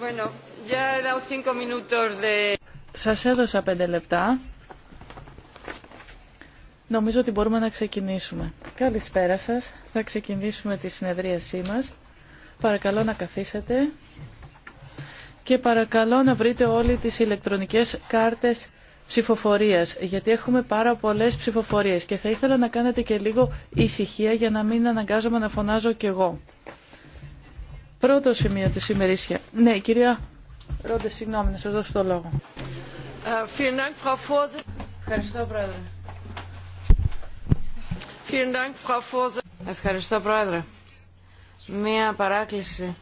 Bueno, Σας έδωσα πέντε λεπτά. Νομίζω ότι μπορούμε να ξεκινήσουμε. Καλησπέρα σας. Θα ξεκινήσουμε τη συνεδρίασή μας. Παρακαλώ να καθίσετε. Και παρακαλώ να βρείτε όλοι τις ηλεκτρονικές κάρτες ψηφοφορίας, γιατί έχουμε πάρα πολλές ψηφοφορίες και θα ήθελα να κάνετε και λίγο ησυχία για να μην αναγκάζομαι να φωνάζω κι εγώ. Πρώτο σημείο της ημερήσια. Ναι, κυρία Ρόντε, συγγνώμη, να σας δώσω το λόγο. Ε, Ευχαριστώ, Πρόεδρε. Ευχαριστώ, Πρόεδρε. Μία παράκληση.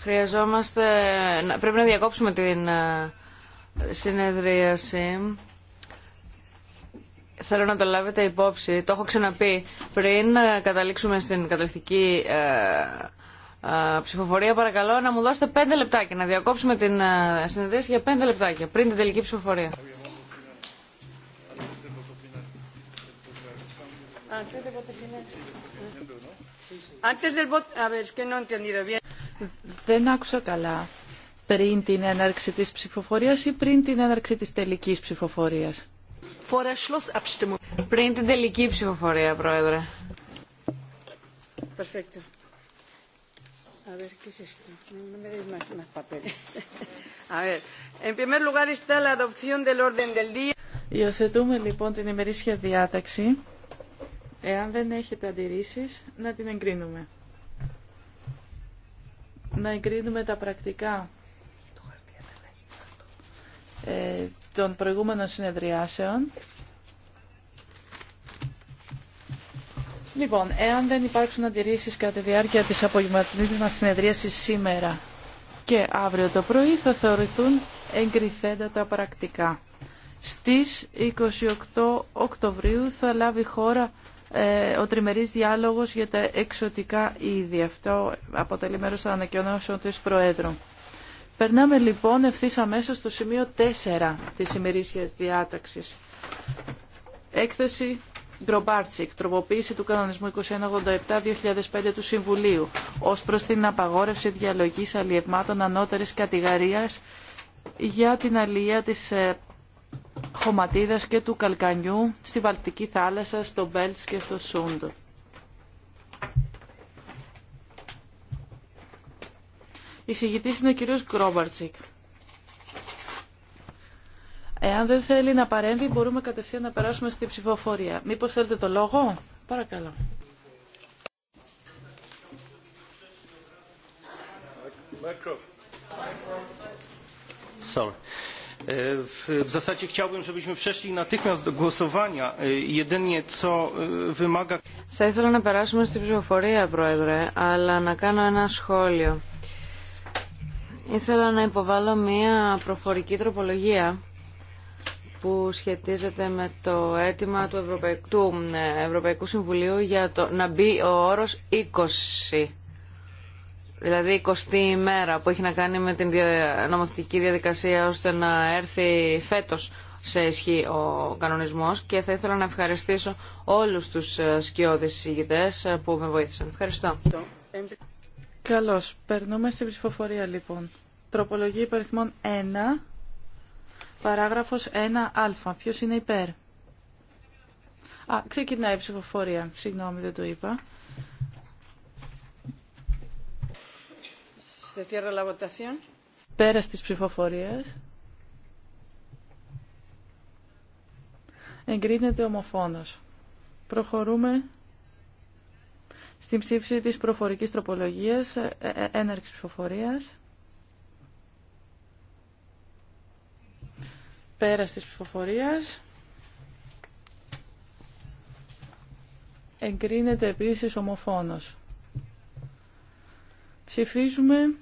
Χρειαζόμαστε... Πρέπει να διακόψουμε την ε, συνεδρίαση. Θέλω να το λάβετε υπόψη. Το έχω ξαναπεί. Πριν ε, καταλήξουμε στην καταληκτική ψηφοφορία παρακαλώ να μου δώσετε πέντε λεπτάκια, να διακόψουμε την συνεδρίαση για πέντε λεπτάκια πριν την τελική ψηφοφορία. Δεν άκουσα καλά πριν την έναρξη της ψηφοφορίας ή πριν την έναρξη της τελικής ψηφοφορίας. Πριν την τελική ψηφοφορία, Πρόεδρε. Perfecto. A ver, ¿qué es esto? No, me Υιοθετούμε λοιπόν την ημερήσια διάταξη. Εάν δεν έχετε αντιρρήσει να την εγκρίνουμε. Να εγκρίνουμε τα πρακτικά ε, των προηγούμενων συνεδριάσεων. Λοιπόν, εάν δεν υπάρξουν αντιρρήσει κατά τη διάρκεια τη απογευματινή μα συνεδρίασης σήμερα και αύριο το πρωί θα θεωρηθούν εγκριθέντα τα πρακτικά. Στις 28 Οκτωβρίου θα λάβει χώρα ε, ο τριμερής διάλογος για τα εξωτικά είδη. Αυτό αποτελεί μέρο των ανακοινώσεων τη Προέδρου. Περνάμε λοιπόν ευθύ αμέσω στο σημείο 4 τη ημερήσια διάταξη. Έκθεση Γκρομπάρτσικ, τροποποίηση του κανονισμού 2187-2005 του Συμβουλίου, ως προς την απαγόρευση διαλογής αλλιευμάτων ανώτερης κατηγορίας για την αλληλεία της ε, χωματίδας και του καλκανιού στη Βαλτική θάλασσα, στο Μπέλτς και στο Σούντο. Η συγητής είναι ο κ. Γκρόμπαρτσικ. Εάν δεν θέλει να παρέμβει, μπορούμε κατευθείαν να περάσουμε στη ψηφοφορία. Μήπως θέλετε το λόγο. Παρακαλώ. Sorry. Ε, w zasadzie chciałbym, żebyśmy e, e, Θα ήθελα να περάσουμε στην ψηφοφορία, Πρόεδρε, αλλά να κάνω ένα σχόλιο. Ήθελα να υποβάλω μία προφορική τροπολογία που σχετίζεται με το αίτημα του Ευρωπαϊκού, ε, Ευρωπαϊκού Συμβουλίου για το, να μπει ο όρος 20 δηλαδή 20η ημέρα που έχει να κάνει με την νομοθετική διαδικασία ώστε να έρθει φέτος σε ισχύ ο κανονισμός και θα ήθελα να ευχαριστήσω όλους τους ε, σκιώδεις συζητητές ε, που με βοήθησαν. Ευχαριστώ. Καλώς. Περνούμε στην ψηφοφορία λοιπόν. Τροπολογία υπαριθμών 1 Παράγραφος 1α. Ποιος είναι υπέρ. Α, ξεκινάει η ψηφοφορία. Συγγνώμη, δεν το είπα. Σε la Πέρας της ψηφοφορίας. Εγκρίνεται ομοφόνος. Προχωρούμε στην ψήφιση της προφορικής τροπολογίας, ε, ε, έναρξη ψηφοφορίας. Πέρας της ψηφοφορίας. Εγκρίνεται επίσης ομοφόνος. Ψηφίζουμε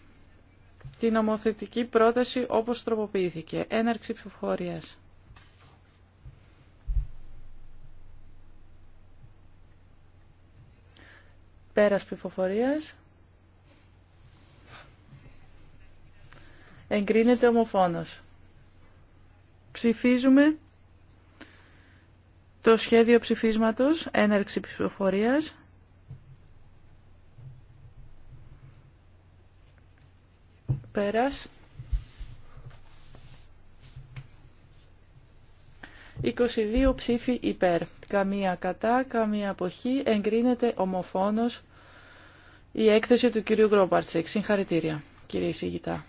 την ομοθετική πρόταση όπως τροποποιήθηκε. Έναρξη ψηφοφορίας. Πέρας ψηφοφορίας. Εγκρίνεται ομοφόνος. Ψηφίζουμε το σχέδιο ψηφίσματος, έναρξη ψηφοφορίας. Πέρας. 22 ψήφοι υπέρ. Καμία κατά, καμία αποχή. Εγκρίνεται ομοφόνος η έκθεση του κυρίου Γκρόμπαρτσεκ. Συγχαρητήρια, κύριε Σιγητά.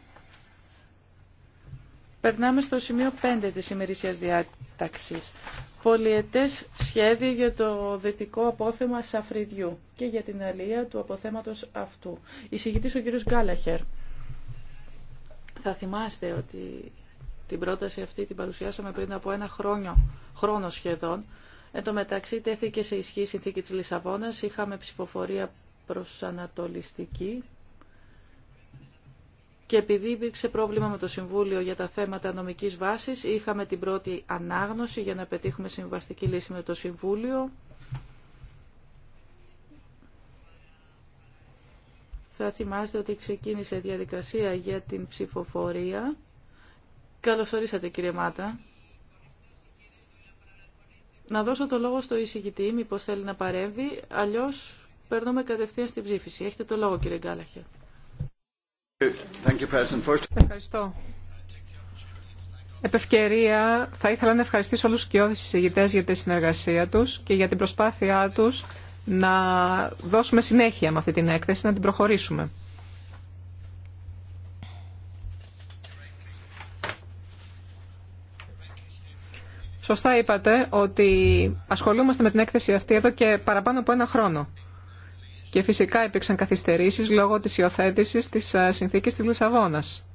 Περνάμε στο σημείο 5 της ημερήσιας διάταξης. Πολιετές σχέδιο για το δυτικό απόθεμα Σαφριδιού και για την αλία του αποθέματος αυτού. Εισηγητής ο κύριος Γκάλαχερ. Θα θυμάστε ότι την πρόταση αυτή την παρουσιάσαμε πριν από ένα χρόνο, χρόνο σχεδόν. Εν τω μεταξύ τέθηκε σε ισχύ η συνθήκη της Λισαβόνας, είχαμε ψηφοφορία ανατολιστική και επειδή υπήρξε πρόβλημα με το Συμβούλιο για τα θέματα νομικής βάσης, είχαμε την πρώτη ανάγνωση για να πετύχουμε συμβαστική λύση με το Συμβούλιο. Θα θυμάστε ότι ξεκίνησε διαδικασία για την ψηφοφορία. Καλωσορίσατε ορίσατε κύριε Μάτα. Να δώσω το λόγο στο εισηγητή, μήπως θέλει να παρέμβει, αλλιώς περνούμε κατευθείαν στην ψήφιση. Έχετε το λόγο κύριε Γκάλαχερ. Ευχαριστώ. Επ' ευκαιρία, θα ήθελα να ευχαριστήσω όλους τους κοιόδης συζητητές για τη συνεργασία τους και για την προσπάθειά τους να δώσουμε συνέχεια με αυτή την έκθεση, να την προχωρήσουμε. Σωστά είπατε ότι ασχολούμαστε με την έκθεση αυτή εδώ και παραπάνω από ένα χρόνο. Και φυσικά υπήρξαν καθυστερήσεις λόγω της υιοθέτηση της ε, συνθήκης της Λισαβόνας.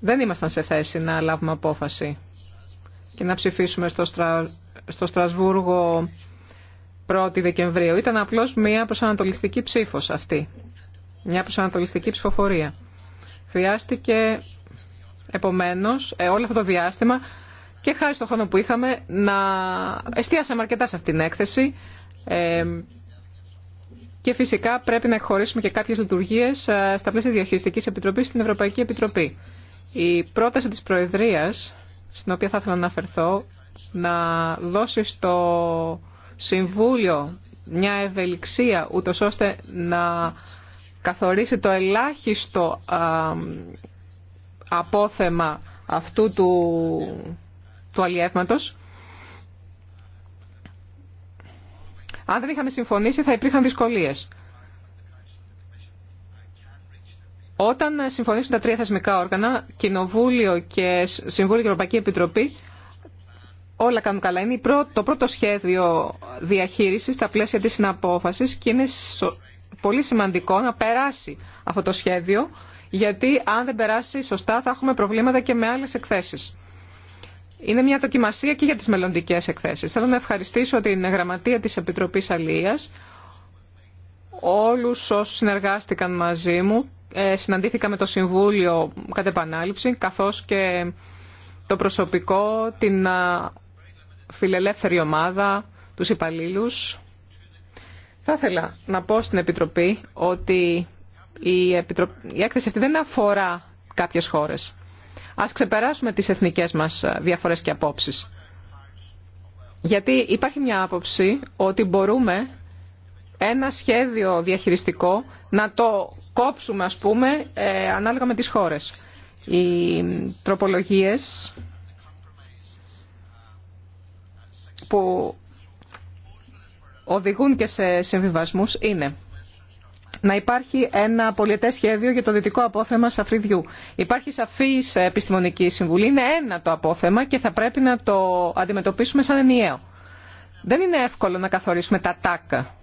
Δεν ήμασταν σε θέση να λάβουμε απόφαση και να ψηφίσουμε στο, στο Στρασβούργο 1η Δεκεμβρίου. Ήταν απλώς μια προσανατολιστική ψήφος αυτή. Μια προσανατολιστική ψηφοφορία. Χρειάστηκε επομένως ε, όλο αυτό το διάστημα και χάρη στον χρόνο που είχαμε να εστιάσαμε αρκετά σε αυτήν την έκθεση. Ε, και φυσικά πρέπει να χωρίσουμε και κάποιες λειτουργίες ε, στα πλαίσια Διαχειριστικής Επιτροπής στην Ευρωπαϊκή Επιτροπή. Η πρόταση της Προεδρίας, στην οποία θα ήθελα να αναφερθώ, να δώσει στο Συμβούλιο μια ευελιξία, ούτω ώστε να καθορίσει το ελάχιστο απόθεμα αυτού του, του αλλιεύματος, Αν δεν είχαμε συμφωνήσει θα υπήρχαν δυσκολίες. Όταν συμφωνήσουν τα τρία θεσμικά όργανα, Κοινοβούλιο και Συμβούλιο και Ευρωπαϊκή Επιτροπή, όλα κάνουν καλά. Είναι το πρώτο σχέδιο διαχείρισης στα πλαίσια της συναπόφασης και είναι πολύ σημαντικό να περάσει αυτό το σχέδιο, γιατί αν δεν περάσει σωστά θα έχουμε προβλήματα και με άλλες εκθέσεις είναι μια δοκιμασία και για τις μελλοντικέ εκθέσεις. Θέλω να ευχαριστήσω την Γραμματεία της Επιτροπής Αλίας, όλους όσους συνεργάστηκαν μαζί μου. Ε, συναντήθηκα με το Συμβούλιο κατ' επανάληψη, καθώς και το προσωπικό, την φιλελεύθερη ομάδα, τους υπαλλήλου. Θα ήθελα να πω στην Επιτροπή ότι η, η έκθεση αυτή δεν αφορά κάποιες χώρες. Ας ξεπεράσουμε τις εθνικές μας ε, διαφορές και απόψεις. Γιατί υπάρχει μια άποψη ότι μπορούμε ένα σχέδιο διαχειριστικό να το κόψουμε, ας πούμε, ε, ανάλογα με τις χώρες. Οι τροπολογίες που οδηγούν και σε συμβιβασμούς είναι να υπάρχει ένα πολιετές σχέδιο για το δυτικό απόθεμα Σαφριδιού. Υπάρχει σαφής επιστημονική συμβουλή, είναι ένα το απόθεμα και θα πρέπει να το αντιμετωπίσουμε σαν ενιαίο. Δεν είναι εύκολο να καθορίσουμε τα τάκα.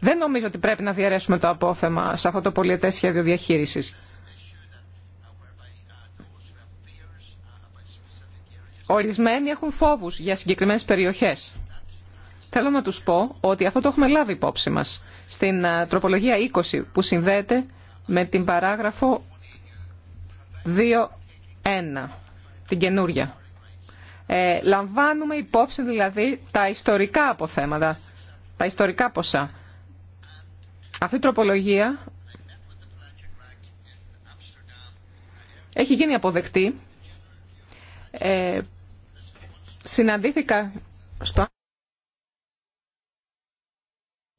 Δεν νομίζω ότι πρέπει να διαρρέσουμε το απόθεμα σε αυτό το πολιετές σχέδιο διαχείρισης. Ορισμένοι έχουν φόβους για συγκεκριμένες περιοχές. Θέλω να τους πω ότι αυτό το έχουμε λάβει υπόψη μας στην τροπολογία 20 που συνδέεται με την παράγραφο 2.1, την καινούρια. Ε, λαμβάνουμε υπόψη δηλαδή τα ιστορικά αποθέματα, τα ιστορικά ποσά. Αυτή η τροπολογία έχει γίνει αποδεκτή. Ε, συναντήθηκα στο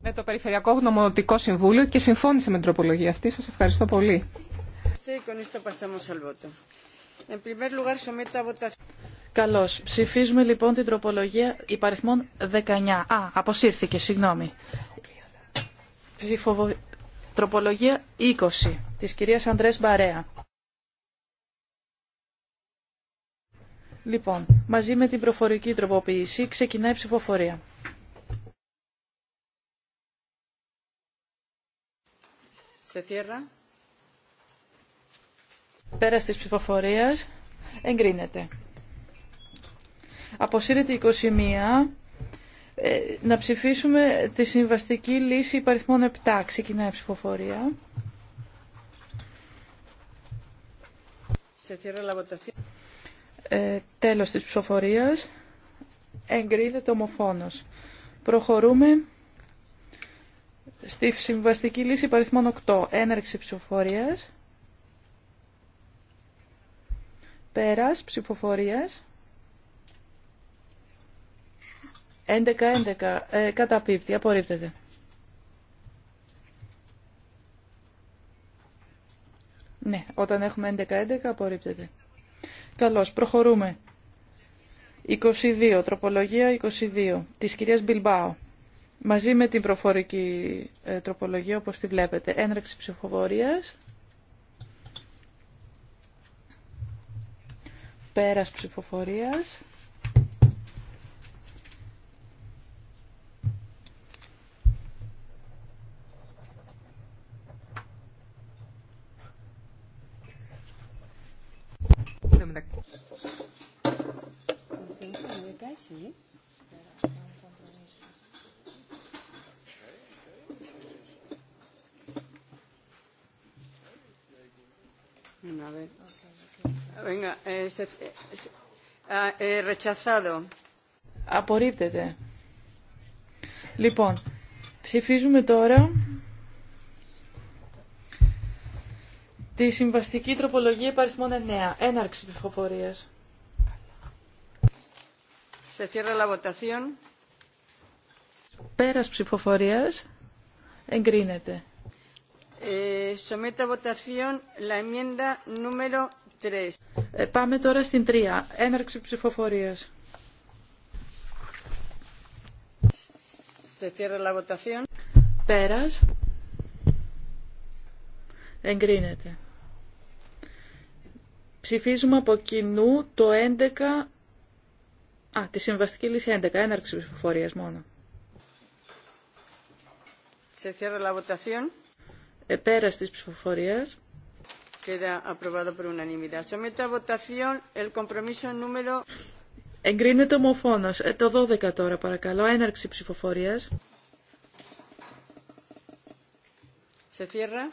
με το Περιφερειακό Γνωμοτικό Συμβούλιο και συμφώνησε με την τροπολογία αυτή. Σας ευχαριστώ πολύ. Καλώς. Ψηφίζουμε λοιπόν την τροπολογία υπαριθμών 19. Α, αποσύρθηκε, συγγνώμη. Τροπολογία 20 της κυρίας Αντρέ Μπαρέα. Λοιπόν, μαζί με την προφορική τροποποίηση ξεκινάει η ψηφοφορία. Se Πέρας της ψηφοφορίας εγκρίνεται. Αποσύρεται 21. Ε, να ψηφίσουμε τη συμβαστική λύση υπαριθμών 7. Ξεκινάει η ψηφοφορία. Σε ε, τέλος της ψηφοφορίας εγκρίνεται ομοφόνος. Προχωρούμε Στη συμβαστική λύση παριθμών 8, έναρξη ψηφοφορίας. Πέρας ψηφοφορίας. 11-11, ε, καταπίπτει, απορρίπτεται. Ναι, όταν έχουμε 11-11 απορρίπτεται. Καλώς, προχωρούμε. 22, τροπολογία 22, της κυρίας Μπιλμπάου μαζί με την προφορική ε, τροπολογία όπως τη βλέπετε. Ένρεξη ψηφοφορίας. Πέρας ψηφοφορίας. you. Ah, Απορρίπτεται. Λοιπόν, ψηφίζουμε τώρα τη συμβαστική τροπολογία υπαριθμών 9. Έναρξη ψηφοφορίας. Σε cierra la votación. Πέρας ψηφοφορίας εγκρίνεται. Someto a votación la enmienda 3. Ε, πάμε τώρα στην 3. Έναρξη ψηφοφορίας. Se cierra la votación. Πέρας. Εγκρίνεται. Ψηφίζουμε από κοινού το 11... Α, τη συμβαστική λύση 11. Έναρξη ψηφοφορίας μόνο. Σε cierra la votación. Ε, πέρας της ψηφοφορίας. Εγκρίνεται ομοφόνος. Ε, το 12 τώρα παρακαλώ. Έναρξη ψηφοφορίας. Σε φύρρα.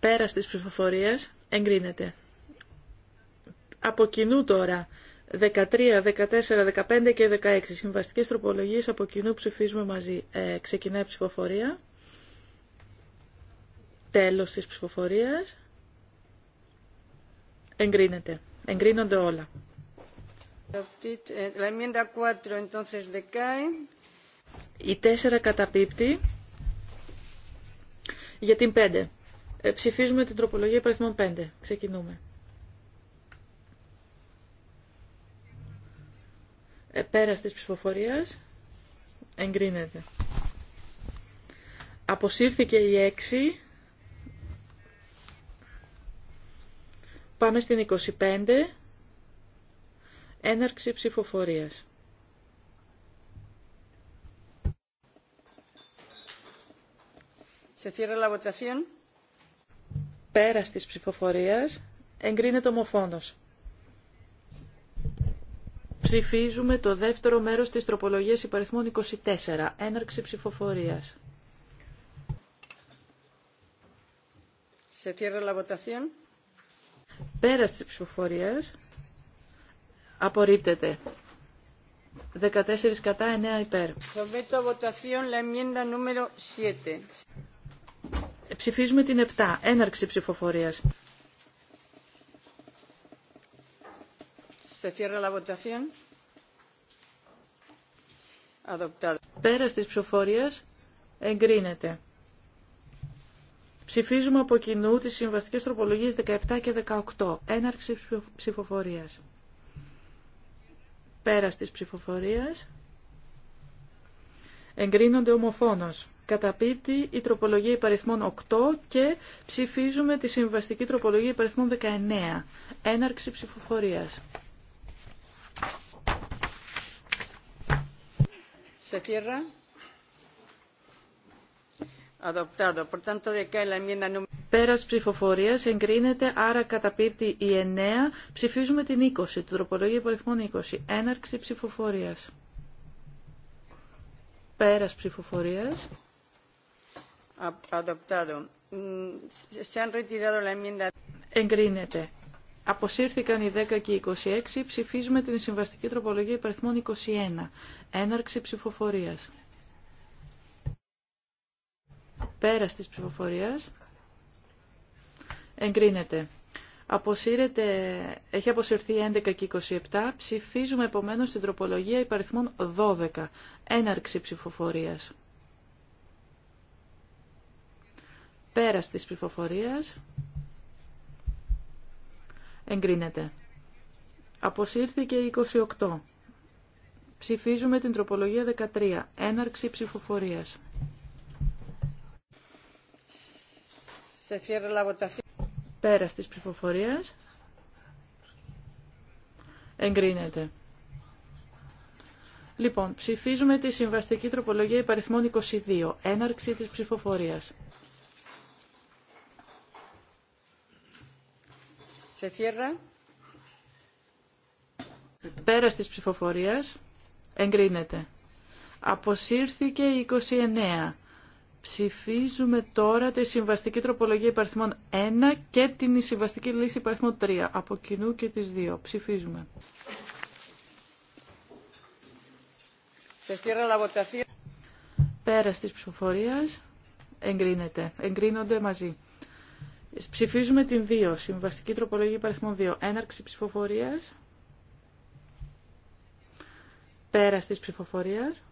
Πέρας της ψηφοφορίας. Εγκρίνεται. Από κοινού τώρα. 13, 14, 15 και 16. Συμβαστικές τροπολογίες από κοινού ψηφίζουμε μαζί. Ε, ξεκινάει η ψηφοφορία. Τέλος της ψηφοφορίας. Εγκρίνεται. Εγκρίνονται όλα. Η τέσσερα καταπίπτει για την πέντε. Ε, ψηφίζουμε την τροπολογία υπαριθμών πέντε. Ξεκινούμε. Ε, πέρας της ψηφοφορίας εγκρίνεται. Αποσύρθηκε η 6 Πάμε στην 25. Έναρξη ψηφοφορίας. Σε θύρα λαβοτσαφίαν. Πέρας της ψηφοφορίας εγκρίνεται ομοφόνος. Ψηφίζουμε το δεύτερο μέρος της τροπολογίας υπαριθμών 24. Έναρξη ψηφοφορίας. Σε θύρα Πέρας της ψηφοφορίας απορρίπτεται. 14 κατά 9 υπέρ. la enmienda νούμερο 7. Ψηφίζουμε την 7. Έναρξη ψηφοφορίας. Se cierra la votación. Adoptado. Πέρας της ψηφοφορίας εγκρίνεται. Ψηφίζουμε από κοινού τις συμβαστικές τροπολογίες 17 και 18. Έναρξη ψηφοφορίας. Πέρας της ψηφοφορίας. Εγκρίνονται ομοφόνος. Καταπίπτει η τροπολογία υπαριθμών 8 και ψηφίζουμε τη συμβαστική τροπολογία υπαριθμών 19. Έναρξη ψηφοφορίας. Σε Πέρας ψηφοφορίας εγκρίνεται, άρα καταπίπτει η 9. Ψηφίζουμε την 20, του τροπολογίου υπαριθμών 20. Έναρξη ψηφοφορίας. Πέρας ψηφοφορίας. Mm, εγκρίνεται. Αποσύρθηκαν οι 10 και οι 26. Ψηφίζουμε την συμβαστική τροπολογία υπαριθμών 21. Έναρξη ψηφοφορίας. Πέρας της ψηφοφορίας εγκρίνεται. Αποσύρεται, έχει αποσυρθεί 11 και 27. Ψηφίζουμε επομένως την τροπολογία υπαριθμών 12. Έναρξη ψηφοφορίας. Πέρας της ψηφοφορίας εγκρίνεται. Αποσύρθηκε 28. Ψηφίζουμε την τροπολογία 13. Έναρξη ψηφοφορίας. Πέρας της ψηφοφορίας εγκρίνεται. Λοιπόν, ψηφίζουμε τη συμβαστική τροπολογία υπαριθμών 22, έναρξη της ψηφοφορίας. Σε θύρα. Πέρας της ψηφοφορίας εγκρίνεται. Αποσύρθηκε η 29. Ψηφίζουμε τώρα τη συμβαστική τροπολογία υπαριθμών 1 και την συμβαστική λύση υπαριθμών 3. Από κοινού και τις δύο. Ψηφίζουμε. Πέρα της ψηφοφορίας εγκρίνεται. Εγκρίνονται μαζί. Ψηφίζουμε την 2. Συμβαστική τροπολογία υπαριθμών 2. Έναρξη ψηφοφορίας. Πέρα της ψηφοφορίας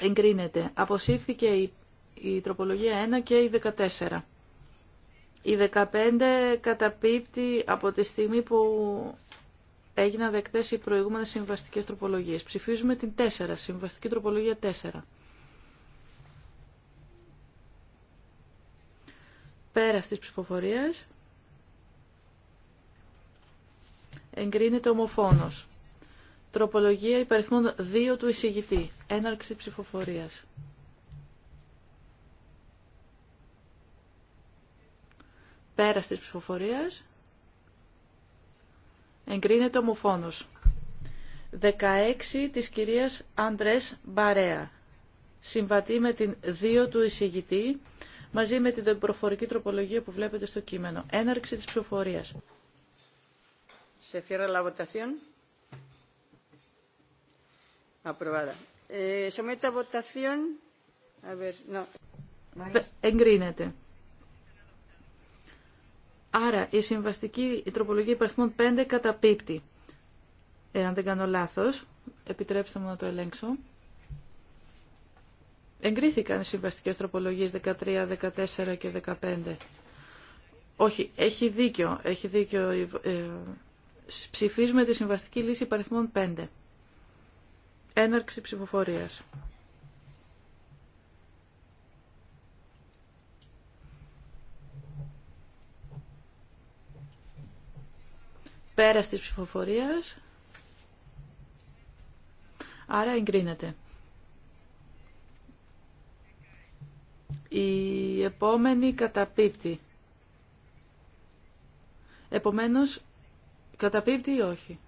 εγκρίνεται. Αποσύρθηκε η, η τροπολογία 1 και η 14. Η 15 καταπίπτει από τη στιγμή που έγιναν δεκτές οι προηγούμενες συμβαστικές τροπολογίες. Ψηφίζουμε την 4, συμβαστική τροπολογία 4. Πέρα της ψηφοφορίας εγκρίνεται ομοφόνος. Τροπολογία υπαριθμών 2 του εισηγητή. Έναρξη ψηφοφορίας. Πέρας της ψηφοφορίας. Εγκρίνεται ομοφόνος. 16 της κυρίας Αντρές Μπαρέα. Συμβατεί με την 2 του εισηγητή μαζί με την προφορική τροπολογία που βλέπετε στο κείμενο. Έναρξη της ψηφοφορίας. Σε la votación. Aprobada. Eh, Εγκρίνεται. Άρα η συμβαστική η τροπολογία υπαριθμών 5 καταπίπτει. Εάν δεν κάνω λάθος, επιτρέψτε μου να το ελέγξω. Εγκρίθηκαν οι συμβαστικές τροπολογίες 13, 14 και 15. Όχι, έχει δίκιο. Έχει δίκιο. Ε, ε, ψηφίζουμε τη συμβαστική λύση υπαριθμών 5. Έναρξη ψηφοφορίας. Πέραστη της ψηφοφορίας. Άρα εγκρίνεται. Η επόμενη καταπίπτει. Επομένως, καταπίπτει ή όχι.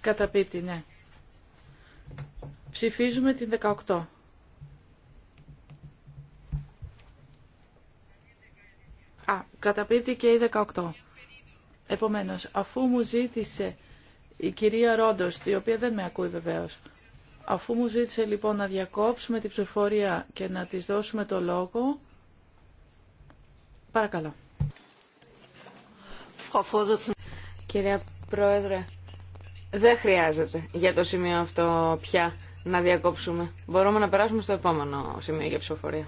Καταπίπτει, ναι. Ψηφίζουμε την 18. Α, καταπίπτει και η 18. Επομένως, αφού μου ζήτησε η κυρία Ρόντος, η οποία δεν με ακούει βεβαίως, αφού μου ζήτησε λοιπόν να διακόψουμε την ψηφορία και να της δώσουμε το λόγο, παρακαλώ. Κυρία Πρόεδρε, δεν χρειάζεται για το σημείο αυτό πια να διακόψουμε. Μπορούμε να περάσουμε στο επόμενο σημείο για ψηφοφορία.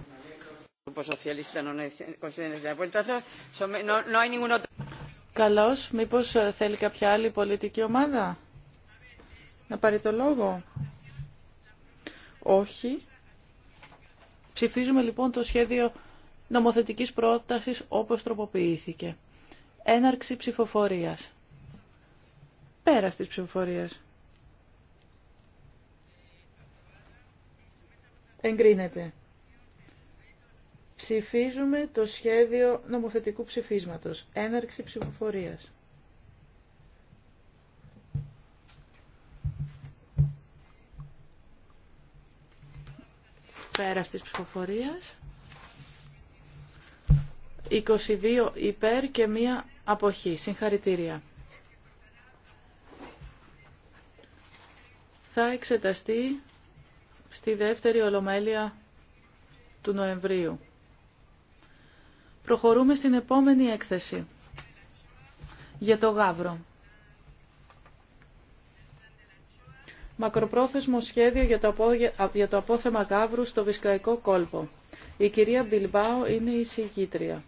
Καλώς, μήπως ε, θέλει κάποια άλλη πολιτική ομάδα να πάρει το λόγο. Όχι. Ψηφίζουμε λοιπόν το σχέδιο νομοθετικής πρότασης όπως τροποποιήθηκε. Έναρξη ψηφοφορίας. Πέρα της ψηφοφορίας. Εγκρίνεται. Ψηφίζουμε το σχέδιο νομοθετικού ψηφίσματος. Έναρξη ψηφοφορίας. Πέρα της ψηφοφορίας. 22 υπέρ και μία αποχή. Συγχαρητήρια. θα εξεταστεί στη δεύτερη ολομέλεια του Νοεμβρίου. Προχωρούμε στην επόμενη έκθεση για το Γάβρο. Μακροπρόθεσμο σχέδιο για το απόθεμα γάβρου στο βισκαϊκό κόλπο. Η κυρία Μπιλμπάο είναι η συγγήτρια.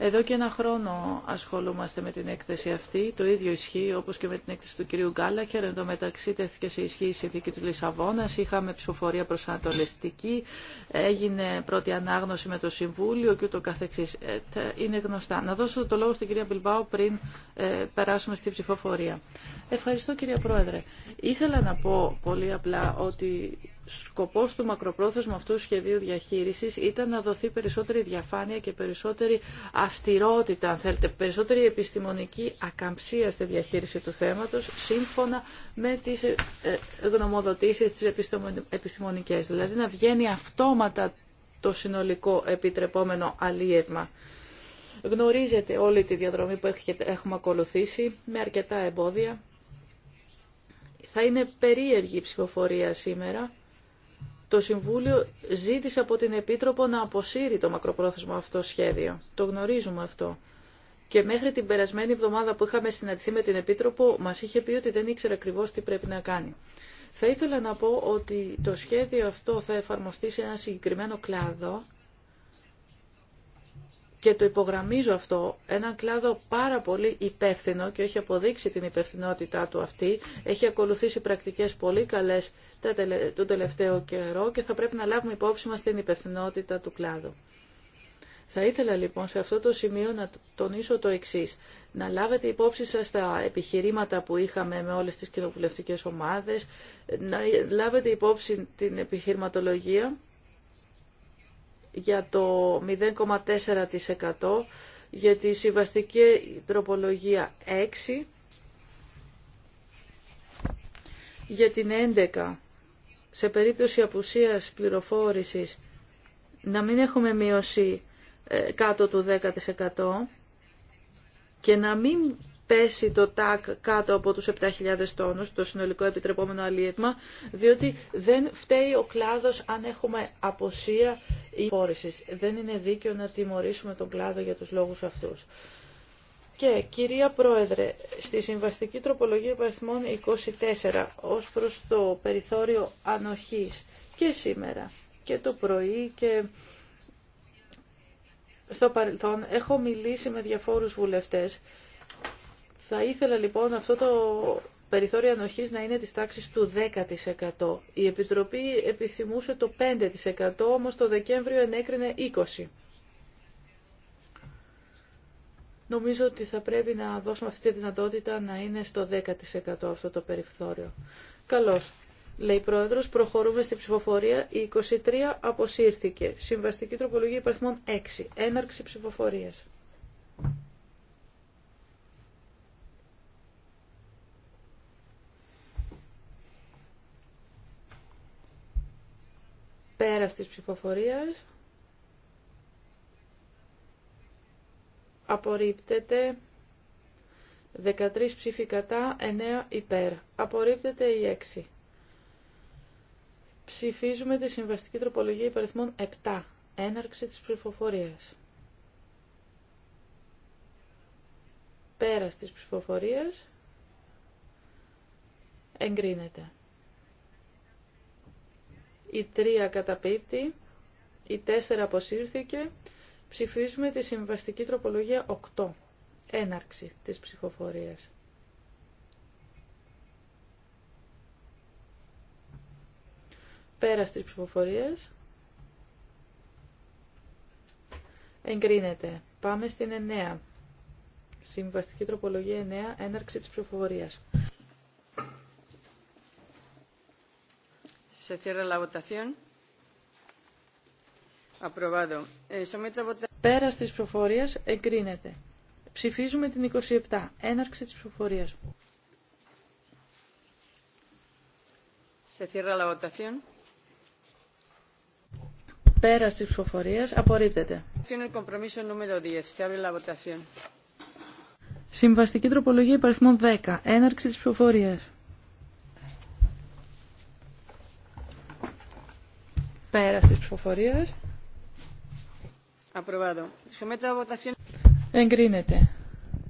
Εδώ και ένα χρόνο ασχολούμαστε με την έκθεση αυτή. Το ίδιο ισχύει όπως και με την έκθεση του κυρίου Γκάλαχερ. Εν τω μεταξύ τέθηκε σε ισχύ η συνθήκη της Λισαβόνας. Είχαμε ψηφοφορία προσανατολιστική. Έγινε πρώτη ανάγνωση με το Συμβούλιο και ούτω καθεξής. Ε, είναι γνωστά. Να δώσω το λόγο στην κυρία Μπιλμπάου πριν ε, περάσουμε στη ψηφοφορία. Ευχαριστώ κυρία Πρόεδρε. Ήθελα να πω πολύ απλά ότι σκοπός του μακροπρόθεσμου αυτού του σχεδίου διαχείρισης ήταν να δοθεί περισσότερη διαφάνεια και περισσότερη αυστηρότητα, αν θέλετε, περισσότερη επιστημονική ακαμψία στη διαχείριση του θέματος, σύμφωνα με τις ε, γνωμοδοτήσεις τις επιστημονικές. Δηλαδή να βγαίνει αυτόματα το συνολικό επιτρεπόμενο αλίευμα. Γνωρίζετε όλη τη διαδρομή που έχουμε ακολουθήσει με αρκετά εμπόδια. Θα είναι περίεργη η ψηφοφορία σήμερα. Το Συμβούλιο ζήτησε από την Επίτροπο να αποσύρει το μακροπρόθεσμο αυτό σχέδιο. Το γνωρίζουμε αυτό. Και μέχρι την περασμένη εβδομάδα που είχαμε συναντηθεί με την Επίτροπο, μας είχε πει ότι δεν ήξερε ακριβώς τι πρέπει να κάνει. Θα ήθελα να πω ότι το σχέδιο αυτό θα εφαρμοστεί σε ένα συγκεκριμένο κλάδο, και το υπογραμμίζω αυτό, έναν κλάδο πάρα πολύ υπεύθυνο και έχει αποδείξει την υπευθυνότητά του αυτή, έχει ακολουθήσει πρακτικές πολύ καλές τον τελευταίο καιρό και θα πρέπει να λάβουμε υπόψη μας την υπευθυνότητα του κλάδου. Θα ήθελα λοιπόν σε αυτό το σημείο να τονίσω το εξή. Να λάβετε υπόψη σα τα επιχειρήματα που είχαμε με όλε τι κοινοβουλευτικέ ομάδε, να λάβετε υπόψη την επιχειρηματολογία για το 0,4% για τη συμβαστική τροπολογία 6 για την 11 σε περίπτωση απουσίας πληροφόρησης να μην έχουμε μείωση ε, κάτω του 10% και να μην πέσει το ΤΑΚ κάτω από τους 7.000 τόνους, το συνολικό επιτρεπόμενο αλίευμα, διότι δεν φταίει ο κλάδος αν έχουμε αποσία ή Δεν είναι δίκαιο να τιμωρήσουμε τον κλάδο για τους λόγους αυτούς. Και, κυρία Πρόεδρε, στη Συμβαστική Τροπολογία Παριθμών 24, ως προς το περιθώριο ανοχής και σήμερα και το πρωί και στο παρελθόν, έχω μιλήσει με διαφόρους βουλευτές θα ήθελα λοιπόν αυτό το περιθώριο ανοχής να είναι της τάξης του 10%. Η Επιτροπή επιθυμούσε το 5%, όμως το Δεκέμβριο ενέκρινε 20%. Νομίζω ότι θα πρέπει να δώσουμε αυτή τη δυνατότητα να είναι στο 10% αυτό το περιθώριο. Καλώς. Λέει η Πρόεδρος, προχωρούμε στη ψηφοφορία. Η 23 αποσύρθηκε. Συμβαστική τροπολογία υπαριθμών 6. Έναρξη ψηφοφορίας. Πέρας της ψηφοφορίας απορρίπτεται 13 ψήφοι κατά, 9 υπέρ. Απορρίπτεται η 6. Ψηφίζουμε τη συμβαστική τροπολογία υπαριθμών 7. Έναρξη της ψηφοφορίας. Πέρας της ψηφοφορίας εγκρίνεται η 3 καταπίπτει, η 4 αποσύρθηκε. Ψηφίζουμε τη συμβαστική τροπολογία 8. Έναρξη της ψηφοφορίας. Πέρας της ψηφοφορίας. Εγκρίνεται. Πάμε στην 9. Συμβαστική τροπολογία 9. Έναρξη της ψηφοφορίας. Se cierra la votación. Aprobado. Eh, Πέρα της προφορίας εγκρίνεται. Ψηφίζουμε την 27. Έναρξη της προφορίας. Se cierra la votación. Πέρα της προφορίας απορρίπτεται. El compromiso número 10. Se abre la votación. Συμβαστική τροπολογία υπαριθμών 10. Έναρξη της προφορίας. Πέρα τη ψηφοφορία. Εγκρίνεται.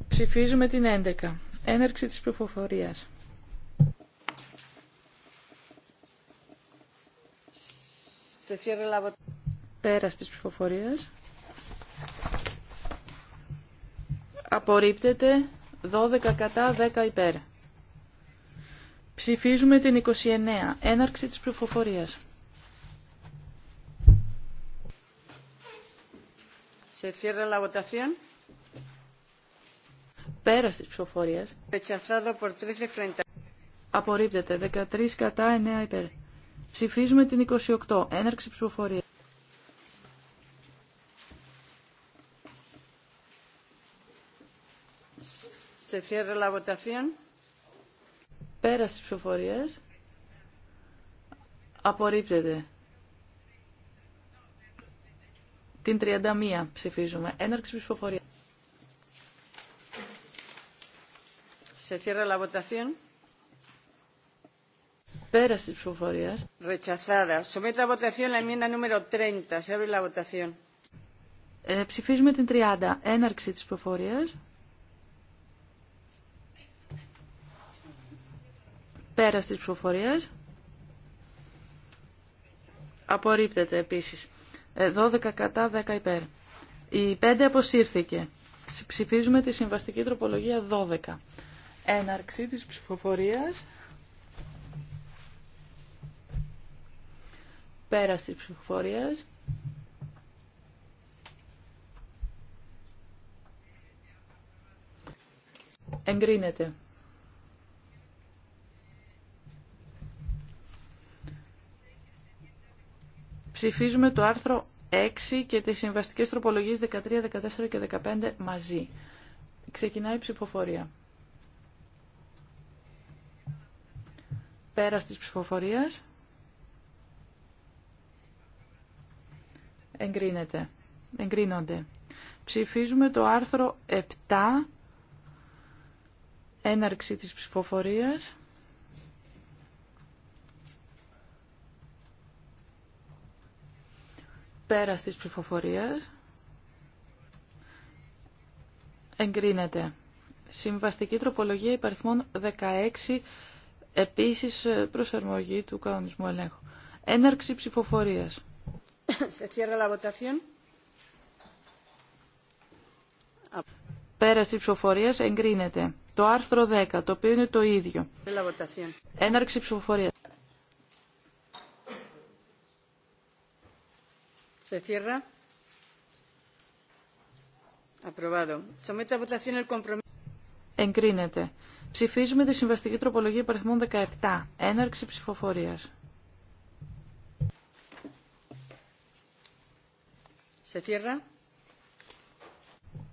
Ψηφίζουμε την 11. Έναρξη της ψηφοφορία. Πέρα τη ψηφοφορία. Απορρίπτεται 12 κατά 10 υπέρ. Ψηφίζουμε την 29. Έναρξη της ψηφοφορίας. Se cierra la Πέρας της ψηφοφορίας. Απορρίπτεται. 13 κατά, 9 υπέρ. Ψηφίζουμε την 28. Έναρξη ψηφοφορία. Se cierra la votación. Πέρας της ψηφοφορίας. Απορρίπτεται. Την 31 ψηφίζουμε. Έναρξη ψηφοφορία. Σε cierra la votación. Πέραση τη ψηφοφορία. Rechazada. Someto a votación la enmienda número 30. Se abre la votación. Ε, ψηφίζουμε την 30. Έναρξη της ψηφοφορίας. Πέραση της ψηφοφορίας. Απορρίπτεται επίσης. 12 κατά 10 υπέρ. Η 5 αποσύρθηκε. Ψηφίζουμε τη συμβαστική τροπολογία 12. Έναρξη της ψηφοφορίας. Πέραση της ψηφοφορίας. Εγκρίνεται. Ψηφίζουμε το άρθρο 6 και τις συμβαστικές τροπολογίες 13, 14 και 15 μαζί. Ξεκινάει η ψηφοφορία. Πέρας της ψηφοφορίας. Εγκρίνεται. Εγκρίνονται. Ψηφίζουμε το άρθρο 7, έναρξη της ψηφοφορίας. Πέρας της ψηφοφορίας εγκρίνεται. Συμβαστική τροπολογία υπαριθμών 16 επίσης ε, προσαρμογή του κανονισμού ελέγχου. Έναρξη ψηφοφορίας. Σε cierra la Πέραση ψηφοφορίας εγκρίνεται. Το άρθρο 10, το οποίο είναι το ίδιο. Έναρξη ψηφοφορίας. Se cierra. Aprobado. Somete a votación el compromiso. Εγκρίνεται. Ψηφίζουμε τη συμβαστική τροπολογία υπαριθμών 17. Έναρξη ψηφοφορίας. Σε θύρα.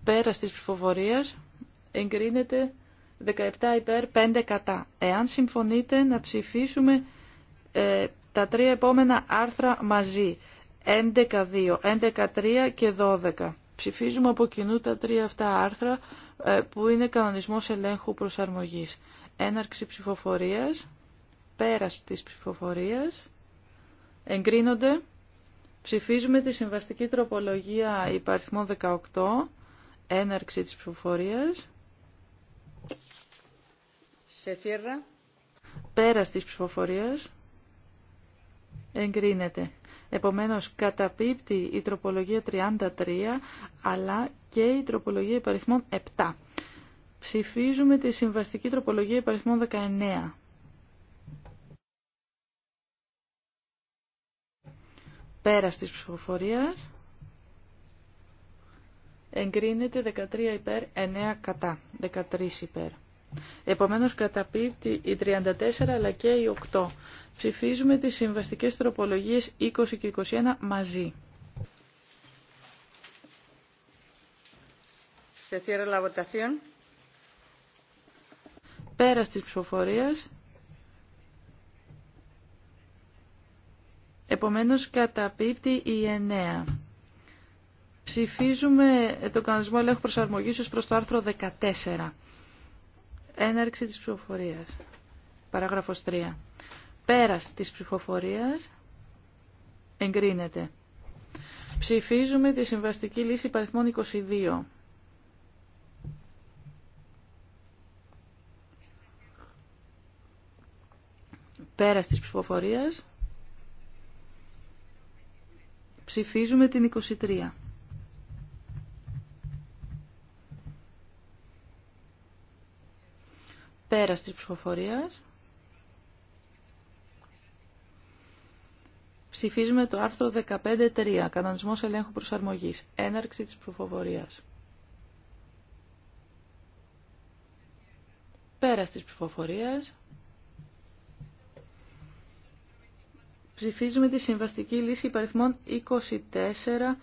Πέρα της ψηφοφορίας εγκρίνεται 17 υπέρ 5 κατά. Εάν συμφωνείτε να ψηφίσουμε ε, τα τρία επόμενα άρθρα μαζί. 11.2, 11.3 και 12. Ψηφίζουμε από κοινού τα τρία αυτά άρθρα ε, που είναι κανονισμός ελέγχου προσαρμογής. Έναρξη ψηφοφορίας, πέρας της ψηφοφορίας, εγκρίνονται, ψηφίζουμε τη συμβαστική τροπολογία υπαριθμό 18, έναρξη της ψηφοφορίας. Σε θύρα. Πέρας της ψηφοφορίας εγκρίνεται. Επομένως, καταπίπτει η τροπολογία 33, αλλά και η τροπολογία υπαριθμών 7. Ψηφίζουμε τη συμβαστική τροπολογία υπαριθμών 19. Πέρας της ψηφοφορίας εγκρίνεται 13 υπέρ, 9 κατά, 13 υπέρ. Επομένως καταπίπτει η 34 αλλά και η 8. Ψηφίζουμε τις συμβαστικές τροπολογίες 20 και 21 μαζί. Σε la votación. Πέρας της ψηφοφορίας. Επομένως καταπίπτει η 9. Ψηφίζουμε τον κανονισμό ελέγχου προσαρμογής ως προς το άρθρο 14. Έναρξη της ψηφοφορίας. Παράγραφος 3. Πέρας της ψηφοφορίας εγκρίνεται. Ψηφίζουμε τη συμβαστική λύση παριθμών 22. Πέρας της ψηφοφορίας ψηφίζουμε την 23. Πέρας της ψηφοφορίας Ψηφίζουμε το άρθρο 15.3, κανονισμός ελέγχου προσαρμογής, έναρξη της ψηφοφορίας. Πέρας της ψηφοφορίας. Ψηφίζουμε τη συμβαστική λύση υπαριθμών 24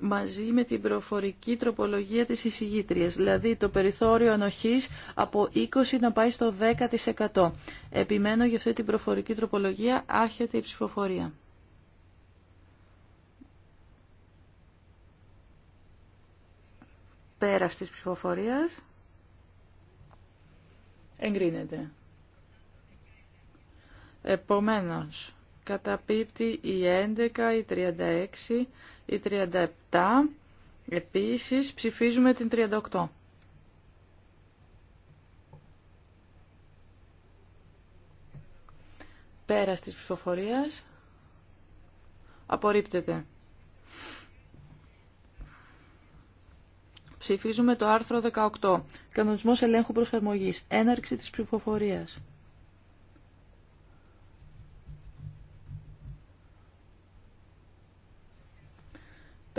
μαζί με την προφορική τροπολογία της εισηγήτριας, δηλαδή το περιθώριο ανοχής από 20 να πάει στο 10%. Επιμένω για αυτή την προφορική τροπολογία, άρχεται η ψηφοφορία. Πέρας της ψηφοφορίας εγκρίνεται. Επομένως, Καταπίπτει η 11, η 36, η 37. Επίσης ψηφίζουμε την 38. Πέρας της ψηφοφορίας απορρίπτεται. Ψηφίζουμε το άρθρο 18. Κανονισμός ελέγχου προσαρμογής. Έναρξη της ψηφοφορίας.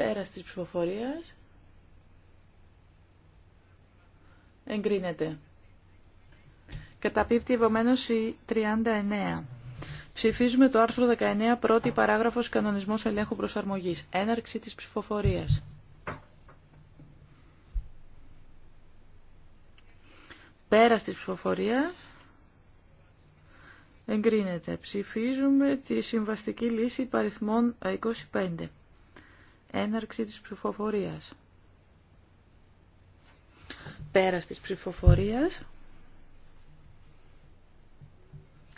Πέρα της ψηφοφορίας. Εγκρίνεται. Καταπίπτει επομένω η 39. Ψηφίζουμε το άρθρο 19, πρώτη παράγραφος κανονισμός ελέγχου προσαρμογής. Έναρξη της ψηφοφορίας. Πέρα της ψηφοφορίας. Εγκρίνεται. Ψηφίζουμε τη συμβαστική λύση παριθμών 25 έναρξη της ψηφοφορίας. Πέρας της ψηφοφορίας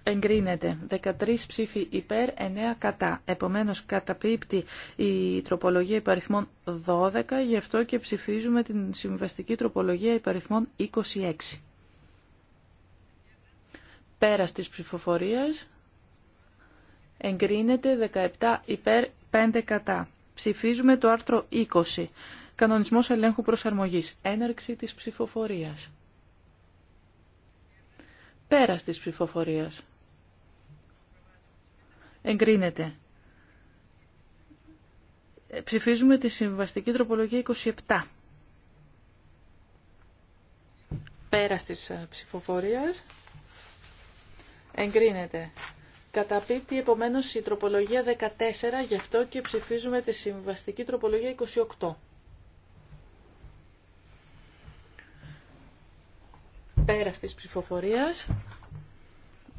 εγκρίνεται 13 ψήφοι υπέρ, 9 κατά. Επομένως καταπίπτει η τροπολογία υπαριθμών 12, γι' αυτό και ψηφίζουμε την συμβαστική τροπολογία υπαριθμών 26. Πέρας της ψηφοφορίας εγκρίνεται 17 υπέρ, 5 κατά. Ψηφίζουμε το άρθρο 20. Κανονισμός ελέγχου προσαρμογής. Έναρξη της ψηφοφορίας. Πέρας της ψηφοφορίας. Εγκρίνεται. Ε, ψηφίζουμε τη συμβαστική τροπολογία 27. Πέρας της ε, ψηφοφορίας. Εγκρίνεται. Καταπίπτει επομένω η τροπολογία 14, γι' αυτό και ψηφίζουμε τη συμβαστική τροπολογία 28. Πέρα της ψηφοφορία.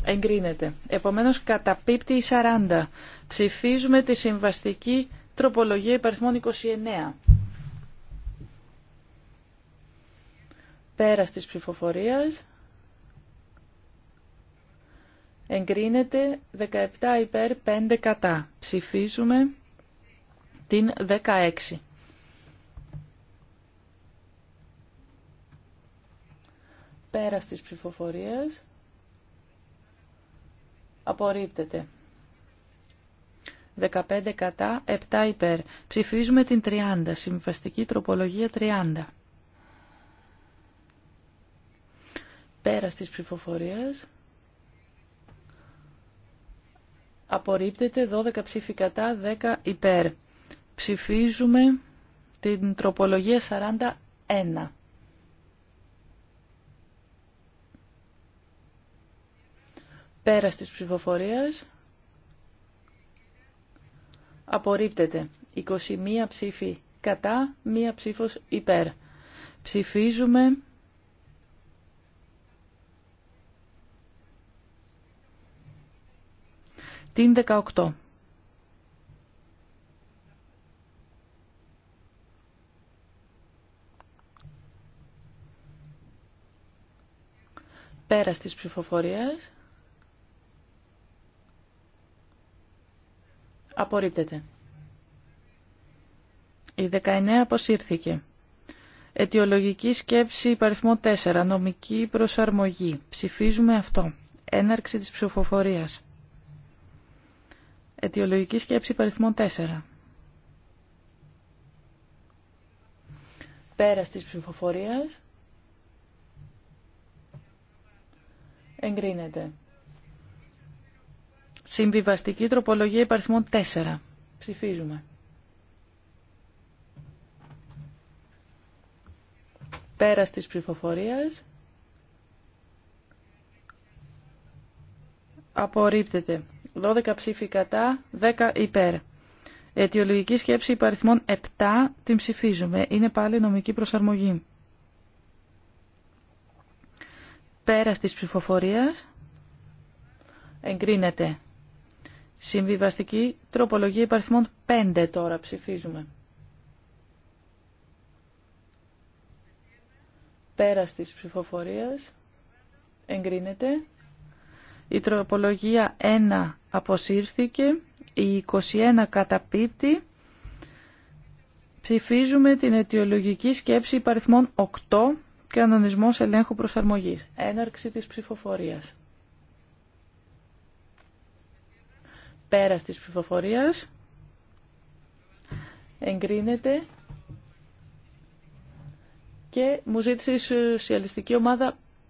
εγκρίνεται. Επομένω, καταπίπτει η 40. Ψηφίζουμε τη συμβαστική τροπολογία υπαριθμών 29. Πέρα της ψηφοφορία. Εγκρίνεται 17 υπέρ 5 κατά. Ψηφίζουμε την 16. Πέρα της ψηφοφορίας απορρίπτεται. 15 κατά, 7 υπέρ. Ψηφίζουμε την 30, συμβαστική τροπολογία 30. Πέρα της ψηφοφορίας απορρίπτεται 12 ψήφοι κατά 10 υπέρ. Ψηφίζουμε την τροπολογία 41. Πέρας της ψηφοφορίας απορρίπτεται 21 ψήφοι κατά, 1 ψήφος υπέρ. Ψηφίζουμε Την 18. Πέρα τη ψηφοφορία. Απορρίπτεται. Η 19 αποσύρθηκε. Αιτιολογική σκέψη υπαριθμό 4. Νομική προσαρμογή. Ψηφίζουμε αυτό. Έναρξη της ψηφοφορίας. Αιτιολογική σκέψη παριθμών 4. Πέρας της ψηφοφορίας εγκρίνεται. Συμβιβαστική τροπολογία υπαριθμών 4. Ψηφίζουμε. Πέρας της ψηφοφορίας απορρίπτεται. 12 ψήφοι κατά, 10 υπέρ. Αιτιολογική σκέψη υπαριθμών 7 την ψηφίζουμε. Είναι πάλι νομική προσαρμογή. Πέρας της ψηφοφορίας εγκρίνεται. Συμβιβαστική τροπολογία υπαριθμών 5 τώρα ψηφίζουμε. πέρα της ψηφοφορίας εγκρίνεται. Η τροπολογία 1 αποσύρθηκε, η 21 καταπίπτει. Ψηφίζουμε την αιτιολογική σκέψη υπαριθμών 8 και ανονισμός ελέγχου προσαρμογής. Έναρξη της ψηφοφορίας. Πέρας της ψηφοφορίας. Εγκρίνεται. Και μου ζήτησε η σοσιαλιστική ομάδα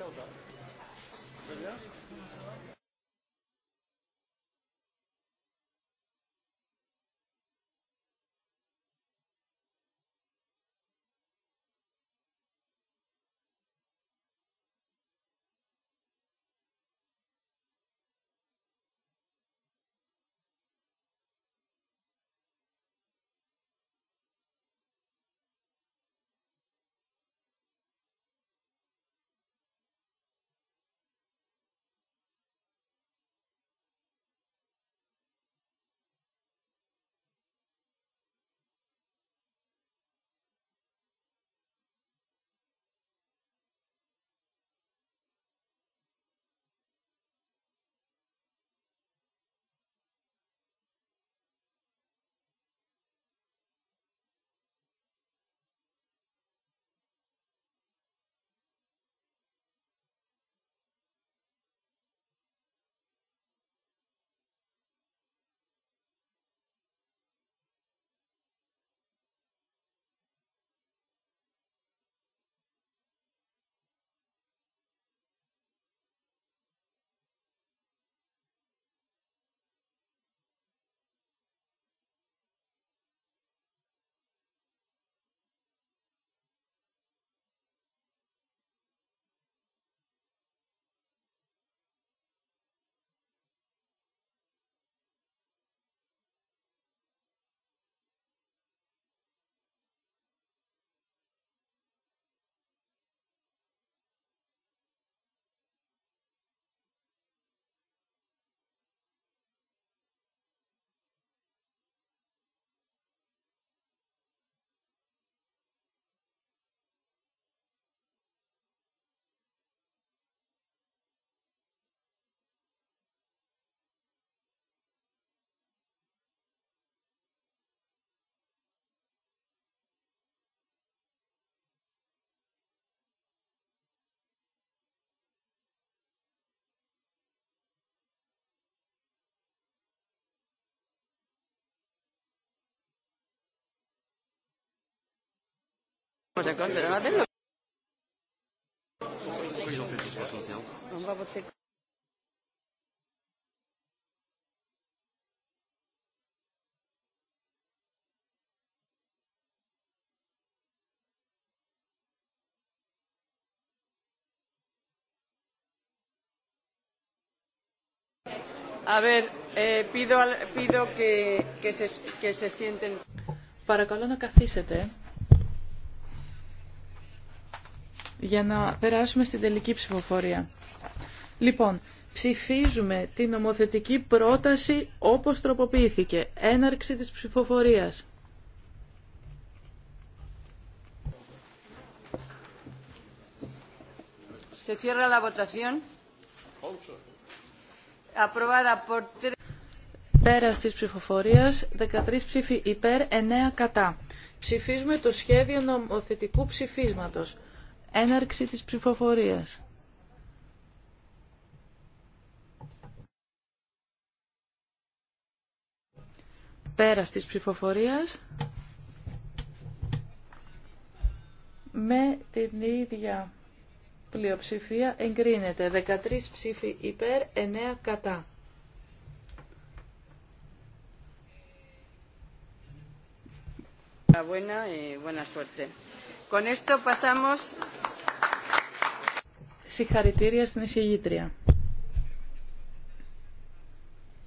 Kelda. Yeah. prochain A ver, eh, pido, pido que, que, se, que se sienten. Παρακαλώ να καθίσετε. για να περάσουμε στην τελική ψηφοφορία. Λοιπόν, ψηφίζουμε την νομοθετική πρόταση όπως τροποποιήθηκε. Έναρξη της ψηφοφορίας. Σε cierra la votación. Aprobada Πέρας της ψηφοφορίας, 13 ψήφοι υπέρ, 9 κατά. Ψηφίζουμε το σχέδιο νομοθετικού ψηφίσματος έναρξη της ψηφοφορίας. Πέρας της ψηφοφορίας με την ίδια πλειοψηφία εγκρίνεται 13 ψήφοι υπέρ 9 κατά. Buena y buena suerte. Συγχαρητήρια στην εισηγήτρια.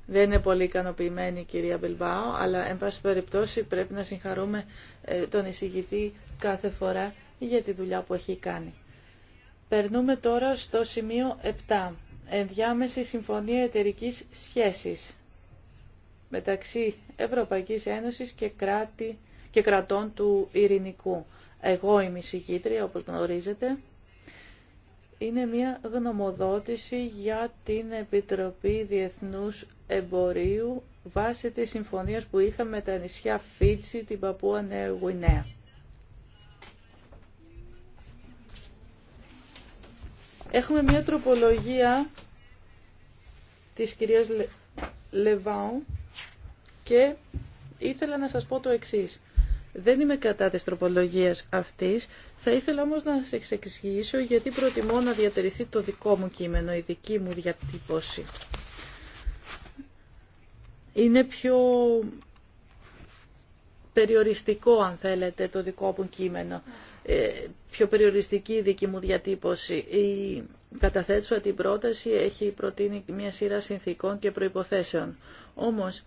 Δεν είναι πολύ ικανοποιημένη η κυρία Μπιλμπάου, αλλά εν πάση περιπτώσει πρέπει να συγχαρούμε ε, τον εισηγητή κάθε φορά για τη δουλειά που έχει κάνει. Περνούμε τώρα στο σημείο 7. Ενδιάμεση Συμφωνία εταιρική Σχέσης μεταξύ Ευρωπαϊκής Ένωσης και, κράτη, και κρατών του Ειρηνικού. Εγώ είμαι η συγκήτρια, όπως γνωρίζετε. Είναι μια γνωμοδότηση για την Επιτροπή Διεθνούς Εμπορίου βάσει της συμφωνίας που είχαμε με τα νησιά Φίτσι, την Παππούα Νέα Γουινέα. Έχουμε μια τροπολογία της κυρίας Λεβάου και ήθελα να σας πω το εξής. Δεν είμαι κατά της τροπολογίας αυτής. Θα ήθελα όμως να σε εξεξηγήσω γιατί προτιμώ να διατηρηθεί το δικό μου κείμενο, η δική μου διατύπωση. Είναι πιο περιοριστικό, αν θέλετε, το δικό μου κείμενο. Ε, πιο περιοριστική η δική μου διατύπωση. Η ότι η πρόταση έχει προτείνει μια σειρά συνθήκων και προϋποθέσεων. Όμως,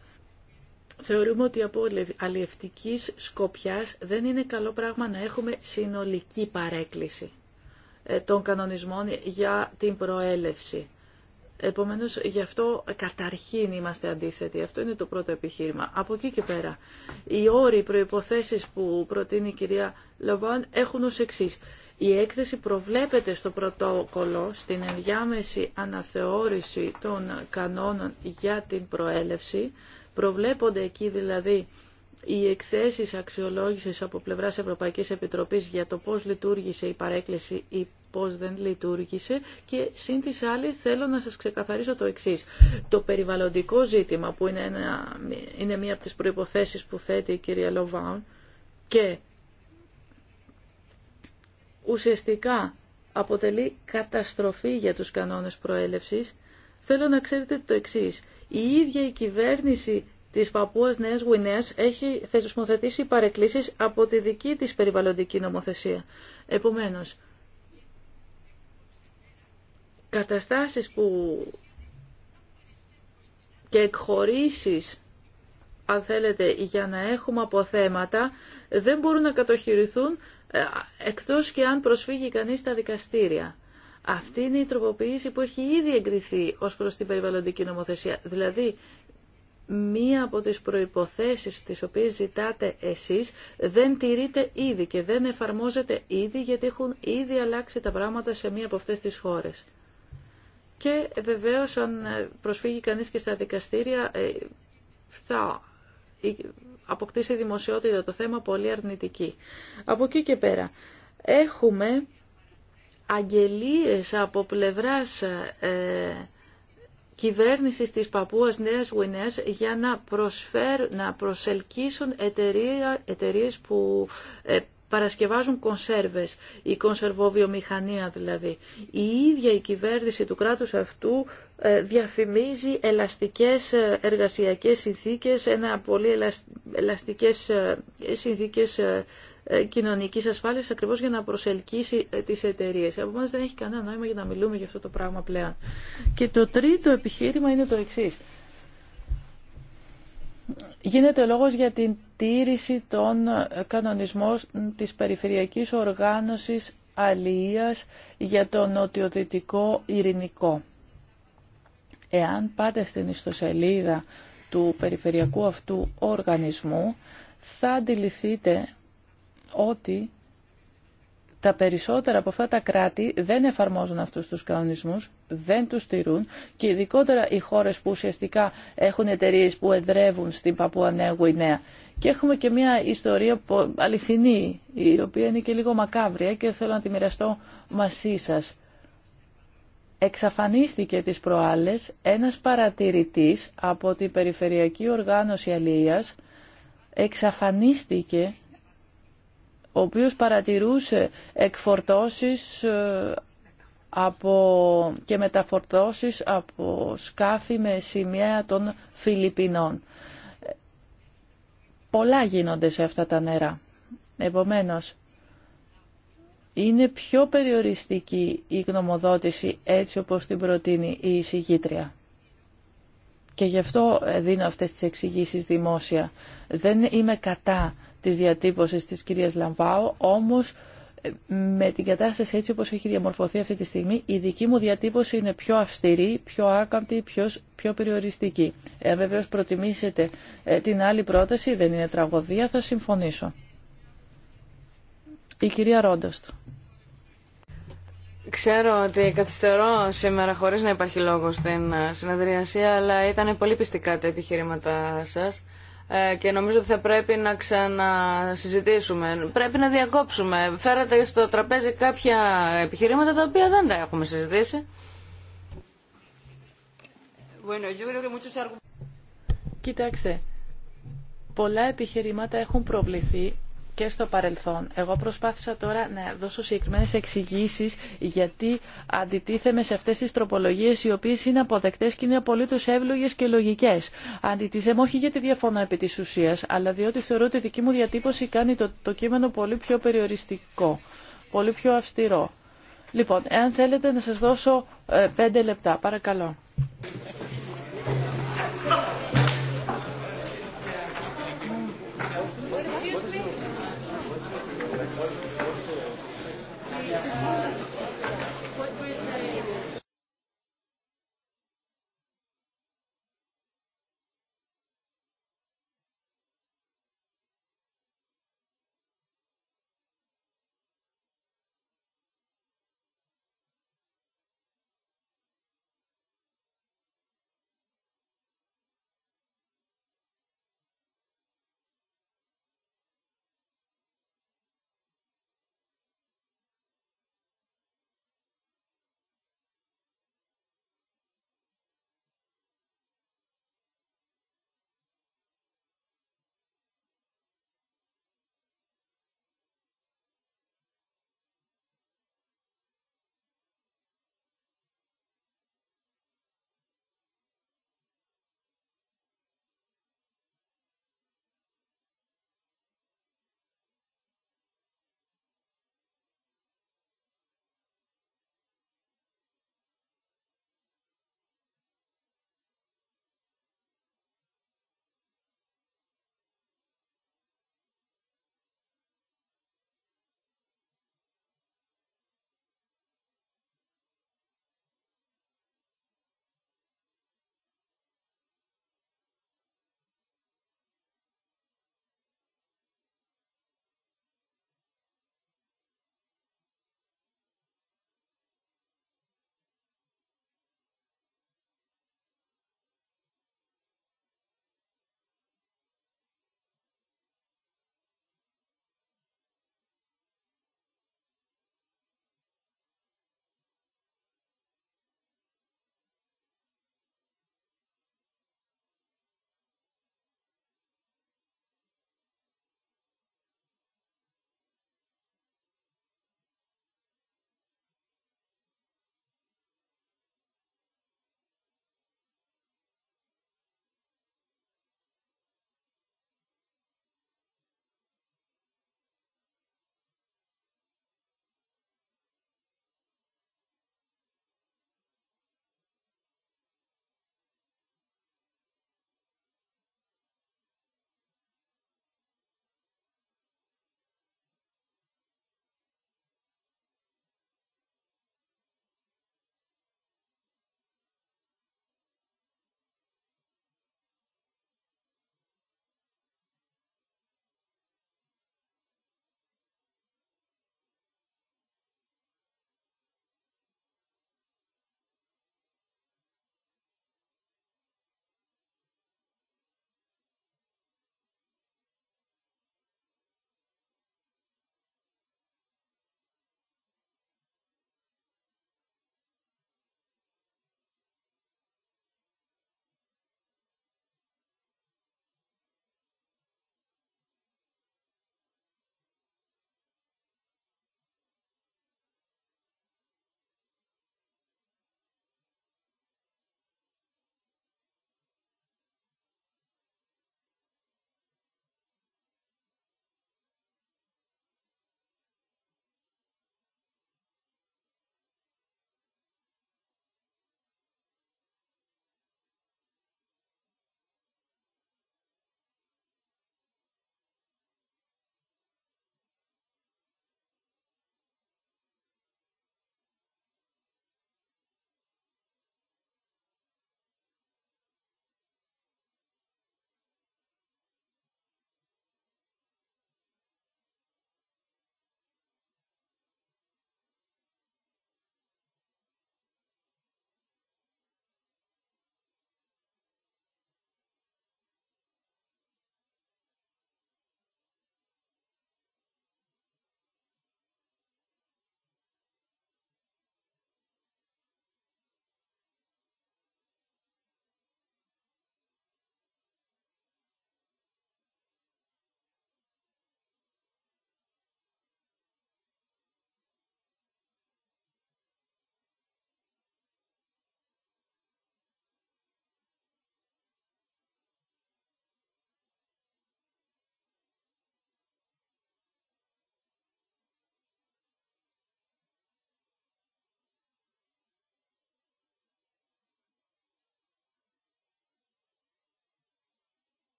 θεωρούμε ότι από αλλιευτικής σκοπιάς δεν είναι καλό πράγμα να έχουμε συνολική παρέκκληση ε, των κανονισμών για την προέλευση. Επομένως, γι' αυτό καταρχήν είμαστε αντίθετοι. Αυτό είναι το πρώτο επιχείρημα. Από εκεί και πέρα, οι όροι, οι προϋποθέσεις που προτείνει η κυρία Λαβάν έχουν ως εξής. Η έκθεση προβλέπεται στο πρωτόκολλο στην ενδιάμεση αναθεώρηση των κανόνων για την προέλευση Προβλέπονται εκεί δηλαδή οι εκθέσεις αξιολόγησης από πλευράς Ευρωπαϊκής Επιτροπής για το πώς λειτουργήσε η παρέκκληση ή πώς δεν λειτουργήσε και σύν της άλλης θέλω να σας ξεκαθαρίσω το εξής. Το περιβαλλοντικό ζήτημα που είναι, είναι μία από τις προϋποθέσεις που θέτει η κυρία Λοβάουν και ουσιαστικά αποτελεί καταστροφή για τους κανόνες προέλευσης, θέλω να ξέρετε το εξής. Η ίδια η κυβέρνηση της Παππούας Νέας Γουινέας έχει θεσμοθετήσει παρεκκλήσεις από τη δική της περιβαλλοντική νομοθεσία. Επομένως, καταστάσεις που και εκχωρήσεις αν θέλετε, για να έχουμε αποθέματα, δεν μπορούν να κατοχυρηθούν ε, εκτός και αν προσφύγει κανείς στα δικαστήρια. Αυτή είναι η τροποποίηση που έχει ήδη εγκριθεί ως προς την περιβαλλοντική νομοθεσία. Δηλαδή, μία από τις προϋποθέσεις τις οποίες ζητάτε εσείς δεν τηρείται ήδη και δεν εφαρμόζεται ήδη γιατί έχουν ήδη αλλάξει τα πράγματα σε μία από αυτές τις χώρες. Και βεβαίως αν προσφύγει κανείς και στα δικαστήρια ε, θα ε, αποκτήσει δημοσιότητα το θέμα πολύ αρνητική. Από εκεί και πέρα έχουμε αγγελίες από πλευράς ε, κυβέρνησης της Παππούας Νέας Γουινέας για να, να προσελκύσουν εταιρεία, εταιρείες που ε, παρασκευάζουν κονσέρβες, η κονσερβοβιομηχανία δηλαδή. Η ίδια η κυβέρνηση του κράτους αυτού ε, διαφημίζει ελαστικές ε, εργασιακές συνθήκες, ένα πολύ ελαστικές συνθήκες ε, κοινωνική ασφάλεια ακριβώς για να προσελκύσει ε, τις εταιρείε. Από δεν έχει κανένα νόημα για να μιλούμε για αυτό το πράγμα πλέον. Και το τρίτο επιχείρημα είναι το εξής. Γίνεται λόγος για την τήρηση των ε, κανονισμών της περιφερειακής οργάνωσης αλίας για το νοτιοδυτικό ειρηνικό. Εάν πάτε στην ιστοσελίδα του περιφερειακού αυτού οργανισμού, θα αντιληφθείτε ότι τα περισσότερα από αυτά τα κράτη δεν εφαρμόζουν αυτούς τους κανονισμούς, δεν τους στηρούν και ειδικότερα οι χώρες που ουσιαστικά έχουν εταιρείε που εδρεύουν στην παπούα Νέα Γουινέα. Και έχουμε και μια ιστορία αληθινή, η οποία είναι και λίγο μακάβρια και θέλω να τη μοιραστώ μαζί σας. Εξαφανίστηκε τις προάλλες ένας παρατηρητής από την Περιφερειακή Οργάνωση Αλίας, εξαφανίστηκε ο οποίος παρατηρούσε εκφορτώσεις ε, από, και μεταφορτώσεις από σκάφη με σημαία των Φιλιππινών. Πολλά γίνονται σε αυτά τα νερά. Επομένως, είναι πιο περιοριστική η γνωμοδότηση έτσι όπως την προτείνει η εισηγήτρια. Και γι' αυτό δίνω αυτές τις εξηγήσεις δημόσια. Δεν είμαι κατά της διατύπωσης της κυρίας Λαμπάου, όμως ε, με την κατάσταση έτσι όπως έχει διαμορφωθεί αυτή τη στιγμή, η δική μου διατύπωση είναι πιο αυστηρή, πιο άκαμπτη, πιο, πιο περιοριστική. Ε, Βεβαίω προτιμήσετε ε, την άλλη πρόταση, δεν είναι τραγωδία, θα συμφωνήσω. Η κυρία Ρόντοστ. Ξέρω ότι καθυστερώ σήμερα χωρίς να υπάρχει λόγο στην ε, συνεδρίαση, αλλά ήταν πολύ πιστικά τα επιχειρήματά σας. Ε, και νομίζω ότι θα πρέπει να ξανασυζητήσουμε. Πρέπει να διακόψουμε. Φέρατε στο τραπέζι κάποια επιχειρήματα τα οποία δεν τα έχουμε συζητήσει. Κοιτάξτε, πολλά επιχειρήματα έχουν προβληθεί και στο παρελθόν. Εγώ προσπάθησα τώρα να δώσω συγκεκριμένε εξηγήσει γιατί αντιτίθεμαι σε αυτέ τι τροπολογίε, οι οποίε είναι αποδεκτέ και είναι απολύτως εύλογε και λογικέ. Αντιτίθεμαι όχι γιατί διαφωνώ επί τη ουσία, αλλά διότι θεωρώ ότι η δική μου διατύπωση κάνει το, το κείμενο πολύ πιο περιοριστικό, πολύ πιο αυστηρό. Λοιπόν, εάν θέλετε να σας δώσω ε, πέντε λεπτά, παρακαλώ.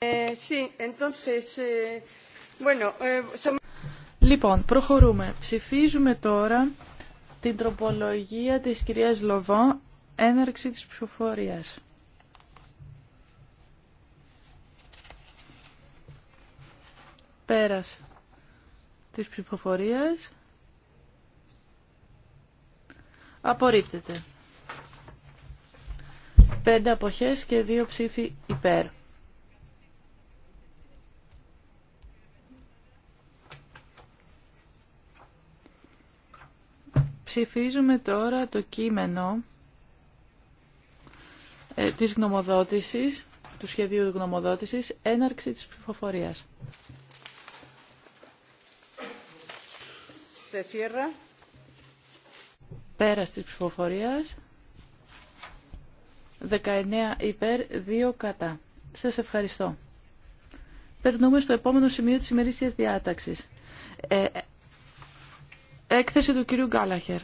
Ε, ε, ε, λοιπόν, προχωρούμε. Ψηφίζουμε τώρα την τροπολογία της κυρίας Λοβό, έναρξη της ψηφοφορίας. Πέρας της ψηφοφορίας. Απορρίπτεται. Πέντε αποχές και δύο ψήφοι υπέρ. Ψηφίζουμε τώρα το κείμενο ε, της γνωμοδότησης, του σχεδίου γνωμοδότησης, έναρξη της ψηφοφορίας. Σε φύρα. Πέρας της ψηφοφορίας. 19 υπέρ, 2 κατά. Σας ευχαριστώ. Περνούμε στο επόμενο σημείο της ημερήσιας διάταξης. Ε, έκθεση του κυρίου Γκάλαχερ.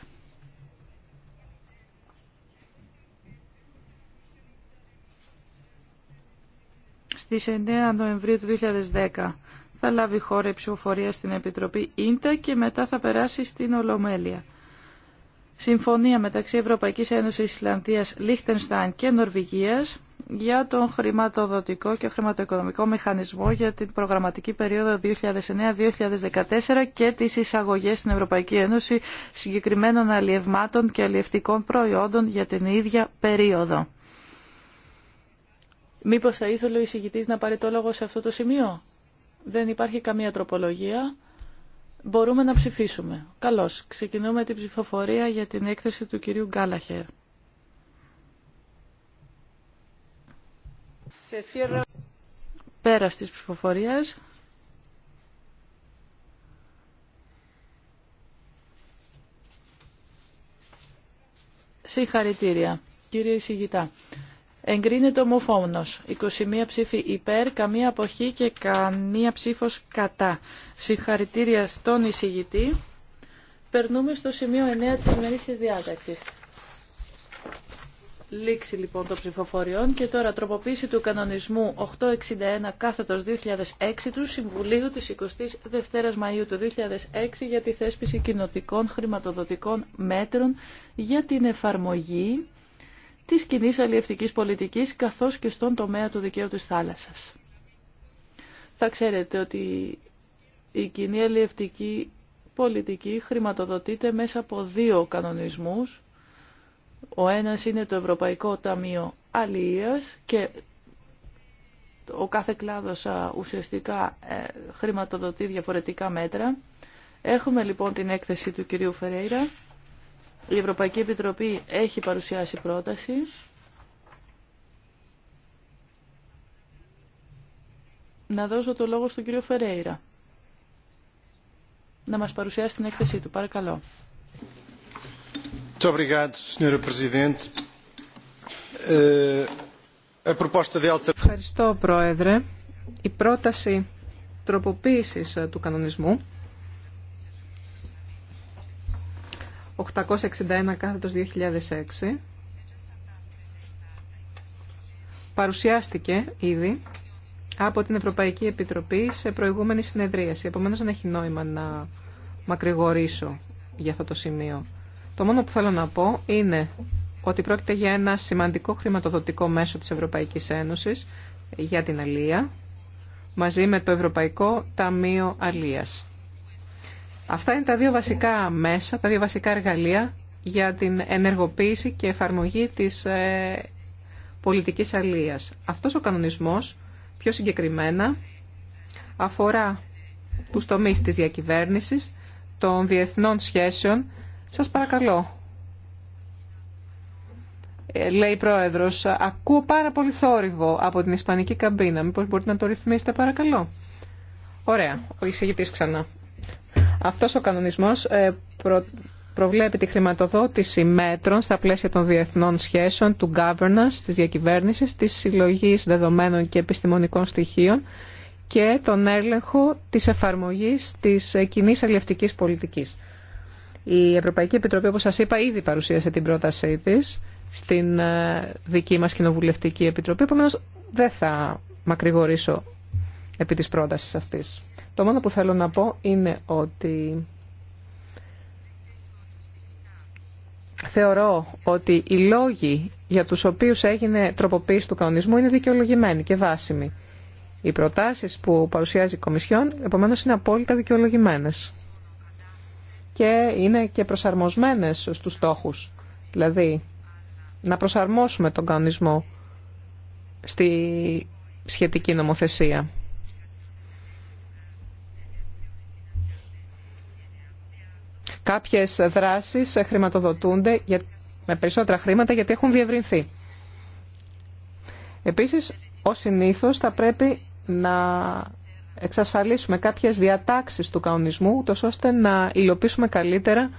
Στις 9 Νοεμβρίου του 2010 θα λάβει χώρα η ψηφοφορία στην Επιτροπή Ίντα και μετά θα περάσει στην Ολομέλεια συμφωνία μεταξύ Ευρωπαϊκής Ένωσης Ισλανδίας, Λίχτενστάιν και Νορβηγίας για τον χρηματοδοτικό και χρηματοοικονομικό μηχανισμό για την προγραμματική περίοδο 2009-2014 και τις εισαγωγές στην Ευρωπαϊκή Ένωση συγκεκριμένων αλλιευμάτων και αλλιευτικών προϊόντων για την ίδια περίοδο. Μήπως θα ήθελε ο εισηγητής να πάρει το λόγο σε αυτό το σημείο. Δεν υπάρχει καμία τροπολογία. Μπορούμε να ψηφίσουμε. Καλώς. Ξεκινούμε την ψηφοφορία για την έκθεση του κυρίου Γκάλαχερ. Πέρα της ψηφοφορίας. Συγχαρητήρια, κύριε Σιγητά. Εγκρίνεται ομοφόμνος. 21 ψήφοι υπέρ, καμία αποχή και καμία ψήφος κατά. Συγχαρητήρια στον εισηγητή. Περνούμε στο σημείο 9 της ημερήσιας διάταξης. Λήξη λοιπόν των ψηφοφοριών και τώρα τροποποίηση του κανονισμού 861 κάθετος 2006 του Συμβουλίου της 22ης Μαΐου του 2006 για τη θέσπιση κοινοτικών χρηματοδοτικών μέτρων για την εφαρμογή της κοινή αλλιευτικής πολιτικής καθώς και στον τομέα του δικαίου της θάλασσας. Θα ξέρετε ότι η κοινή αλλιευτική πολιτική χρηματοδοτείται μέσα από δύο κανονισμούς. Ο ένας είναι το Ευρωπαϊκό Ταμείο Αλληλείας και ο κάθε κλάδος ουσιαστικά ε, χρηματοδοτεί διαφορετικά μέτρα. Έχουμε λοιπόν την έκθεση του κυρίου Φερέιρα η Ευρωπαϊκή Επιτροπή έχει παρουσιάσει πρόταση. Να δώσω το λόγο στον κύριο Φερέιρα. Να μας παρουσιάσει την έκθεσή του. Παρακαλώ. Eh, Ευχαριστώ, Πρόεδρε. Η πρόταση τροποποίησης ε, του κανονισμού 861 κάθετος 2006 παρουσιάστηκε ήδη από την Ευρωπαϊκή Επιτροπή σε προηγούμενη συνεδρίαση. Επομένως δεν έχει νόημα να μακρηγορήσω για αυτό το σημείο. Το μόνο που θέλω να πω είναι ότι πρόκειται για ένα σημαντικό χρηματοδοτικό μέσο της Ευρωπαϊκής Ένωσης για την Αλία μαζί με το Ευρωπαϊκό Ταμείο Αλίας. Αυτά είναι τα δύο βασικά μέσα, τα δύο βασικά εργαλεία για την ενεργοποίηση και εφαρμογή της ε, πολιτικής αλίας. Αυτός ο κανονισμός, πιο συγκεκριμένα, αφορά τους τομείς της διακυβέρνησης, των διεθνών σχέσεων. Σας παρακαλώ, ε, λέει η Πρόεδρος, ακούω πάρα πολύ θόρυβο από την Ισπανική καμπίνα. Μήπως μπορείτε να το ρυθμίσετε παρακαλώ. Ωραία, ο εισηγητής ξανά. Αυτός ο κανονισμός ε, προβλέπει τη χρηματοδότηση μέτρων στα πλαίσια των διεθνών σχέσεων, του governance, της διακυβέρνησης, της συλλογής δεδομένων και επιστημονικών στοιχείων και τον έλεγχο της εφαρμογής της ε, κοινή αλληλευτικής πολιτικής. Η Ευρωπαϊκή Επιτροπή, όπως σας είπα, ήδη παρουσίασε την πρότασή της στην ε, δική μας Κοινοβουλευτική Επιτροπή, επομένω δεν θα μακρηγορήσω επί της πρότασης αυτής. Το μόνο που θέλω να πω είναι ότι θεωρώ ότι οι λόγοι για τους οποίους έγινε τροποποίηση του κανονισμού είναι δικαιολογημένοι και βάσιμοι. Οι προτάσεις που παρουσιάζει η Κομισιόν, επομένως, είναι απόλυτα δικαιολογημένες. Και είναι και προσαρμοσμένες στους στόχους. Δηλαδή, να προσαρμόσουμε τον κανονισμό στη σχετική νομοθεσία. Κάποιες δράσεις χρηματοδοτούνται με περισσότερα χρήματα γιατί έχουν διευρυνθεί. Επίσης, ως συνήθως, θα πρέπει να εξασφαλίσουμε κάποιες διατάξεις του καονισμού, ούτως ώστε να υλοποιήσουμε καλύτερα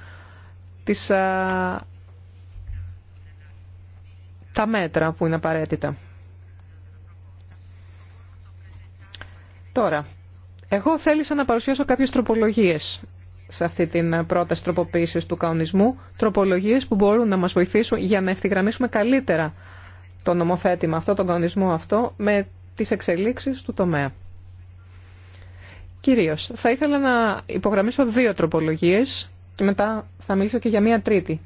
τις, τα μέτρα που είναι απαραίτητα. Τώρα, εγώ θέλησα να παρουσιάσω κάποιες τροπολογίες σε αυτή την ε, πρόταση τροποποίηση του κανονισμού τροπολογίε που μπορούν να μας βοηθήσουν για να ευθυγραμμίσουμε καλύτερα το νομοθέτημα αυτό, τον κανονισμό αυτό, με τις εξελίξεις του τομέα. Κυρίω θα ήθελα να υπογραμμίσω δύο τροπολογίε και μετά θα μιλήσω και για μία τρίτη,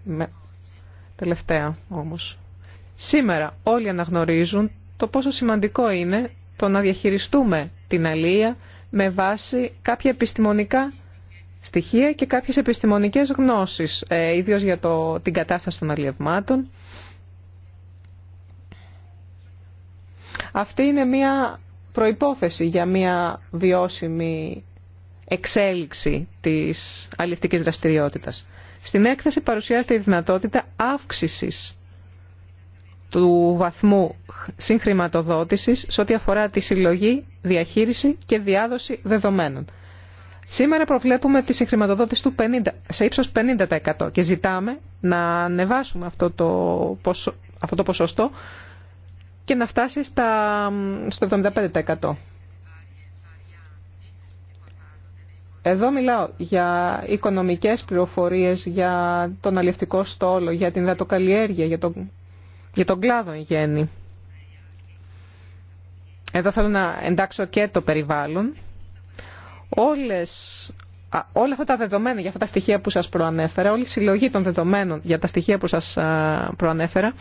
τελευταία όμως. Σήμερα όλοι αναγνωρίζουν το πόσο σημαντικό είναι το να διαχειριστούμε την αλία με βάση κάποια επιστημονικά στοιχεία και κάποιες επιστημονικές γνώσεις, ε, ιδίως για το, την κατάσταση των αλλιευμάτων. Αυτή είναι μια προϋπόθεση για μια βιώσιμη εξέλιξη της αλληλευτικής δραστηριότητας. Στην έκθεση παρουσιάζεται η δυνατότητα αύξησης του βαθμού συγχρηματοδότησης σε ό,τι αφορά τη συλλογή, διαχείριση και διάδοση δεδομένων. Σήμερα προβλέπουμε τη συγχρηματοδότηση του 50, σε ύψος 50% και ζητάμε να ανεβάσουμε αυτό το, ποσο, αυτό το ποσοστό και να φτάσει στα, στο 75%. Εδώ μιλάω για οικονομικές πληροφορίες, για τον αλληλευτικό στόλο, για την δατοκαλλιέργεια, για τον, για τον κλάδο εν γέννη. Εδώ θέλω να εντάξω και το περιβάλλον όλες, όλα αυτά τα δεδομένα, για αυτά τα στοιχεία που σας προανέφερα, όλη η συλλογή των δεδομένων για τα στοιχεία που σας προανέφερα,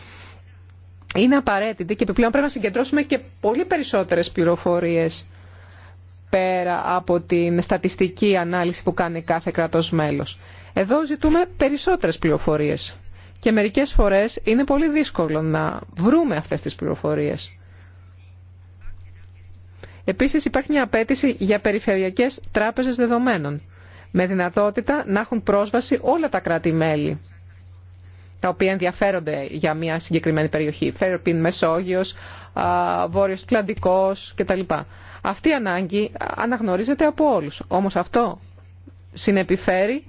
είναι απαραίτητη και επιπλέον πρέπει να συγκεντρώσουμε και πολύ περισσότερες πληροφορίες πέρα από την στατιστική ανάλυση που κάνει κάθε κράτος μέλος. Εδώ ζητούμε περισσότερες πληροφορίες και μερικές φορές είναι πολύ δύσκολο να βρούμε αυτές τις πληροφορίες. Επίσης υπάρχει μια απέτηση για περιφερειακές τράπεζες δεδομένων, με δυνατότητα να έχουν πρόσβαση όλα τα κράτη-μέλη τα οποία ενδιαφέρονται για μια συγκεκριμένη περιοχή, Φέρπιν, Μεσόγειος, Βόρειος Κλαντικός κτλ. Αυτή η ανάγκη αναγνωρίζεται από όλους. Όμως αυτό συνεπιφέρει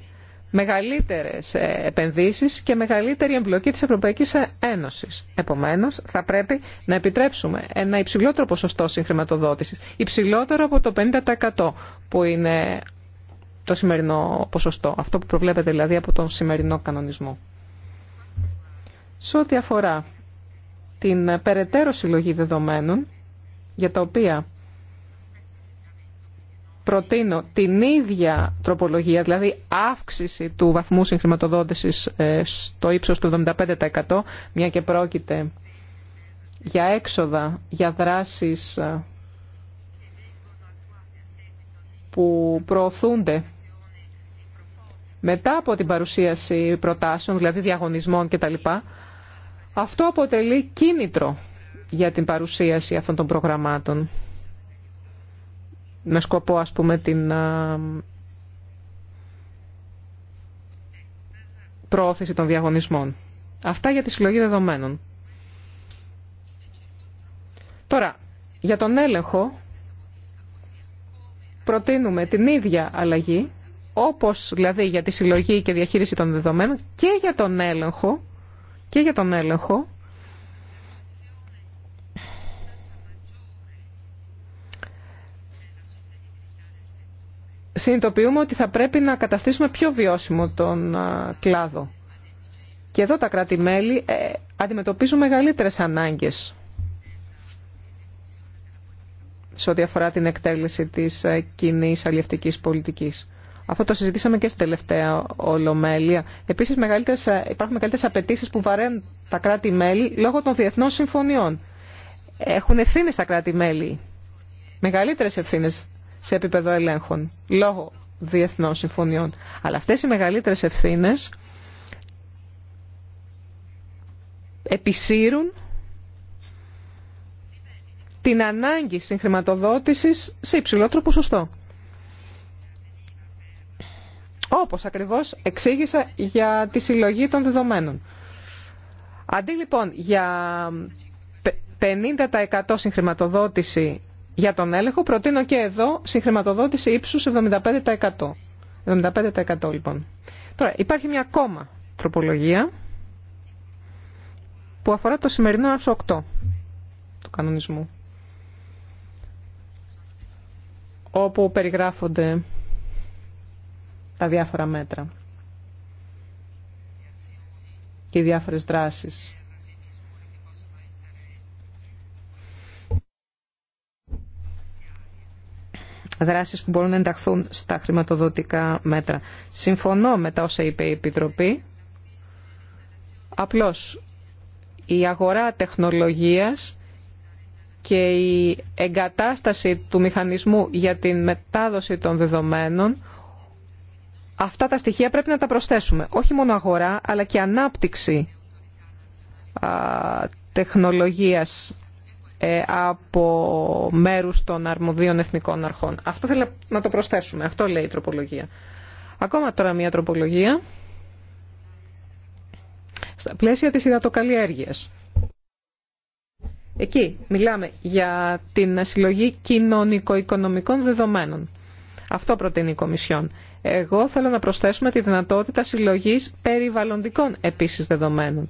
μεγαλύτερες ε, επενδύσεις και μεγαλύτερη εμπλοκή της Ευρωπαϊκής Ένωσης. Επομένως, θα πρέπει να επιτρέψουμε ένα υψηλότερο ποσοστό συγχρηματοδότησης, υψηλότερο από το 50% που είναι το σημερινό ποσοστό, αυτό που προβλέπεται δηλαδή από τον σημερινό κανονισμό. Σε ό,τι αφορά την περαιτέρω συλλογή δεδομένων, για τα οποία προτείνω την ίδια τροπολογία, δηλαδή αύξηση του βαθμού συγχρηματοδότησης ε, στο ύψος του 75%, μια και πρόκειται για έξοδα, για δράσεις ε, που προωθούνται μετά από την παρουσίαση προτάσεων, δηλαδή διαγωνισμών κτλ. Αυτό αποτελεί κίνητρο για την παρουσίαση αυτών των προγραμμάτων με σκοπό ας πούμε την προώθηση των διαγωνισμών. Αυτά για τη συλλογή δεδομένων. Τώρα, για τον έλεγχο προτείνουμε την ίδια αλλαγή, όπως δηλαδή για τη συλλογή και διαχείριση των δεδομένων και για τον έλεγχο, και για τον έλεγχο συνειδητοποιούμε ότι θα πρέπει να καταστήσουμε πιο βιώσιμο τον κλάδο. Και εδώ τα κράτη-μέλη ε, αντιμετωπίζουν μεγαλύτερες ανάγκες σε ό,τι αφορά την εκτέλεση της ε, κοινή αλληλευτικής πολιτικής. Αυτό το συζητήσαμε και στην τελευταία ολομέλεια. Επίσης μεγαλύτερες, ε, υπάρχουν μεγαλύτερες απαιτήσει που βαραίνουν τα κράτη-μέλη λόγω των διεθνών συμφωνιών. Έχουν ευθύνε τα κράτη-μέλη. Μεγαλύτερες ευθύνε σε επίπεδο ελέγχων λόγω διεθνών συμφωνιών. Αλλά αυτές οι μεγαλύτερες ευθύνες επισύρουν την ανάγκη συγχρηματοδότησης σε υψηλότερο ποσοστό. Όπως ακριβώς εξήγησα για τη συλλογή των δεδομένων. Αντί λοιπόν για 50% συγχρηματοδότηση για τον έλεγχο προτείνω και εδώ συγχρηματοδότηση ύψους 75%. 75% λοιπόν. Τώρα υπάρχει μια ακόμα τροπολογία που αφορά το σημερινό άρθρο 8 του κανονισμού όπου περιγράφονται τα διάφορα μέτρα και οι διάφορες δράσεις δράσεις που μπορούν να ενταχθούν στα χρηματοδοτικά μέτρα. Συμφωνώ με τα όσα είπε η Επιτροπή. Απλώς η αγορά τεχνολογίας και η εγκατάσταση του μηχανισμού για την μετάδοση των δεδομένων αυτά τα στοιχεία πρέπει να τα προσθέσουμε. Όχι μόνο αγορά αλλά και ανάπτυξη τεχνολογίας ε, από μέρους των αρμοδίων εθνικών αρχών. Αυτό θέλω να το προσθέσουμε. Αυτό λέει η τροπολογία. Ακόμα τώρα μια τροπολογία στα πλαίσια της υδατοκαλλιέργειας. Εκεί μιλάμε για την συλλογή κοινωνικο-οικονομικών δεδομένων. Αυτό προτείνει η Κομισιόν. Εγώ θέλω να προσθέσουμε τη δυνατότητα συλλογής περιβαλλοντικών επίσης δεδομένων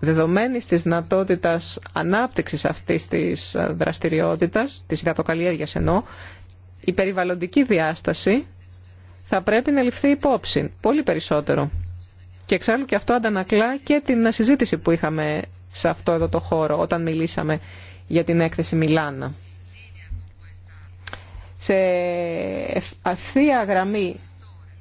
δεδομένης της δυνατότητα ανάπτυξης αυτής της ε, δραστηριότητας, της υδατοκαλλιέργειας ενώ, η περιβαλλοντική διάσταση θα πρέπει να ληφθεί υπόψη πολύ περισσότερο. Και εξάλλου και αυτό αντανακλά και την συζήτηση που είχαμε σε αυτό εδώ το χώρο όταν μιλήσαμε για την έκθεση Μιλάνα. Σε ευθεία γραμμή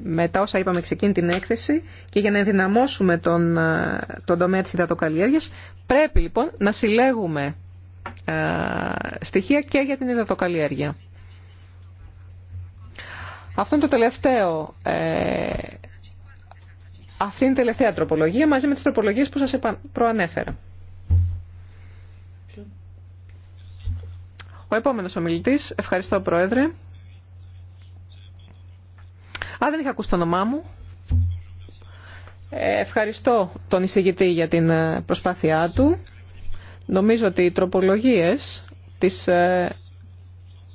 μετά όσα είπαμε ξεκίνη την έκθεση και για να ενδυναμώσουμε τον, ε, τον τομέα της υδατοκαλλιέργειας πρέπει λοιπόν να συλλέγουμε ε, στοιχεία και για την υδατοκαλλιέργεια. Αυτό το τελευταίο, ε, αυτή είναι η τελευταία τροπολογία μαζί με τις τροπολογίες που σας προανέφερα. Ο επόμενος ομιλητής, ευχαριστώ Πρόεδρε. Α, δεν είχα ακούσει το όνομά μου. Ε, ευχαριστώ τον εισηγητή για την ε, προσπάθειά του. Νομίζω ότι οι τροπολογίες της ε,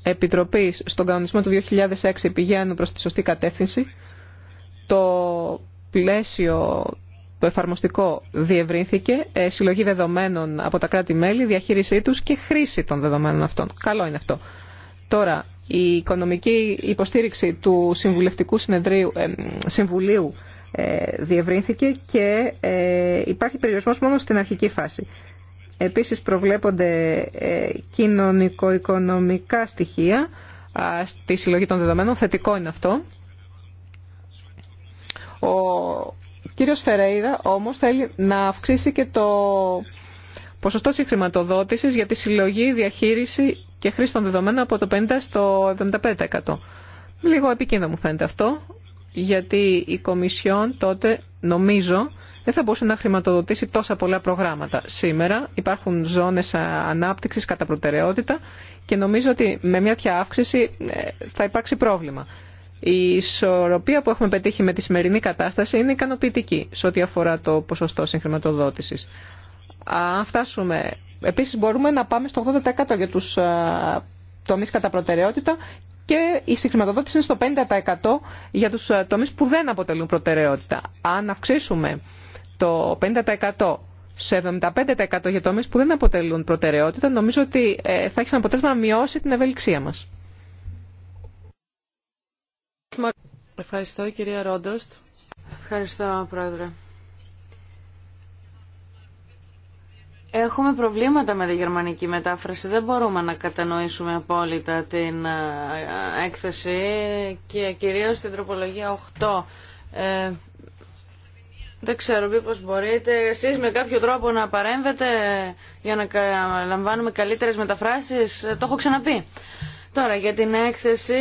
Επιτροπής στον κανονισμό του 2006 πηγαίνουν προς τη σωστή κατεύθυνση. Το πλαίσιο το εφαρμοστικό διευρύνθηκε, συλλογή δεδομένων από τα κράτη-μέλη, διαχείρισή τους και χρήση των δεδομένων αυτών. Καλό είναι αυτό. Τώρα, η οικονομική υποστήριξη του Συμβουλευτικού Συνεδρίου, ε, Συμβουλίου ε, διευρύνθηκε και ε, υπάρχει περιορισμός μόνο στην αρχική φάση. Επίσης προβλέπονται κοινωνικο-οικονομικά στοιχεία στη συλλογή των δεδομένων. Θετικό είναι αυτό. Ο κύριος Φερέιρα όμως θέλει να αυξήσει και το Ποσοστό συγχρηματοδότηση για τη συλλογή, διαχείριση και χρήση των δεδομένων από το 50% στο 75%. Λίγο επικίνδυνο μου φαίνεται αυτό, γιατί η Κομισιόν τότε νομίζω δεν θα μπορούσε να χρηματοδοτήσει τόσα πολλά προγράμματα. Σήμερα υπάρχουν ζώνες ανάπτυξη κατά προτεραιότητα και νομίζω ότι με μια τέτοια αύξηση ε, θα υπάρξει πρόβλημα. Η ισορροπία που έχουμε πετύχει με τη σημερινή κατάσταση είναι ικανοποιητική σε ό,τι αφορά το ποσοστό συγχρηματοδότηση αν φτάσουμε... Επίσης μπορούμε να πάμε στο 80% για τους τομείς κατά προτεραιότητα και η συγχρηματοδότηση είναι στο 50% για τους τομείς που δεν αποτελούν προτεραιότητα. Αν αυξήσουμε το 50% σε 75% για τομείς που δεν αποτελούν προτεραιότητα, νομίζω ότι ε, θα έχει σαν αποτέλεσμα να μειώσει την ευελιξία μας. Ευχαριστώ, κυρία Ρόντοστ. Ευχαριστώ, Πρόεδρε. Έχουμε προβλήματα με τη γερμανική μετάφραση. Δεν μπορούμε να κατανοήσουμε απόλυτα την ε, έκθεση και κυρίως την τροπολογία 8. Ε, δεν ξέρω μήπως μπορείτε εσείς με κάποιο τρόπο να παρέμβετε για να λαμβάνουμε καλύτερες μεταφράσεις. Ε, το έχω ξαναπεί. Τώρα για την έκθεση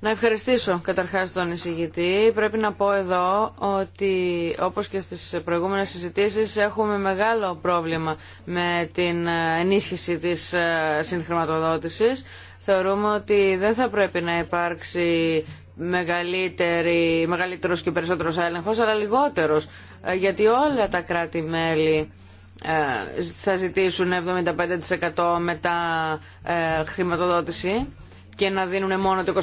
να ευχαριστήσω καταρχάς τον εισηγητή. Πρέπει να πω εδώ ότι όπως και στις προηγούμενες συζητήσεις έχουμε μεγάλο πρόβλημα με την ενίσχυση της ε, συγχρηματοδότησης. Θεωρούμε ότι δεν θα πρέπει να υπάρξει μεγαλύτερη, μεγαλύτερος και περισσότερος έλεγχος, αλλά λιγότερος, ε, γιατί όλα τα κράτη-μέλη ε, θα ζητήσουν 75% μετά χρηματοδότηση και να δίνουν μόνο το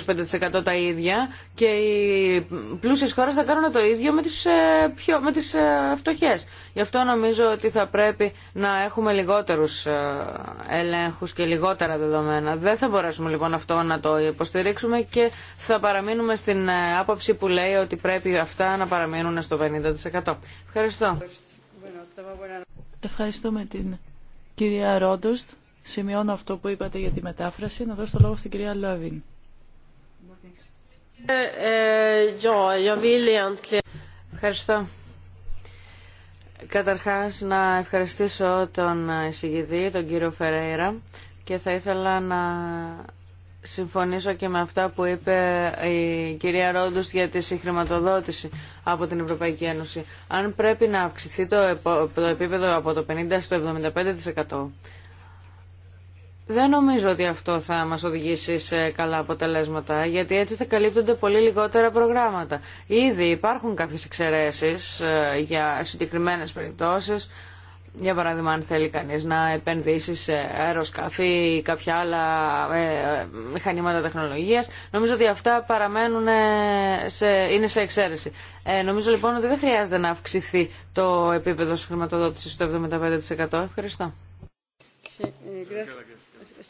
25% τα ίδια και οι πλούσιες χώρες θα κάνουν το ίδιο με τις, ε, πιο, με τις ε, φτωχές. Γι' αυτό νομίζω ότι θα πρέπει να έχουμε λιγότερους ε, ελέγχους και λιγότερα δεδομένα. Δεν θα μπορέσουμε λοιπόν αυτό να το υποστηρίξουμε και θα παραμείνουμε στην άποψη που λέει ότι πρέπει αυτά να παραμείνουν στο 50%. Ευχαριστώ. Ευχαριστούμε την κυρία Ρόντουστ. Σημειώνω αυτό που είπατε για τη μετάφραση. Να δώσω το λόγο στην κυρία Λόβιν. Ευχαριστώ. Καταρχάς να ευχαριστήσω τον εισηγητή, τον κύριο Φερέιρα και θα ήθελα να συμφωνήσω και με αυτά που είπε η κυρία Ρόντους για τη συγχρηματοδότηση από την Ευρωπαϊκή Ένωση. Αν πρέπει να αυξηθεί το επίπεδο από το 50% στο 75% δεν νομίζω ότι αυτό θα μας οδηγήσει σε καλά αποτελέσματα, γιατί έτσι θα καλύπτονται πολύ λιγότερα προγράμματα. Ήδη υπάρχουν κάποιες εξαιρέσεις ε, για συγκεκριμένες περιπτώσεις, για παράδειγμα, αν θέλει κανεί να επενδύσει σε αεροσκαφή ή κάποια άλλα ε, μηχανήματα τεχνολογία, νομίζω ότι αυτά παραμένουν ε, σε, είναι σε εξαίρεση. Ε, νομίζω λοιπόν ότι δεν χρειάζεται να αυξηθεί το επίπεδο χρηματοδότηση στο 75%. Ευχαριστώ.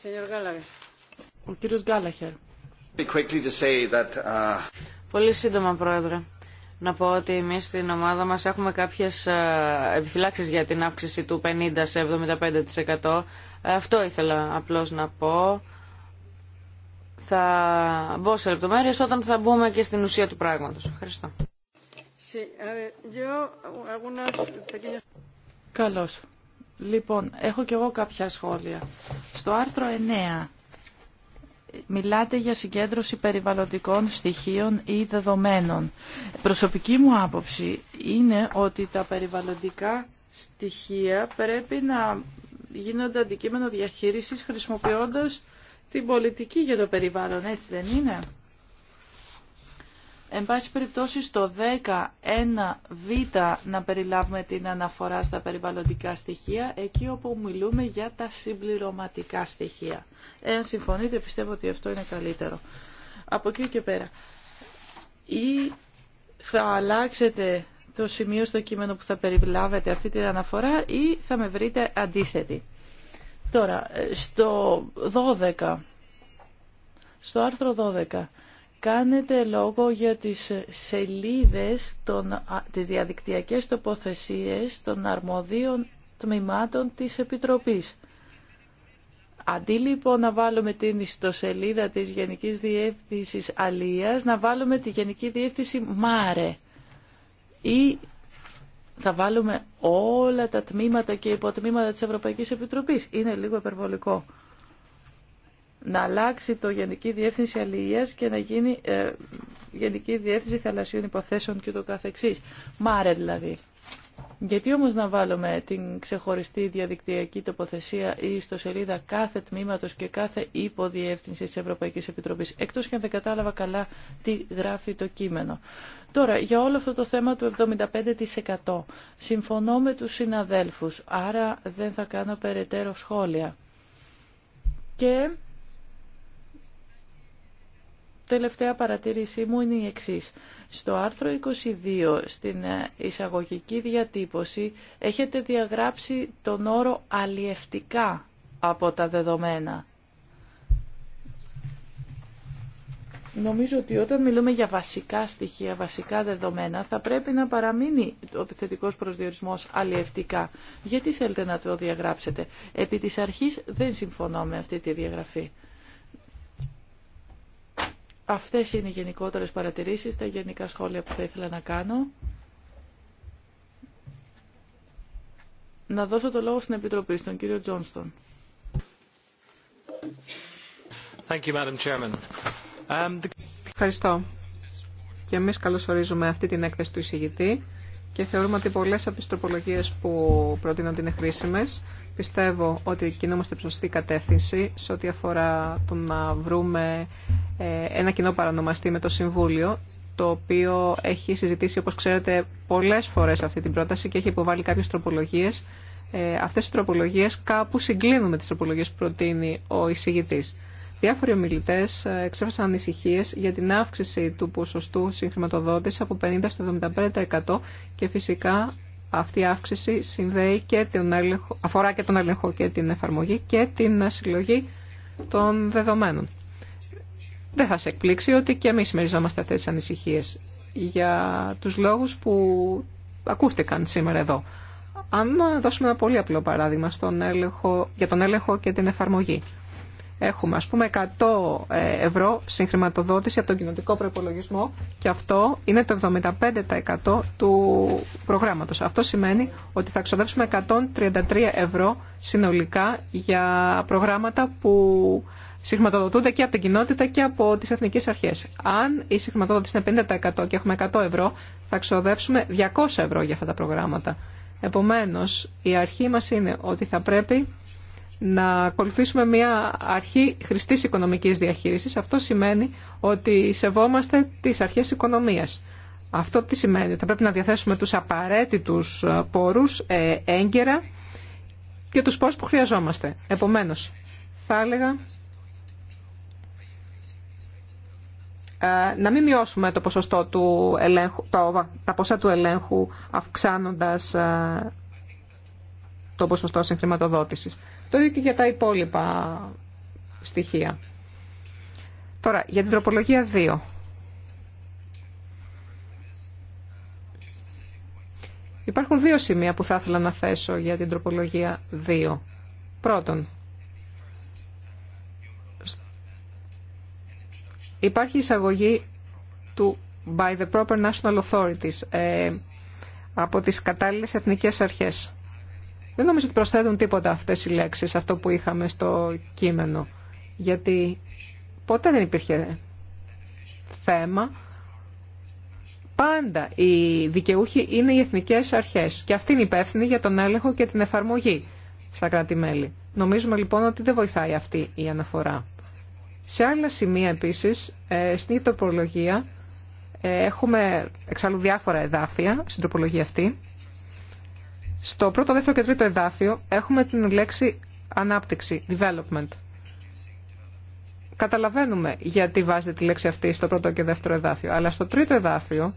Uh, Πολύ σύντομα, Πρόεδρε. Να πω ότι εμεί στην ομάδα μα έχουμε κάποιε επιφυλάξει για την αύξηση του 50 σε 75%. Αυτό ήθελα απλώ να πω. Θα μπω σε λεπτομέρειε όταν θα μπούμε και στην ουσία του πράγματο. Ευχαριστώ. Καλώς. Λοιπόν, έχω και εγώ κάποια σχόλια. Στο άρθρο 9 μιλάτε για συγκέντρωση περιβαλλοντικών στοιχείων ή δεδομένων. Προσωπική μου άποψη είναι ότι τα περιβαλλοντικά στοιχεία πρέπει να γίνονται αντικείμενο διαχείρισης χρησιμοποιώντας την πολιτική για το περιβάλλον. Έτσι δεν είναι. Εν πάση περιπτώσει στο 1 β να περιλάβουμε την αναφορά στα περιβαλλοντικά στοιχεία, εκεί όπου μιλούμε για τα συμπληρωματικά στοιχεία. Εάν συμφωνείτε, πιστεύω ότι αυτό είναι καλύτερο. Από εκεί και πέρα. Ή θα αλλάξετε το σημείο στο κείμενο που θα περιλάβετε αυτή την αναφορά ή θα με βρείτε αντίθετη. Τώρα, ε, στο 12, στο άρθρο 12, κάνετε λόγο για τις σελίδες, των, τις διαδικτυακές τοποθεσίες των αρμοδίων τμήματων της Επιτροπής. Αντί λοιπόν να βάλουμε την ιστοσελίδα της Γενικής Διεύθυνσης Αλίας, να βάλουμε τη Γενική Διεύθυνση ΜΑΡΕ ή θα βάλουμε όλα τα τμήματα και υποτμήματα της Ευρωπαϊκής Επιτροπής. Είναι λίγο υπερβολικό να αλλάξει το Γενική Διεύθυνση Αλληλείας και να γίνει ε, Γενική Διεύθυνση Θαλασσίων Υποθέσεων και το καθεξής. Μάρε δηλαδή. Γιατί όμως να βάλουμε την ξεχωριστή διαδικτυακή τοποθεσία ή στο σελίδα κάθε τμήματος και κάθε υποδιεύθυνση της Ευρωπαϊκής Επιτροπής, εκτός και αν δεν κατάλαβα καλά τι γράφει το κείμενο. Τώρα, για όλο αυτό το θέμα του 75% συμφωνώ με τους συναδέλφους, άρα δεν θα κάνω περαιτέρω σχόλια. Και τελευταία παρατήρησή μου είναι η εξής. Στο άρθρο 22, στην ε, εισαγωγική διατύπωση, έχετε διαγράψει τον όρο «αλλιευτικά» από τα δεδομένα. Νομίζω ότι όταν μιλούμε για βασικά στοιχεία, βασικά δεδομένα, θα πρέπει να παραμείνει ο επιθετικός προσδιορισμός αλλιευτικά. Γιατί θέλετε να το διαγράψετε. Επί της αρχής δεν συμφωνώ με αυτή τη διαγραφή. Αυτές είναι οι γενικότερες παρατηρήσεις, τα γενικά σχόλια που θα ήθελα να κάνω. Να δώσω το λόγο στην Επιτροπή, στον κύριο Τζόνστον. Um, Ευχαριστώ. Και εμείς καλωσορίζουμε αυτή την έκθεση του εισηγητή και θεωρούμε ότι πολλές από τις τροπολογίες που προτείνονται είναι χρήσιμες. Πιστεύω ότι κινούμαστε προς τη κατεύθυνση σε ό,τι αφορά το να βρούμε ε, ένα κοινό παρανομαστή με το Συμβούλιο, το οποίο έχει συζητήσει, όπως ξέρετε, πολλές φορές αυτή την πρόταση και έχει υποβάλει κάποιες τροπολογίες. Ε, αυτές οι τροπολογίες κάπου συγκλίνουν με τις τροπολογίες που προτείνει ο εισηγητής. Διάφοροι ομιλητέ ε, εξέφρασαν ανησυχίε για την αύξηση του ποσοστού συγχρηματοδότηση από 50% στο 75% και φυσικά αυτή η αύξηση συνδέει και τον έλεγχο, αφορά και τον έλεγχο και την εφαρμογή και την συλλογή των δεδομένων. Δεν θα σε εκπλήξει ότι και εμείς συμμεριζόμαστε αυτές τις ανησυχίες για τους λόγους που ακούστηκαν σήμερα εδώ. Αν δώσουμε ένα πολύ απλό παράδειγμα στον έλεγχο, για τον έλεγχο και την εφαρμογή. Έχουμε ας πούμε 100 ε, ευρώ συγχρηματοδότηση από τον κοινοτικό προπολογισμό και αυτό είναι το 75% του προγράμματος. Αυτό σημαίνει ότι θα ξοδέψουμε 133 ευρώ συνολικά για προγράμματα που συγχρηματοδοτούνται και από την κοινότητα και από τις εθνικές αρχές. Αν η συγχρηματοδότηση είναι 50% και έχουμε 100 ευρώ, θα ξοδέψουμε 200 ευρώ για αυτά τα προγράμματα. Επομένως, η αρχή μας είναι ότι θα πρέπει να ακολουθήσουμε μια αρχή χρηστής οικονομικής διαχείρισης. Αυτό σημαίνει ότι σεβόμαστε τις αρχές οικονομίας. Αυτό τι σημαίνει, θα πρέπει να διαθέσουμε τους απαραίτητους ε, πόρους ε, έγκαιρα και τους πόρους που χρειαζόμαστε. Επομένως, θα έλεγα ε, να μην μειώσουμε το ποσοστό του ελέγχου, τα ποσά του ελέγχου αυξάνοντας το ποσοστό συγχρηματοδότησης. Το ίδιο και για τα υπόλοιπα στοιχεία. Τώρα, για την τροπολογία 2. Υπάρχουν δύο σημεία που θα ήθελα να θέσω για την τροπολογία 2. Πρώτον, υπάρχει εισαγωγή του by the proper national authorities ε, από τις κατάλληλες εθνικές αρχές. Δεν νομίζω ότι προσθέτουν τίποτα αυτές οι λέξεις, αυτό που είχαμε στο κείμενο. Γιατί ποτέ δεν υπήρχε θέμα. Πάντα οι δικαιούχοι είναι οι εθνικές αρχές και αυτή είναι υπεύθυνη για τον έλεγχο και την εφαρμογή στα κράτη-μέλη. Νομίζουμε λοιπόν ότι δεν βοηθάει αυτή η αναφορά. Σε άλλα σημεία επίσης, ε, στην τροπολογία, ε, έχουμε εξάλλου διάφορα εδάφια στην τροπολογία αυτή. Στο πρώτο, δεύτερο και τρίτο εδάφιο έχουμε την λέξη ανάπτυξη, development. Καταλαβαίνουμε γιατί βάζετε τη λέξη αυτή στο πρώτο και δεύτερο εδάφιο, αλλά στο τρίτο εδάφιο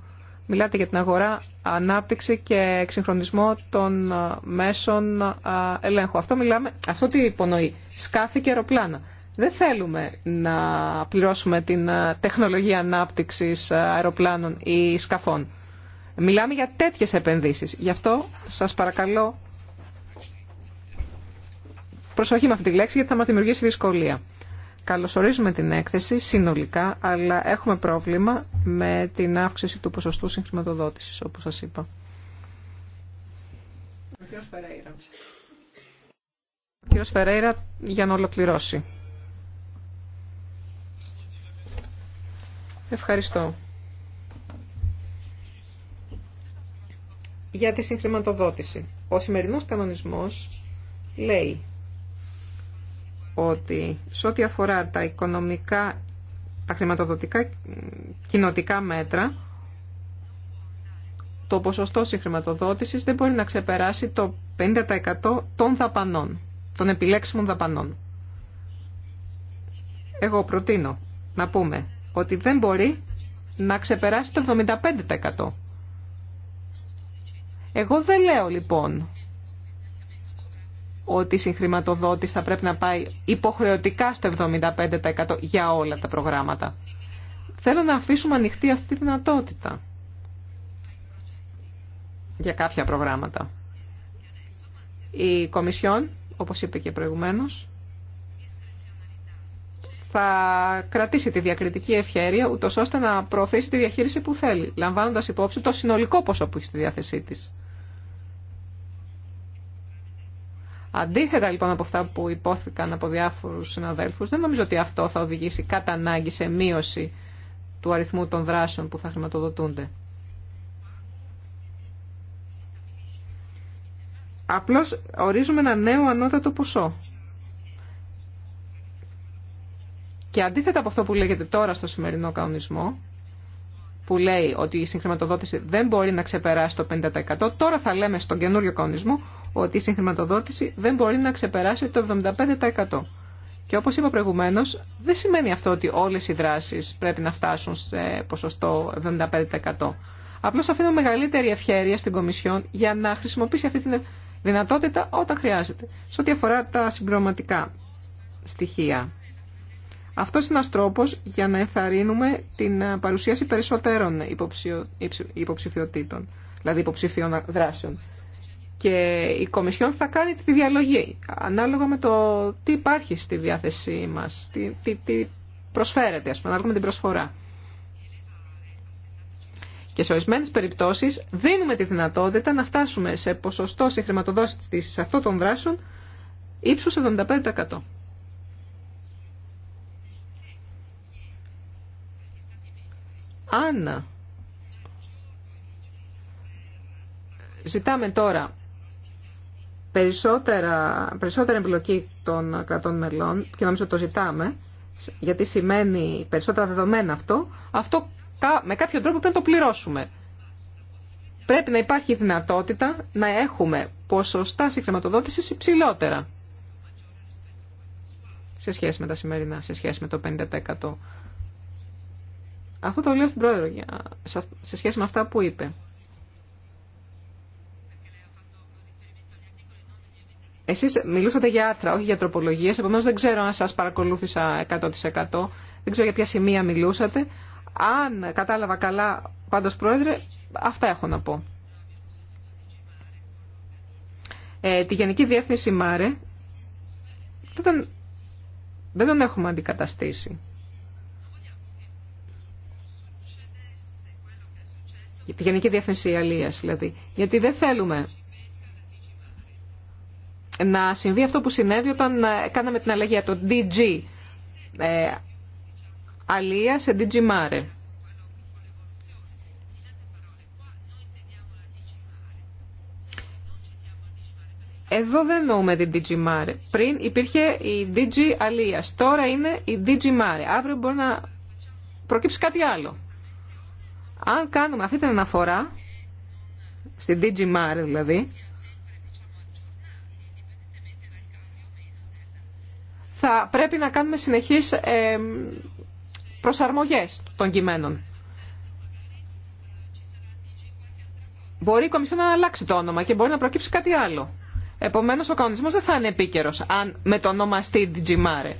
μιλάτε για την αγορά, ανάπτυξη και εξυγχρονισμό των μέσων ελέγχου. Αυτό, μιλάμε, αυτό τι υπονοεί, σκάφη και αεροπλάνα. Δεν θέλουμε να πληρώσουμε την τεχνολογία ανάπτυξης αεροπλάνων ή σκαφών. Μιλάμε για τέτοιες επενδύσεις. Γι' αυτό σας παρακαλώ προσοχή με αυτή τη λέξη γιατί θα μας δημιουργήσει δυσκολία. Καλωσορίζουμε την έκθεση συνολικά, αλλά έχουμε πρόβλημα με την αύξηση του ποσοστού συγχρηματοδότησης, όπως σας είπα. Ο κύριος Φερέιρα. Φερέιρα για να ολοκληρώσει. Ευχαριστώ. για τη συγχρηματοδότηση. Ο σημερινός κανονισμός λέει ότι σε ό,τι αφορά τα οικονομικά, τα χρηματοδοτικά κοινοτικά μέτρα, το ποσοστό συγχρηματοδότησης δεν μπορεί να ξεπεράσει το 50% των δαπανών, των επιλέξιμων δαπανών. Εγώ προτείνω να πούμε ότι δεν μπορεί να ξεπεράσει το 75%. Εγώ δεν λέω λοιπόν ότι η συγχρηματοδότηση θα πρέπει να πάει υποχρεωτικά στο 75% για όλα τα προγράμματα. Θέλω να αφήσουμε ανοιχτή αυτή τη δυνατότητα για κάποια προγράμματα. Η Κομισιόν, όπως είπε και προηγουμένως, θα κρατήσει τη διακριτική ευχαίρεια, ούτως ώστε να προωθήσει τη διαχείριση που θέλει, λαμβάνοντας υπόψη το συνολικό ποσό που έχει στη διάθεσή της. Αντίθετα λοιπόν από αυτά που υπόθηκαν από διάφορους συναδέλφους, δεν νομίζω ότι αυτό θα οδηγήσει κατά ανάγκη σε μείωση του αριθμού των δράσεων που θα χρηματοδοτούνται. Απλώς ορίζουμε ένα νέο ανώτατο ποσό. Και αντίθετα από αυτό που λέγεται τώρα στο σημερινό κανονισμό, που λέει ότι η συγχρηματοδότηση δεν μπορεί να ξεπεράσει το 50%, τώρα θα λέμε στον καινούριο κανονισμό ότι η συγχρηματοδότηση δεν μπορεί να ξεπεράσει το 75%. Και όπως είπα προηγουμένως, δεν σημαίνει αυτό ότι όλες οι δράσεις πρέπει να φτάσουν σε ποσοστό 75%. Απλώς αφήνουμε μεγαλύτερη ευχέρεια στην Κομισιόν για να χρησιμοποιήσει αυτή τη δυνατότητα όταν χρειάζεται. Σε ό,τι αφορά τα συμπληρωματικά στοιχεία. Αυτό είναι ένα τρόπο για να ενθαρρύνουμε την παρουσίαση περισσότερων υποψηφιωτήτων, δηλαδή υποψηφίων δράσεων και η Κομισιόν θα κάνει τη διαλογή ανάλογα με το τι υπάρχει στη διάθεσή μας, τι, τι, τι προσφέρεται, ας πούμε, ανάλογα με την προσφορά. Και σε ορισμένε περιπτώσει δίνουμε τη δυνατότητα να φτάσουμε σε ποσοστό σε χρηματοδότηση αυτών των δράσεων ύψου 75%. Αν ζητάμε τώρα περισσότερα, περισσότερη εμπλοκή των κρατών μελών και νομίζω το ζητάμε γιατί σημαίνει περισσότερα δεδομένα αυτό, αυτό με κάποιο τρόπο πρέπει να το πληρώσουμε. Πρέπει να υπάρχει δυνατότητα να έχουμε ποσοστά συγχρηματοδότησης υψηλότερα σε σχέση με τα σημερινά, σε σχέση με το 50%. Αυτό το λέω στην πρόεδρο σε σχέση με αυτά που είπε. Εσείς μιλούσατε για άρθρα, όχι για τροπολογίες, επομένως δεν ξέρω αν σας παρακολούθησα 100%, δεν ξέρω για ποια σημεία μιλούσατε. Αν κατάλαβα καλά, πάντως πρόεδρε, αυτά έχω να πω. Ε, τη Γενική Διεύθυνση ΜΑΡΕ δεν τον, δεν τον έχουμε αντικαταστήσει. Τη Γενική Διεύθυνση Αλίας, δηλαδή. Γιατί δεν θέλουμε να συμβεί αυτό που συνέβη όταν ε, κάναμε την αλλαγή από το DG ε, Αλία σε DG Mare. Εδώ δεν εννοούμε την DG Mare. Πριν υπήρχε η DG Αλία. Τώρα είναι η DG Mare. Αύριο μπορεί να προκύψει κάτι άλλο. Αν κάνουμε αυτή την αναφορά, στην DG Mare δηλαδή, θα πρέπει να κάνουμε συνεχείς προσαρμογές των κειμένων. Μπορεί η Κομισιόν να αλλάξει το όνομα και μπορεί να προκύψει κάτι άλλο. Επομένω, ο κανονισμό δεν θα είναι επίκαιρο αν με το μετονομαστεί Mare.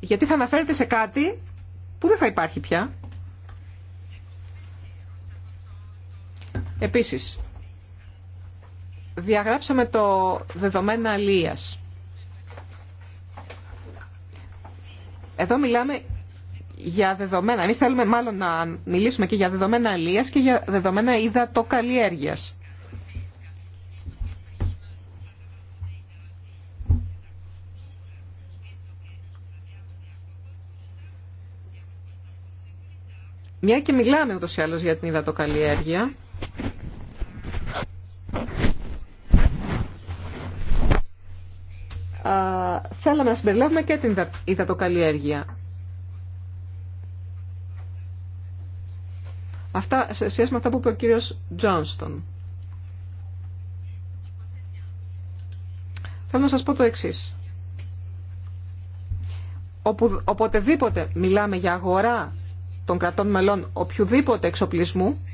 Γιατί θα αναφέρεται σε κάτι που δεν θα υπάρχει πια. Επίσης, διαγράψαμε το δεδομένα αλίας. Εδώ μιλάμε για δεδομένα. εμεί θέλουμε μάλλον να μιλήσουμε και για δεδομένα αλλία και για δεδομένα καλλιέργεια. Μια και μιλάμε ούτως ή άλλως για την υδατοκαλλιέργεια. θέλαμε να συμπεριλάβουμε και την υδατοκαλλιέργεια. Αυτά σε σχέση με αυτά που είπε ο κύριος Τζόνστον. Θέλω να σας πω το εξής. Οπου, οποτεδήποτε μιλάμε για αγορά των κρατών μελών οποιοδήποτε εξοπλισμού,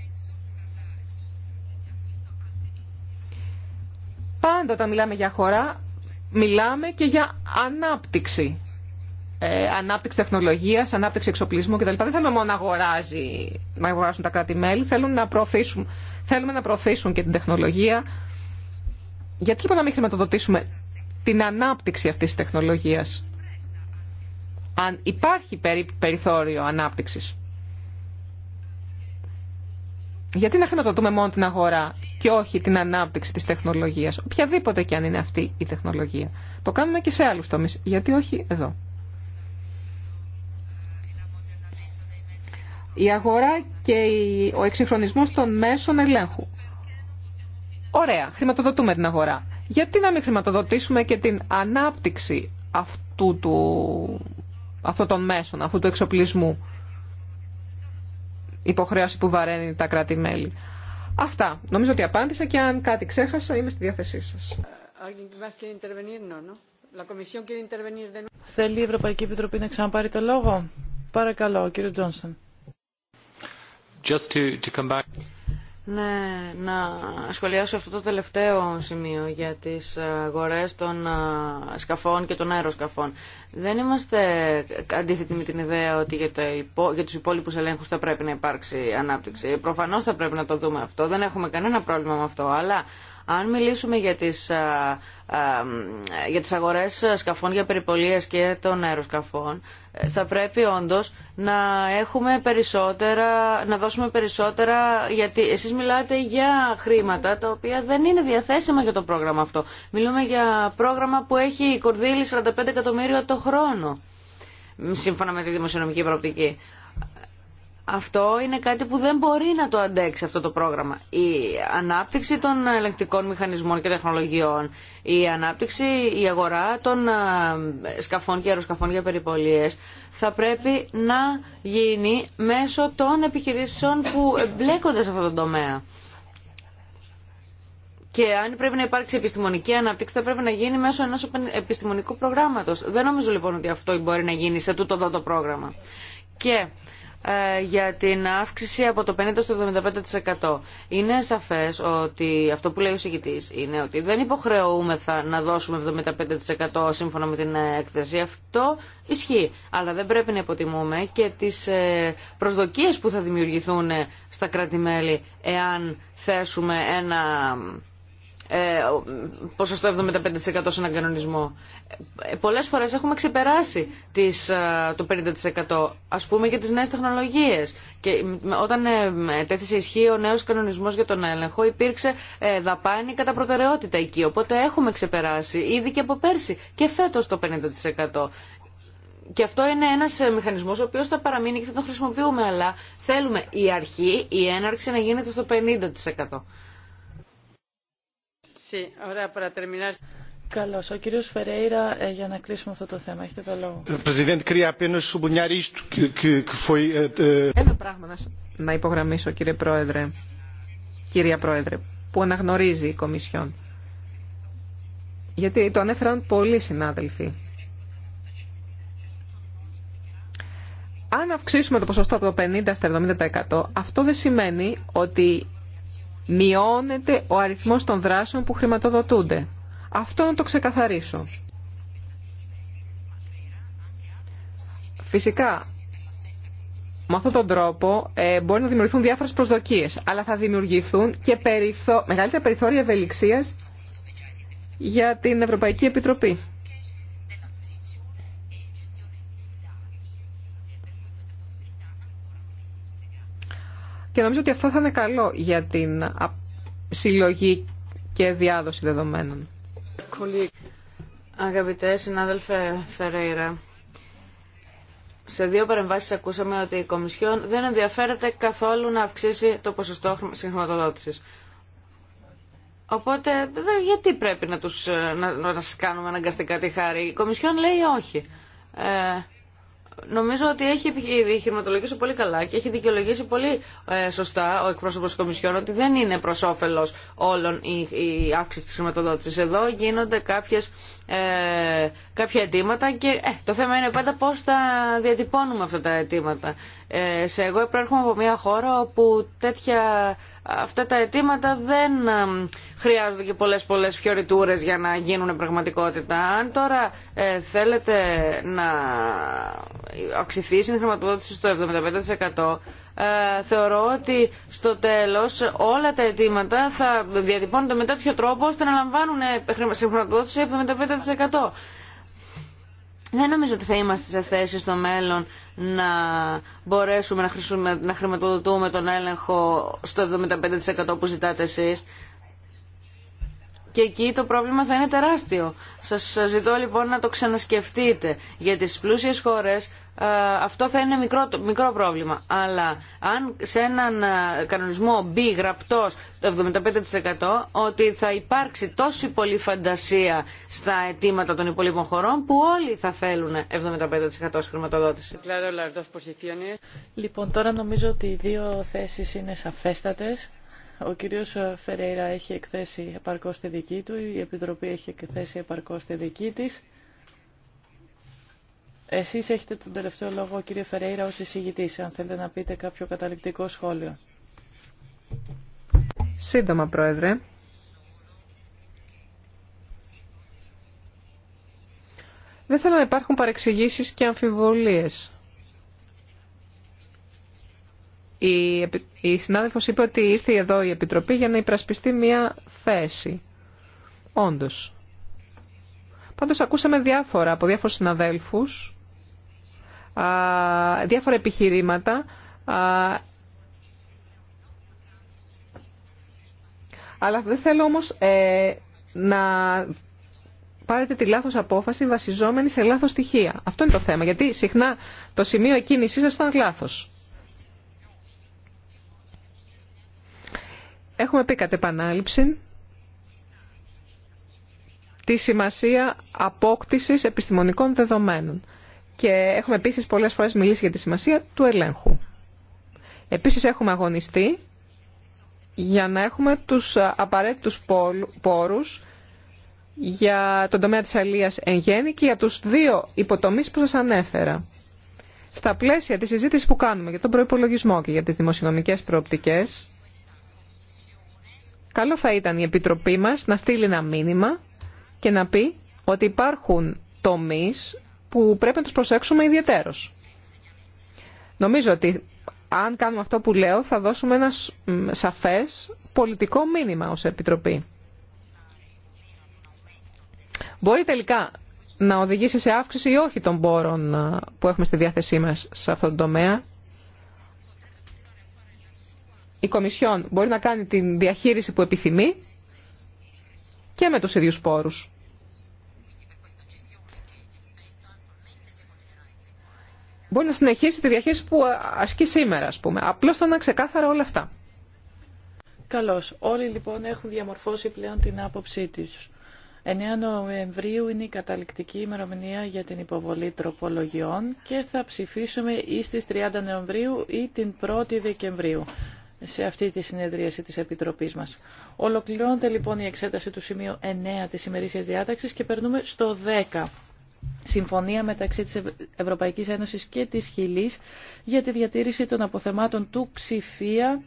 Πάντοτε μιλάμε για αγορά μιλάμε και για ανάπτυξη. Ε, ανάπτυξη τεχνολογία, ανάπτυξη εξοπλισμού κτλ. Δεν θέλουμε μόνο να, αγοράζει, αγοράσουν τα κράτη-μέλη, θέλουμε να, προωθήσουν, θέλουμε να προωθήσουν και την τεχνολογία. Γιατί λοιπόν να μην χρηματοδοτήσουμε την ανάπτυξη αυτής της τεχνολογίας, αν υπάρχει περι, περιθώριο ανάπτυξης. Γιατί να χρηματοδοτούμε μόνο την αγορά και όχι την ανάπτυξη της τεχνολογίας, οποιαδήποτε και αν είναι αυτή η τεχνολογία. Το κάνουμε και σε άλλους τομεί. γιατί όχι εδώ. Η αγορά και ο εξυγχρονισμό των μέσων ελέγχου. Ωραία, χρηματοδοτούμε την αγορά. Γιατί να μην χρηματοδοτήσουμε και την ανάπτυξη αυτού του, των μέσων, αυτού του εξοπλισμού υποχρέωση που βαραίνει τα κράτη-μέλη. Αυτά. Νομίζω ότι απάντησα και αν κάτι ξέχασα είμαι στη διάθεσή σα. Θέλει η Ευρωπαϊκή Επιτροπή να ξαναπάρει το λόγο. Παρακαλώ, κύριε Τζόνσον. Ναι, να σχολιάσω αυτό το τελευταίο σημείο για τις αγορές των σκαφών και των αεροσκαφών. Δεν είμαστε αντίθετοι με την ιδέα ότι για, το υπό, για τους υπόλοιπους ελέγχους θα πρέπει να υπάρξει ανάπτυξη. Προφανώς θα πρέπει να το δούμε αυτό, δεν έχουμε κανένα πρόβλημα με αυτό, αλλά αν μιλήσουμε για τις, για τις αγορές σκαφών για περιπολίες και των αεροσκαφών, ε, θα πρέπει όντως να έχουμε περισσότερα, να δώσουμε περισσότερα, γιατί εσείς μιλάτε για χρήματα τα οποία δεν είναι διαθέσιμα για το πρόγραμμα αυτό. Μιλούμε για πρόγραμμα που έχει κορδίλει 45 εκατομμύρια το χρόνο σύμφωνα με τη δημοσιονομική προοπτική. Αυτό είναι κάτι που δεν μπορεί να το αντέξει αυτό το πρόγραμμα. Η ανάπτυξη των ελεγκτικών μηχανισμών και τεχνολογιών, η ανάπτυξη, η αγορά των ε, σκαφών και αεροσκαφών για περιπολίες θα πρέπει να γίνει μέσω των επιχειρήσεων που εμπλέκονται σε αυτό το τομέα. Και αν πρέπει να υπάρξει επιστημονική ανάπτυξη, θα πρέπει να γίνει μέσω ενό επιστημονικού προγράμματος. Δεν νομίζω λοιπόν ότι αυτό μπορεί να γίνει σε τούτο εδώ το πρόγραμμα. Και ε, για την αύξηση από το 50% στο 75%. Είναι σαφές ότι αυτό που λέει ο συγκητής είναι ότι δεν υποχρεούμεθα να δώσουμε 75% σύμφωνα με την ε, έκθεση. Αυτό ισχύει. Αλλά δεν πρέπει να υποτιμούμε και τις ε, προσδοκίες που θα δημιουργηθούν στα κράτη-μέλη εάν θέσουμε ένα ε, ποσοστό 75% σε έναν κανονισμό. Ε, Πολλέ φορέ έχουμε ξεπεράσει τις, ε, το 50% ας πούμε για τι νέε τεχνολογίε. Και όταν τέθησε ισχύ ο νέο κανονισμό για τον έλεγχο υπήρξε δαπάνη κατά προτεραιότητα εκεί. Οπότε έχουμε ξεπεράσει ήδη και από πέρσι και φέτο το 50%. Και αυτό είναι ένα μηχανισμό ο οποίο θα παραμείνει και θα τον χρησιμοποιούμε, αλλά θέλουμε η αρχή, η έναρξη να γίνεται στο 50%. Καλώ. Ο κύριο Φερέιρα ε, για να κλείσουμε αυτό το θέμα. Έχετε το λόγο. Ε, ε, Ένα πράγμα να υπογραμμίσω, κύριε Πρόεδρε, κυρία Πρόεδρε, που αναγνωρίζει η Κομισιόν. Γιατί το ανέφεραν πολλοί συνάδελφοι. Αν αυξήσουμε το ποσοστό από το 50% στο 70%, αυτό δεν σημαίνει ότι μειώνεται ο αριθμός των δράσεων που χρηματοδοτούνται. Αυτό να το ξεκαθαρίσω. Φυσικά, με αυτόν τον τρόπο ε, μπορεί να δημιουργηθούν διάφορες προσδοκίες, αλλά θα δημιουργηθούν και περιθώ... μεγαλύτερα περιθώρια ευελιξίας για την Ευρωπαϊκή Επιτροπή. Και νομίζω ότι αυτό θα είναι καλό για την συλλογή και διάδοση δεδομένων. Αγαπητέ συνάδελφε Φερέιρα, σε δύο παρεμβάσεις ακούσαμε ότι η Κομισιόν δεν ενδιαφέρεται καθόλου να αυξήσει το ποσοστό συγχρηματοδότησης. Οπότε γιατί πρέπει να, τους, ε, να, να σας κάνουμε αναγκαστικά τη χάρη. Η Κομισιόν λέει όχι. Ε, Νομίζω ότι έχει επιχειρηματολογήσει πολύ καλά και έχει δικαιολογήσει πολύ ε, σωστά ο εκπρόσωπος της Κομισιόν ότι δεν είναι προς όφελος όλων η, αύξηση της χρηματοδότησης. Εδώ γίνονται κάποιες ε, κάποια αιτήματα και ε, το θέμα είναι πάντα πώς θα διατυπώνουμε αυτά τα αιτήματα. Ε, σε εγώ προέρχομαι από μια χώρα όπου τέτοια, αυτά τα αιτήματα δεν ε, χρειάζονται και πολλές πολλές φιωριτούρες για να γίνουν πραγματικότητα. Αν τώρα ε, θέλετε να αυξηθεί η χρηματοδότηση στο 75% ε, θεωρώ ότι στο τέλος όλα τα αιτήματα θα διατυπώνονται με τέτοιο τρόπο ώστε να λαμβάνουν ε, συγχρονοδότηση 75%. Δεν νομίζω ότι θα είμαστε σε θέση στο μέλλον να μπορέσουμε να χρηματοδοτούμε τον έλεγχο στο 75% που ζητάτε εσείς. Και εκεί το πρόβλημα θα είναι τεράστιο. Σας ζητώ λοιπόν να το ξανασκεφτείτε. Για τις πλούσιες χώρες ε, αυτό θα είναι μικρό, μικρό πρόβλημα. Αλλά αν σε έναν ε, κανονισμό μπει γραπτό το 75% ότι θα υπάρξει τόση πολλή φαντασία στα αιτήματα των υπολείπων χωρών που όλοι θα θέλουν 75% χρηματοδότηση. Λοιπόν, τώρα νομίζω ότι οι δύο θέσεις είναι σαφέστατες. Ο κύριος Φερέιρα έχει εκθέσει επαρκώς τη δική του, η Επιτροπή έχει εκθέσει επαρκώς τη δική της. Εσείς έχετε τον τελευταίο λόγο, κύριε Φερέιρα, ως εισηγητής, αν θέλετε να πείτε κάποιο καταληκτικό σχόλιο. Σύντομα, Πρόεδρε. Δεν θέλω να υπάρχουν παρεξηγήσεις και αμφιβολίες. Η, η συνάδελφος είπε ότι ήρθε εδώ η Επιτροπή για να υπρασπιστεί μία θέση. Όντως. Πάντως ακούσαμε διάφορα από διάφορους συναδέλφους διάφορα επιχειρήματα αλλά δεν θέλω όμως ε, να πάρετε τη λάθος απόφαση βασιζόμενη σε λάθος στοιχεία. Αυτό είναι το θέμα, γιατί συχνά το σημείο εκείνης σας ήταν λάθος. Έχουμε πει κατ' επανάληψη τη σημασία απόκτησης επιστημονικών δεδομένων και έχουμε επίσης πολλές φορές μιλήσει για τη σημασία του ελέγχου. Επίσης έχουμε αγωνιστεί για να έχουμε τους απαραίτητους πόρους για τον τομέα της αλίας εν γέννη και για τους δύο υποτομείς που σας ανέφερα. Στα πλαίσια της συζήτηση που κάνουμε για τον προϋπολογισμό και για τις δημοσιονομικές προοπτικές, καλό θα ήταν η Επιτροπή μας να στείλει ένα μήνυμα και να πει ότι υπάρχουν τομείς που πρέπει να τους προσέξουμε ιδιαίτερως. Νομίζω ότι αν κάνουμε αυτό που λέω θα δώσουμε ένα σαφές πολιτικό μήνυμα ως Επιτροπή. Μπορεί τελικά να οδηγήσει σε αύξηση ή όχι των πόρων που έχουμε στη διάθεσή μας σε αυτόν τον τομέα. Η Κομισιόν μπορεί να κάνει την διαχείριση που επιθυμεί και με τους ίδιους πόρους. μπορεί να συνεχίσει τη διαχείριση που ασκεί σήμερα, ας πούμε. Απλώς θα είναι ξεκάθαρα όλα αυτά. Καλώς. Όλοι λοιπόν έχουν διαμορφώσει πλέον την άποψή τους. 9 Νοεμβρίου είναι η καταληκτική ημερομηνία για την υποβολή τροπολογιών και θα ψηφίσουμε ή στις 30 Νοεμβρίου ή την 1η Δεκεμβρίου σε αυτή τη συνεδρίαση της Επιτροπής μας. Ολοκληρώνεται λοιπόν η εξέταση του σημείου 9 της ημερήσιας διάταξης και περνούμε στο 10 συμφωνία μεταξύ της Ευρωπαϊκής Ένωσης και της Χιλής για τη διατήρηση των αποθεμάτων του Ξηφία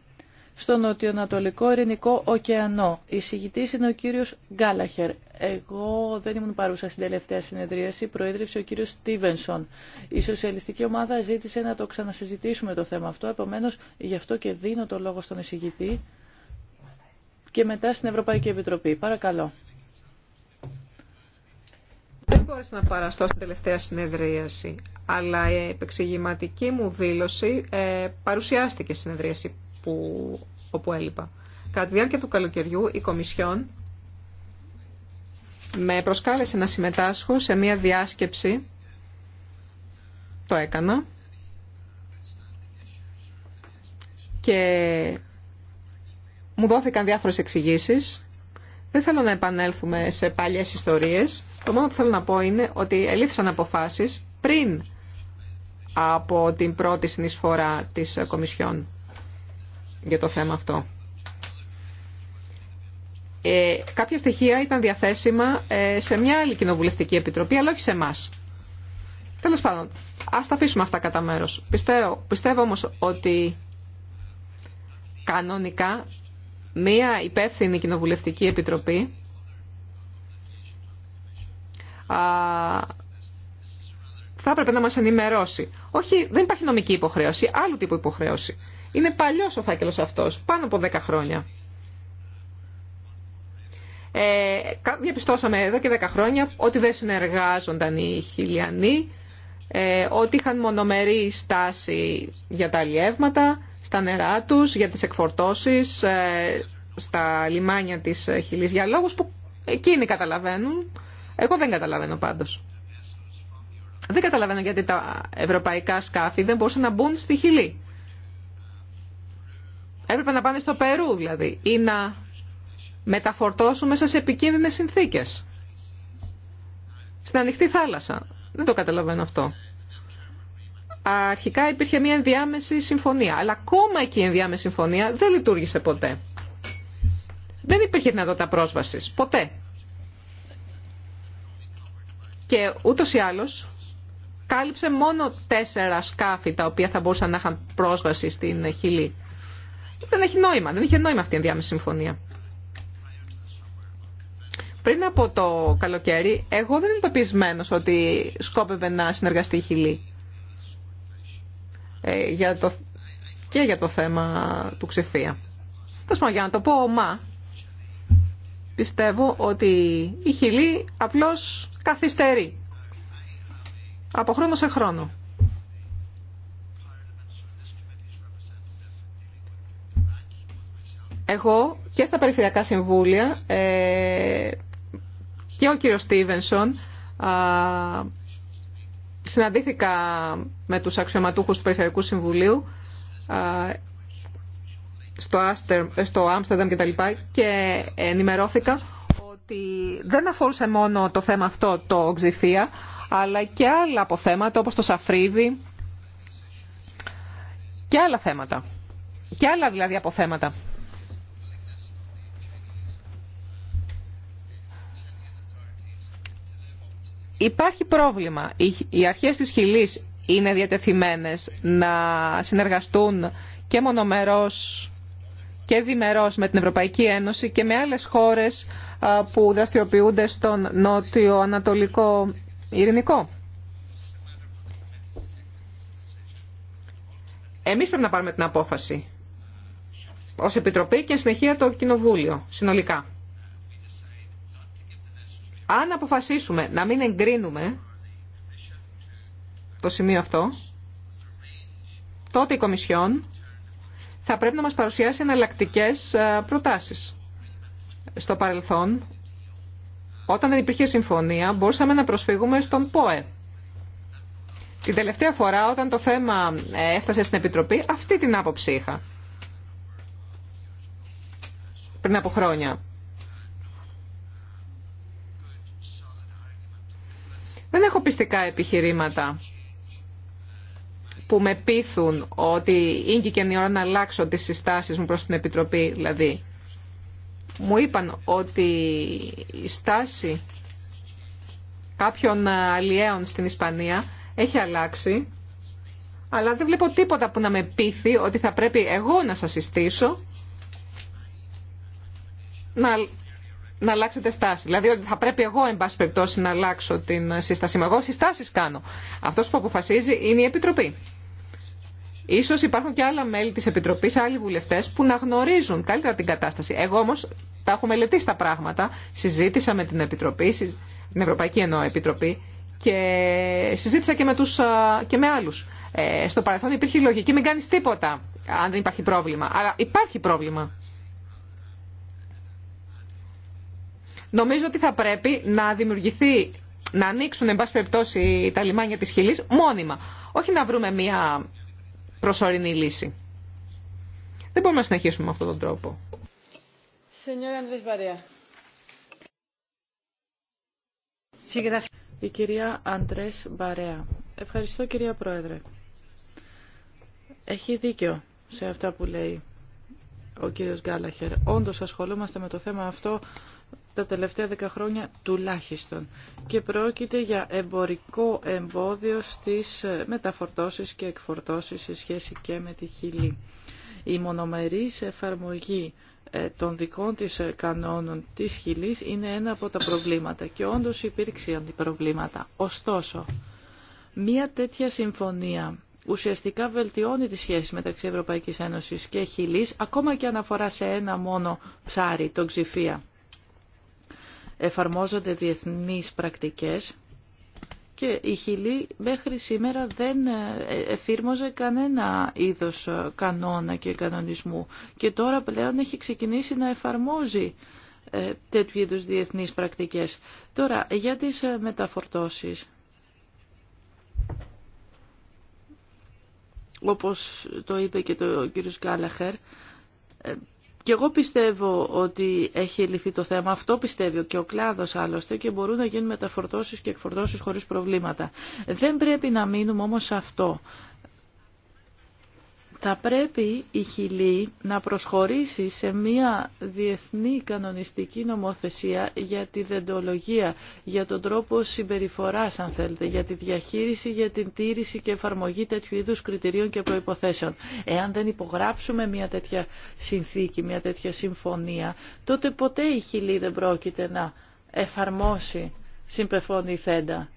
στο νοτιοανατολικό ειρηνικό ωκεανό. Η συγητής είναι ο κύριος Γκάλαχερ. Εγώ δεν ήμουν παρούσα στην τελευταία συνεδρίαση, προέδρευσε ο κύριος Στίβενσον. Η σοσιαλιστική ομάδα ζήτησε να το ξανασυζητήσουμε το θέμα αυτό, επομένως γι' αυτό και δίνω το λόγο στον εισηγητή και μετά στην Ευρωπαϊκή Επιτροπή. Παρακαλώ. Δεν μπόρεσα να παραστώ στην τελευταία συνεδρίαση, αλλά η επεξηγηματική μου δήλωση ε, παρουσιάστηκε στη συνεδρίαση που, όπου έλειπα. Κατά τη διάρκεια του καλοκαιριού, η Κομισιόν με προσκάλεσε να συμμετάσχω σε μία διάσκεψη. Το έκανα. Και μου δόθηκαν διάφορες εξηγήσεις δεν θέλω να επανέλθουμε σε παλιές ιστορίες. Το μόνο που θέλω να πω είναι ότι ελήφθησαν αποφάσεις πριν από την πρώτη συνεισφορά της Κομισιόν για το θέμα αυτό. Ε, κάποια στοιχεία ήταν διαθέσιμα ε, σε μια άλλη κοινοβουλευτική επιτροπή, αλλά όχι σε εμά. Τέλο πάντων, α τα αφήσουμε αυτά κατά μέρο. Πιστεύω, πιστεύω όμω ότι κανονικά μία υπεύθυνη κοινοβουλευτική επιτροπή θα έπρεπε να μας ενημερώσει. Όχι, δεν υπάρχει νομική υποχρέωση, άλλου τύπου υποχρέωση. Είναι παλιός ο φάκελος αυτός, πάνω από 10 χρόνια. Ε, διαπιστώσαμε εδώ και 10 χρόνια ότι δεν συνεργάζονταν οι χιλιανοί, ε, ότι είχαν μονομερή στάση για τα αλλιεύματα, στα νερά τους, για τις εκφορτώσεις, ε, στα λιμάνια της Χιλής για λόγους που εκείνοι καταλαβαίνουν. Εγώ δεν καταλαβαίνω πάντως. Δεν καταλαβαίνω γιατί τα ευρωπαϊκά σκάφη δεν μπορούσαν να μπουν στη Χιλή. Έπρεπε να πάνε στο Περού δηλαδή ή να μεταφορτώσουν μέσα σε επικίνδυνες συνθήκες. Στην ανοιχτή θάλασσα. Δεν το καταλαβαίνω αυτό αρχικά υπήρχε μια ενδιάμεση συμφωνία. Αλλά ακόμα εκεί η ενδιάμεση συμφωνία δεν λειτουργήσε ποτέ. Δεν υπήρχε δυνατότητα πρόσβασης. Ποτέ. Και ούτω ή άλλω κάλυψε μόνο τέσσερα σκάφη τα οποία θα μπορούσαν να είχαν πρόσβαση στην Χιλή. Δεν έχει νόημα. Δεν είχε νόημα αυτή η ενδιάμεση συμφωνία. Πριν από το καλοκαίρι, εγώ δεν είμαι πεπισμένο ότι σκόπευε να συνεργαστεί η Χιλή. Ε, για το, και για το θέμα του ξεφία. για να το πω ομά, πιστεύω ότι η χιλή απλώς καθυστερεί από χρόνο σε χρόνο. Εγώ και στα περιφερειακά συμβούλια ε, και ο κύριος Στίβενσον συναντήθηκα με τους αξιωματούχους του Περιφερειακού Συμβουλίου στο, Άστερ, στο Άμστερνταμ και τα λοιπά και ενημερώθηκα ότι δεν αφορούσε μόνο το θέμα αυτό το ξηφία αλλά και άλλα αποθέματα όπως το σαφρίδι και άλλα θέματα και άλλα δηλαδή αποθέματα. Υπάρχει πρόβλημα. Οι αρχές της Χιλής είναι διατεθειμένες να συνεργαστούν και μονομερός και διμερός με την Ευρωπαϊκή Ένωση και με άλλες χώρες που δραστηριοποιούνται στον νότιο ανατολικό ειρηνικό. Εμείς πρέπει να πάρουμε την απόφαση ως Επιτροπή και συνεχεία το Κοινοβούλιο συνολικά. Αν αποφασίσουμε να μην εγκρίνουμε το σημείο αυτό, τότε η Κομισιόν θα πρέπει να μας παρουσιάσει εναλλακτικέ ε, προτάσεις. Στο παρελθόν, όταν δεν υπήρχε συμφωνία, μπορούσαμε να προσφύγουμε στον ΠΟΕ. Την τελευταία φορά, όταν το θέμα ε, έφτασε στην Επιτροπή, αυτή την άποψη είχα. Πριν από χρόνια. Δεν έχω πιστικά επιχειρήματα που με πείθουν ότι ήγηκε η ώρα να αλλάξω τις συστάσεις μου προς την Επιτροπή. Δηλαδή, μου είπαν ότι η στάση κάποιων αλλιέων στην Ισπανία έχει αλλάξει, αλλά δεν βλέπω τίποτα που να με πείθει ότι θα πρέπει εγώ να σας συστήσω να να αλλάξετε στάση. Δηλαδή ότι θα πρέπει εγώ, εν πάση περιπτώσει, να αλλάξω την σύστασή Εγώ συστάσει κάνω. Αυτό που αποφασίζει είναι η Επιτροπή. Σω υπάρχουν και άλλα μέλη τη Επιτροπή, άλλοι βουλευτέ που να γνωρίζουν καλύτερα την κατάσταση. Εγώ όμω τα έχω μελετήσει τα πράγματα. Συζήτησα με την Επιτροπή, την Ευρωπαϊκή Εννοώ Επιτροπή και συζήτησα και με, τους, με άλλου. Ε, στο παρελθόν υπήρχε λογική μην κάνει τίποτα αν δεν υπάρχει πρόβλημα. Αλλά υπάρχει πρόβλημα. Νομίζω ότι θα πρέπει να δημιουργηθεί, να ανοίξουν, εν πάση περιπτώσει, τα λιμάνια της Χιλής μόνιμα. Όχι να βρούμε μία προσωρινή λύση. Δεν μπορούμε να συνεχίσουμε με αυτόν τον τρόπο. Η κυρία Αντρές Βάρεα. Ευχαριστώ κυρία Πρόεδρε. Έχει δίκιο σε αυτά που λέει ο κύριος Γκάλαχερ. Όντως ασχολούμαστε με το θέμα αυτό τα τελευταία δέκα χρόνια τουλάχιστον και πρόκειται για εμπορικό εμπόδιο στις ε, μεταφορτώσεις και εκφορτώσεις σε σχέση και με τη χιλή. Η μονομερής εφαρμογή ε, των δικών της ε, κανόνων της χιλής είναι ένα από τα προβλήματα και όντως υπήρξε αντιπροβλήματα. Ωστόσο, μία τέτοια συμφωνία ουσιαστικά βελτιώνει τις σχέσεις μεταξύ Ευρωπαϊκής Ένωσης και Χιλής, ακόμα και αναφορά σε ένα μόνο ψάρι, τον ξηφία εφαρμόζονται διεθνείς πρακτικές και η Χιλή μέχρι σήμερα δεν ε, εφήρμοζε κανένα είδος ε, κανόνα και κανονισμού και τώρα πλέον έχει ξεκινήσει να εφαρμόζει ε, τέτοιου είδους διεθνείς πρακτικές. Τώρα, για τις μεταφορτώσεις. Όπως το είπε και το κύριος Γκάλαχερ, και εγώ πιστεύω ότι έχει λυθεί το θέμα. Αυτό πιστεύει και ο κλάδος άλλωστε και μπορούν να γίνουν μεταφορτώσεις και εκφορτώσεις χωρίς προβλήματα. Δεν πρέπει να μείνουμε όμως αυτό θα πρέπει η Χιλή να προσχωρήσει σε μια διεθνή κανονιστική νομοθεσία για τη δεντολογία, για τον τρόπο συμπεριφοράς αν θέλετε, για τη διαχείριση, για την τήρηση και εφαρμογή τέτοιου είδους κριτηρίων και προϋποθέσεων. Εάν δεν υπογράψουμε μια τέτοια συνθήκη, μια τέτοια συμφωνία, τότε ποτέ η Χιλή δεν πρόκειται να εφαρμόσει θέντα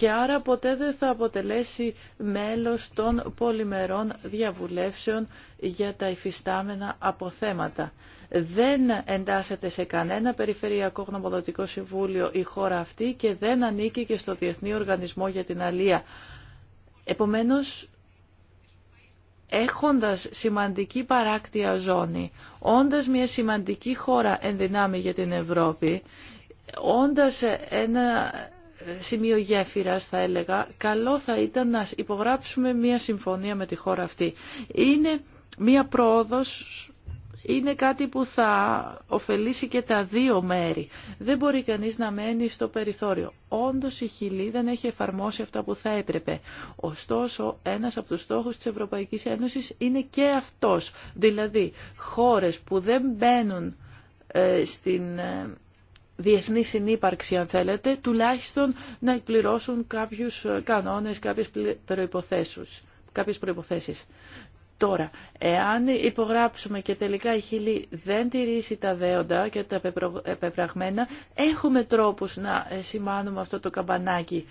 και άρα ποτέ δεν θα αποτελέσει μέλος των πολυμερών διαβουλεύσεων για τα υφιστάμενα αποθέματα. Δεν εντάσσεται σε κανένα περιφερειακό γνωμοδοτικό συμβούλιο η χώρα αυτή και δεν ανήκει και στο Διεθνή Οργανισμό για την Αλία. Επομένως, έχοντας σημαντική παράκτια ζώνη, όντας μια σημαντική χώρα ενδυνάμει για την Ευρώπη, όντας ένα σημείο γέφυρας θα έλεγα, καλό θα ήταν να υπογράψουμε μια συμφωνία με τη χώρα αυτή. Είναι μια πρόοδος είναι κάτι που θα ωφελήσει και τα δύο μέρη. Δεν μπορεί κανείς να μένει στο περιθώριο. Όντως η Χιλή δεν έχει εφαρμόσει αυτά που θα έπρεπε. Ωστόσο, ένας από τους στόχους της Ευρωπαϊκής Ένωσης είναι και αυτός. Δηλαδή, χώρες που δεν μπαίνουν ε, στην ε, διεθνή συνύπαρξη αν θέλετε, τουλάχιστον να εκπληρώσουν κάποιους ε, κανόνες, κάποιες προϋποθέσεις. Κάποιες προϋποθέσεις. Τώρα, εάν υπογράψουμε και τελικά η Χιλή δεν τηρήσει τα δέοντα και τα ε, πεπραγμένα, έχουμε τρόπους να ε, σημάνουμε αυτό το καμπανάκι.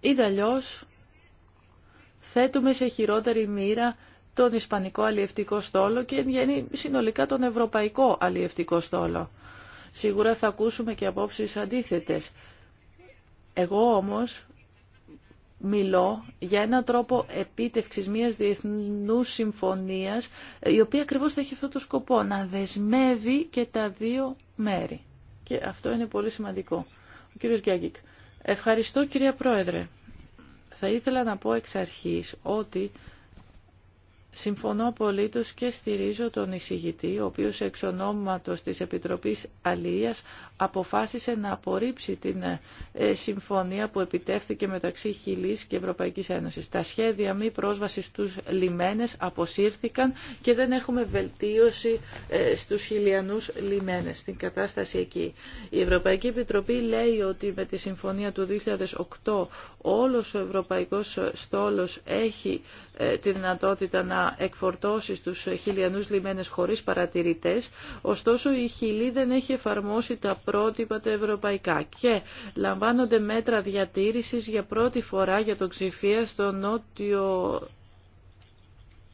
Ή αλλιώς θέτουμε σε χειρότερη μοίρα τον Ισπανικό αλλιευτικό στόλο και εν συνολικά τον Ευρωπαϊκό αλλιευτικό στόλο. Σίγουρα θα ακούσουμε και απόψεις αντίθετες. Εγώ όμως μιλώ για έναν τρόπο επίτευξης μιας διεθνούς συμφωνίας, η οποία ακριβώς θα έχει αυτό το σκοπό, να δεσμεύει και τα δύο μέρη. Και αυτό είναι πολύ σημαντικό. Ο κύριος Γκιάγκικ. Ευχαριστώ κυρία Πρόεδρε. Θα ήθελα να πω εξ αρχής ότι Συμφωνώ απολύτως και στηρίζω τον εισηγητή, ο οποίος εξ ονόματο της Επιτροπής Αλίας αποφάσισε να απορρίψει την ε, ε, συμφωνία που επιτεύχθηκε μεταξύ Χιλής και Ευρωπαϊκής Ένωσης. Τα σχέδια μη πρόσβαση στους λιμένες αποσύρθηκαν και δεν έχουμε βελτίωση ε, στους χιλιανούς λιμένες, στην κατάσταση εκεί. Η Ευρωπαϊκή Επιτροπή λέει ότι με τη συμφωνία του 2008 όλος ο ευρωπαϊκός στόλος έχει τη δυνατότητα να εκφορτώσει στους χιλιανούς λιμένες χωρίς παρατηρητές, ωστόσο η Χιλή δεν έχει εφαρμόσει τα πρότυπα τα ευρωπαϊκά και λαμβάνονται μέτρα διατήρησης για πρώτη φορά για τον ξηφία στο νότιο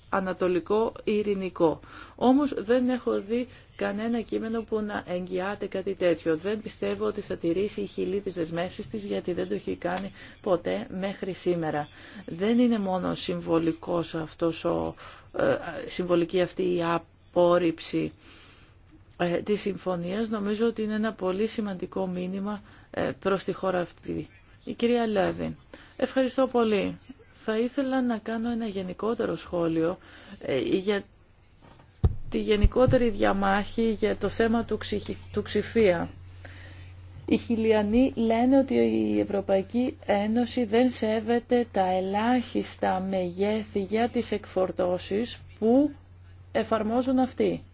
ανατολικό ειρηνικό. Όμως δεν έχω δει κανένα κείμενο που να εγγυάται κάτι τέτοιο. Δεν πιστεύω ότι θα τηρήσει η χιλή της δεσμεύσης της γιατί δεν το έχει κάνει ποτέ μέχρι σήμερα. Δεν είναι μόνο συμβολικός αυτός ο, ε, συμβολική αυτή η απόρριψη ε, της συμφωνίας νομίζω ότι είναι ένα πολύ σημαντικό μήνυμα ε, προς τη χώρα αυτή. Η κυρία Λέβιν, ευχαριστώ πολύ. Θα ήθελα να κάνω ένα γενικότερο σχόλιο ε, για τη γενικότερη διαμάχη για το θέμα του, του ξηφία. Οι χιλιανοί λένε ότι η Ευρωπαϊκή Ένωση δεν σέβεται τα ελάχιστα μεγέθη για τις εκφορτώσεις που εφαρμόζουν αυτοί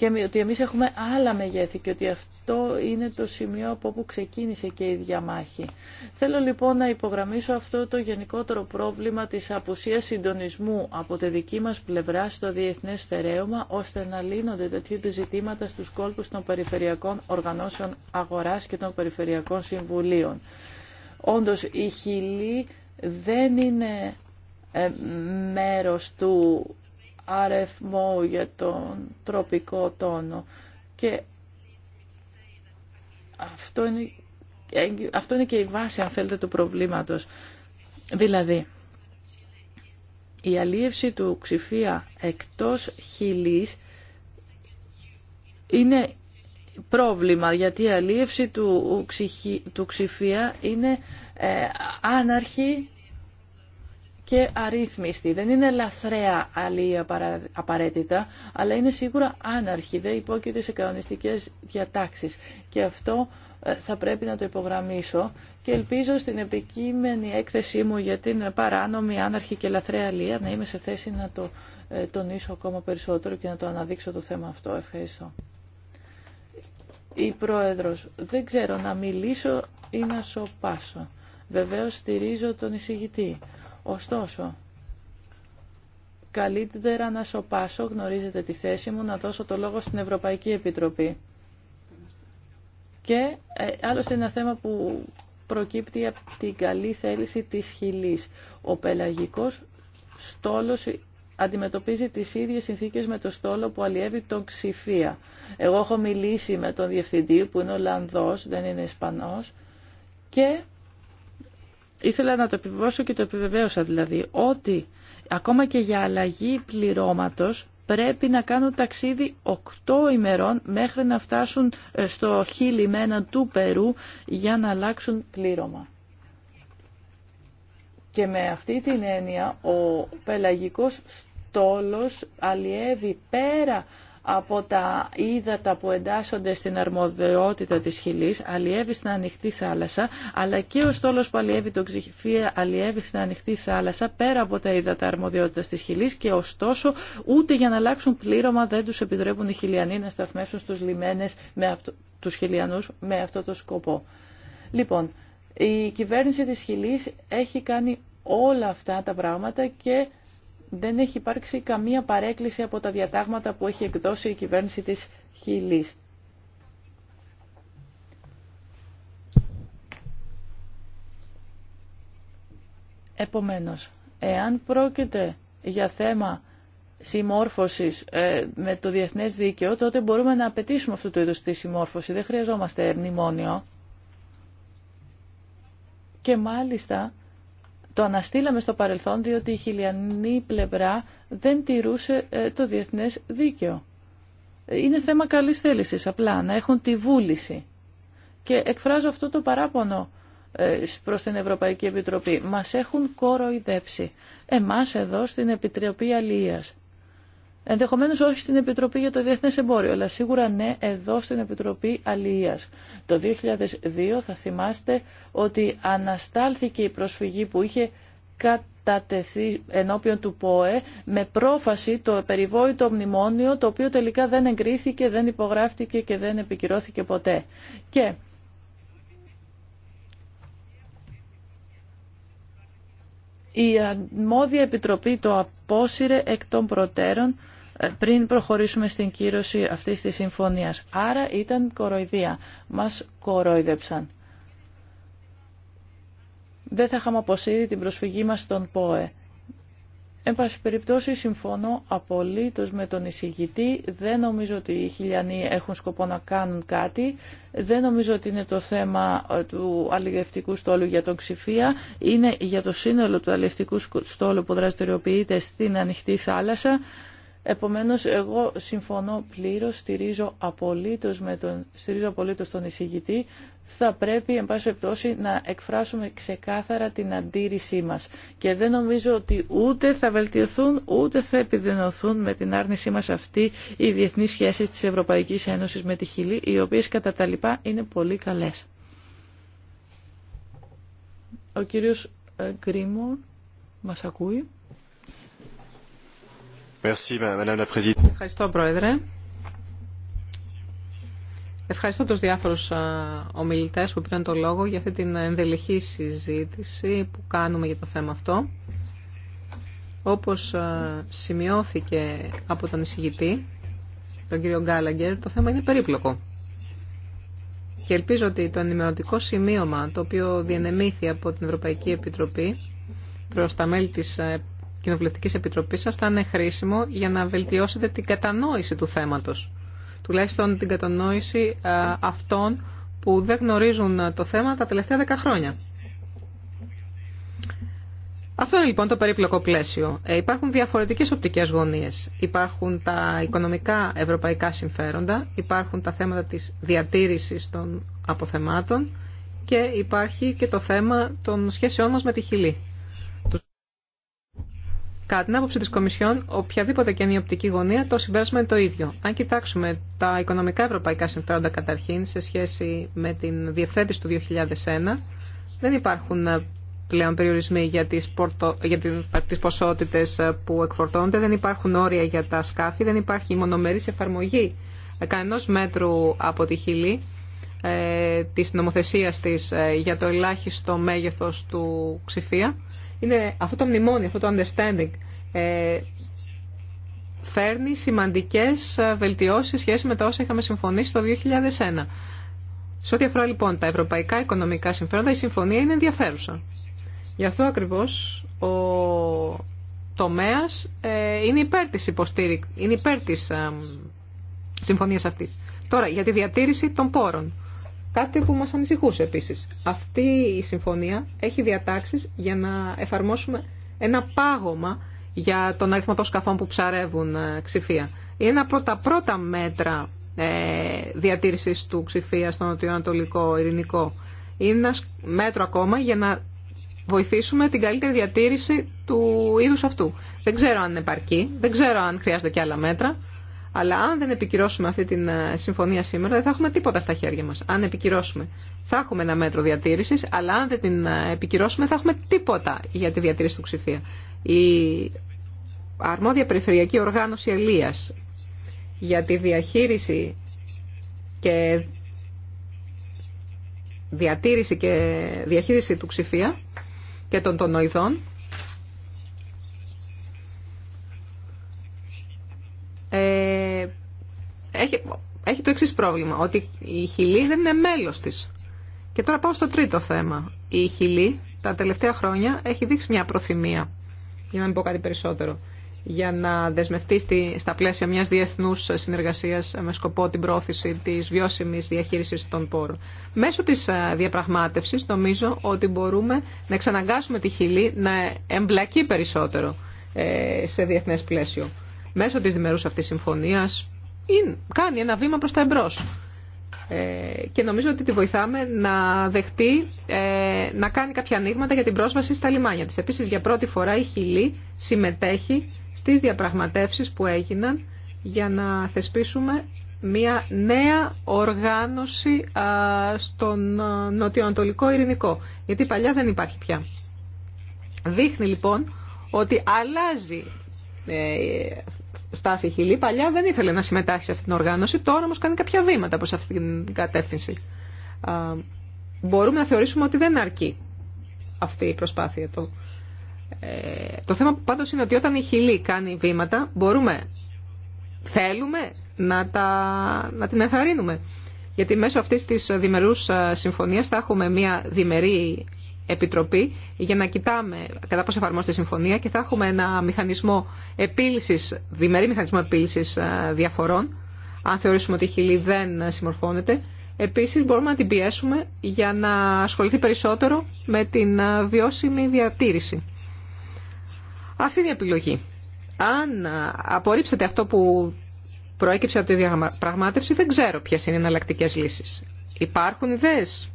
και ότι εμείς έχουμε άλλα μεγέθη και ότι αυτό είναι το σημείο από όπου ξεκίνησε και η διαμάχη. Θέλω λοιπόν να υπογραμμίσω αυτό το γενικότερο πρόβλημα της απουσίας συντονισμού από τη δική μας πλευρά στο διεθνές στερέωμα ώστε να λύνονται τέτοιου ζητήματα στους κόλπους των περιφερειακών οργανώσεων αγοράς και των περιφερειακών συμβουλίων. Όντως η χιλή δεν είναι ε, μέρος του αρεθμό για τον τροπικό τόνο και αυτό είναι, αυτό είναι και η βάση αν θέλετε του προβλήματος δηλαδή η αλίευση του ξηφία εκτός χιλής είναι πρόβλημα γιατί η αλίευση του, ξηφία είναι ε, άναρχη και αρρύθμιστη. Δεν είναι λαθρέα αλληλεία απαραίτητα, αλλά είναι σίγουρα άναρχη, δεν υπόκειται σε κανονιστικές διατάξεις. Και αυτό ε, θα πρέπει να το υπογραμμίσω και ελπίζω στην επικείμενη έκθεσή μου για την παράνομη, άναρχη και λαθρέα αλία να είμαι σε θέση να το ε, τονίσω ακόμα περισσότερο και να το αναδείξω το θέμα αυτό. Ευχαριστώ. Η Πρόεδρος, δεν ξέρω να μιλήσω ή να σοπάσω. Βεβαίως στηρίζω τον εισηγητή. Ωστόσο, καλύτερα να σοπάσω, γνωρίζετε τη θέση μου, να δώσω το λόγο στην Ευρωπαϊκή Επιτροπή. Και ε, άλλωστε ένα θέμα που προκύπτει από την καλή θέληση της χιλής. Ο πελαγικός στόλος αντιμετωπίζει τις ίδιες συνθήκες με το στόλο που αλλιεύει τον Ξηφία. Εγώ έχω μιλήσει με τον διευθυντή που είναι Ολλανδός, δεν είναι Ισπανός και Ήθελα να το επιβεβαιώσω και το επιβεβαίωσα δηλαδή ότι ακόμα και για αλλαγή πληρώματος πρέπει να κάνουν ταξίδι 8 ημερών μέχρι να φτάσουν ε, στο χείλη του Περού για να αλλάξουν πλήρωμα. Και με αυτή την έννοια ο πελαγικός στόλος αλλιεύει πέρα από τα ύδατα που εντάσσονται στην αρμοδιότητα της χιλής, αλλιεύει στην ανοιχτή θάλασσα, αλλά και ο στόλος που αλλιεύει τον ξηφία αλλιεύει στην ανοιχτή θάλασσα, πέρα από τα ύδατα αρμοδιότητας της χιλής και ωστόσο ούτε για να αλλάξουν πλήρωμα δεν τους επιτρέπουν οι χιλιανοί να σταθμεύσουν στους λιμένες με αυτο, τους χιλιανούς με αυτό το σκοπό. Λοιπόν, η κυβέρνηση της Χιλής έχει κάνει όλα αυτά τα πράγματα και δεν έχει υπάρξει καμία παρέκκληση από τα διατάγματα που έχει εκδώσει η κυβέρνηση της Χιλής. Επομένως, εάν πρόκειται για θέμα συμμόρφωσης ε, με το διεθνές δίκαιο, τότε μπορούμε να απαιτήσουμε αυτού του είδους τη συμμόρφωση. Δεν χρειαζόμαστε μνημόνιο. Και μάλιστα το αναστήλαμε στο παρελθόν διότι η χιλιανή πλευρά δεν τηρούσε ε, το διεθνές δίκαιο. Είναι θέμα καλής θέλησης απλά, να έχουν τη βούληση. Και εκφράζω αυτό το παράπονο ε, προς την Ευρωπαϊκή Επιτροπή. Μας έχουν κοροϊδέψει. Εμάς εδώ στην Επιτροπή Αλίας. Ενδεχομένω όχι στην Επιτροπή για το Διεθνέ Εμπόριο, αλλά σίγουρα ναι εδώ στην Επιτροπή Αλληλεία. Το 2002 θα θυμάστε ότι αναστάλθηκε η προσφυγή που είχε κατατεθεί ενώπιον του ΠΟΕ με πρόφαση το περιβόητο μνημόνιο, το οποίο τελικά δεν εγκρίθηκε, δεν υπογράφτηκε και δεν επικυρώθηκε ποτέ. Και η αρμόδια επιτροπή το απόσυρε εκ των προτέρων πριν προχωρήσουμε στην κύρωση αυτής της συμφωνίας. Άρα ήταν κοροϊδία. Μας κοροϊδέψαν. Δεν θα είχαμε αποσύρει την προσφυγή μας στον ΠΟΕ. Εν πάση περιπτώσει, συμφωνώ απολύτω με τον εισηγητή. Δεν νομίζω ότι οι χιλιανοί έχουν σκοπό να κάνουν κάτι. Δεν νομίζω ότι είναι το θέμα ε, του αλληλευτικού στόλου για τον Ξηφία. Είναι για το σύνολο του αλληλευτικού στόλου που δραστηριοποιείται στην ανοιχτή θάλασσα. Επομένως, εγώ συμφωνώ πλήρως, στηρίζω απολύτως, με τον, στηρίζω απολύτως τον εισηγητή. Θα πρέπει, εν πάση περιπτώσει, να εκφράσουμε ξεκάθαρα την αντίρρησή μας. Και δεν νομίζω ότι ούτε θα βελτιωθούν, ούτε θα επιδεινωθούν με την άρνησή μας αυτή οι διεθνείς σχέσεις της Ευρωπαϊκής Ένωσης με τη Χιλή, οι οποίες κατά τα λοιπά είναι πολύ καλές. Ο κύριος ε, Γκρίμο μας ακούει. Ευχαριστώ, Πρόεδρε. Ευχαριστώ τους διάφορους ομιλητές που πήραν το λόγο για αυτή την ενδελεχή συζήτηση που κάνουμε για το θέμα αυτό. Όπως σημειώθηκε από τον εισηγητή, τον κύριο Γκάλαγκερ, το θέμα είναι περίπλοκο. Και ελπίζω ότι το ενημερωτικό σημείωμα το οποίο διενεμήθη από την Ευρωπαϊκή Επιτροπή προς τα μέλη της ε, κοινοβουλευτική επιτροπή σα θα είναι χρήσιμο για να βελτιώσετε την κατανόηση του θέματος. Τουλάχιστον την κατανόηση αυτών που δεν γνωρίζουν το θέμα τα τελευταία δέκα χρόνια. Αυτό είναι λοιπόν το περίπλοκο πλαίσιο. Ε, υπάρχουν διαφορετικές οπτικές γωνίες. Υπάρχουν τα οικονομικά ευρωπαϊκά συμφέροντα, υπάρχουν τα θέματα τη διατήρηση των αποθεμάτων και υπάρχει και το θέμα των σχέσεών μας με τη Χιλή. Κατά την άποψη τη Κομισιόν, οποιαδήποτε και είναι η οπτική γωνία, το συμπέρασμα είναι το ίδιο. Αν κοιτάξουμε τα οικονομικά ευρωπαϊκά συμφέροντα καταρχήν σε σχέση με την διευθέτηση του 2001, δεν υπάρχουν ε, πλέον περιορισμοί για τις, πορτο, για τις ποσότητες ε, που εκφορτώνονται, δεν υπάρχουν όρια για τα σκάφη, δεν υπάρχει μονομερής εφαρμογή ε, κανένας μέτρου από τη Χιλή ε, της νομοθεσίας της για το ελάχιστο μέγεθος του ξηφία είναι αυτό το μνημόνιο, αυτό το understanding ε, φέρνει σημαντικές ε, βελτιώσεις σχέση με τα όσα είχαμε συμφωνήσει το 2001. Σε ό,τι αφορά λοιπόν τα ευρωπαϊκά οικονομικά συμφέροντα, η συμφωνία είναι ενδιαφέρουσα. Γι' αυτό ακριβώς ο τομέας ε, είναι υπέρ της, υποστήρι... είναι υπέρ της ε, συμφωνίας αυτής. Τώρα, για τη διατήρηση των πόρων. Κάτι που μας ανησυχούσε επίσης. Αυτή η συμφωνία έχει διατάξεις για να εφαρμόσουμε ένα πάγωμα για τον αριθμό των σκαφών που ψαρεύουν ε, ξηφία. Είναι ένα από τα πρώτα μέτρα ε, διατήρησης του ξηφία στο νοτιοανατολικό ειρηνικό. Είναι ένα μέτρο ακόμα για να βοηθήσουμε την καλύτερη διατήρηση του είδους αυτού. Δεν ξέρω αν είναι επαρκή, δεν ξέρω αν χρειάζεται και άλλα μέτρα. Αλλά αν δεν επικυρώσουμε αυτή τη ε, συμφωνία σήμερα, δεν θα έχουμε τίποτα στα χέρια μα. Αν επικυρώσουμε, θα έχουμε ένα μέτρο διατήρηση, αλλά αν δεν την ε, επικυρώσουμε, θα έχουμε τίποτα για τη διατήρηση του ψηφία. Η αρμόδια περιφερειακή οργάνωση Ελία για τη διαχείριση και διατήρηση και διαχείριση του ψηφία και των τονοειδών έχει, έχει το εξή πρόβλημα, ότι η Χιλή δεν είναι μέλος της. Και τώρα πάω στο τρίτο θέμα. Η Χιλή τα τελευταία χρόνια έχει δείξει μια προθυμία, για να μην πω κάτι περισσότερο, για να δεσμευτεί στη, στα πλαίσια μιας διεθνούς συνεργασίας με σκοπό την πρόθεση της βιώσιμης διαχείρισης των πόρων. Μέσω της ε, διαπραγμάτευσης νομίζω ότι μπορούμε να εξαναγκάσουμε τη Χιλή να εμπλακεί περισσότερο ε, σε διεθνές πλαίσιο. Μέσω της διμερούς αυτής συμφωνίας ή κάνει ένα βήμα προς τα εμπρός. Ε, και νομίζω ότι τη βοηθάμε να δεχτεί, ε, να κάνει κάποια ανοίγματα για την πρόσβαση στα λιμάνια της. Επίσης, για πρώτη φορά η Χιλή συμμετέχει στις διαπραγματεύσεις που έγιναν για να θεσπίσουμε μια νέα οργάνωση στον νοτιοανατολικό ειρηνικό. Γιατί παλιά δεν υπάρχει πια. Δείχνει λοιπόν ότι αλλάζει ε, Στάση Χιλή παλιά δεν ήθελε να συμμετάσχει σε αυτή την οργάνωση, τώρα όμω κάνει κάποια βήματα προ αυτή την κατεύθυνση. μπορούμε να θεωρήσουμε ότι δεν αρκεί αυτή η προσπάθεια. Το, ε, το θέμα πάντως είναι ότι όταν η Χιλή κάνει βήματα μπορούμε, θέλουμε να, τα, να την εθαρρύνουμε. Γιατί μέσω αυτής της διμερούς συμφωνία θα έχουμε μια διμερή Επιτροπή για να κοιτάμε κατά πόσο εφαρμόζεται η συμφωνία και θα έχουμε ένα μηχανισμό επίλυσης, διμερή μηχανισμό επίλυσης ε, διαφορών, αν θεωρήσουμε ότι η Χιλή δεν συμμορφώνεται. Επίσης μπορούμε να την πιέσουμε για να ασχοληθεί περισσότερο με την ε, βιώσιμη διατήρηση. Αυτή είναι η επιλογή. Αν ε, απορρίψετε αυτό που προέκυψε από τη διαπραγμάτευση, δεν ξέρω ποιε είναι οι εναλλακτικέ λύσει. Υπάρχουν ιδέες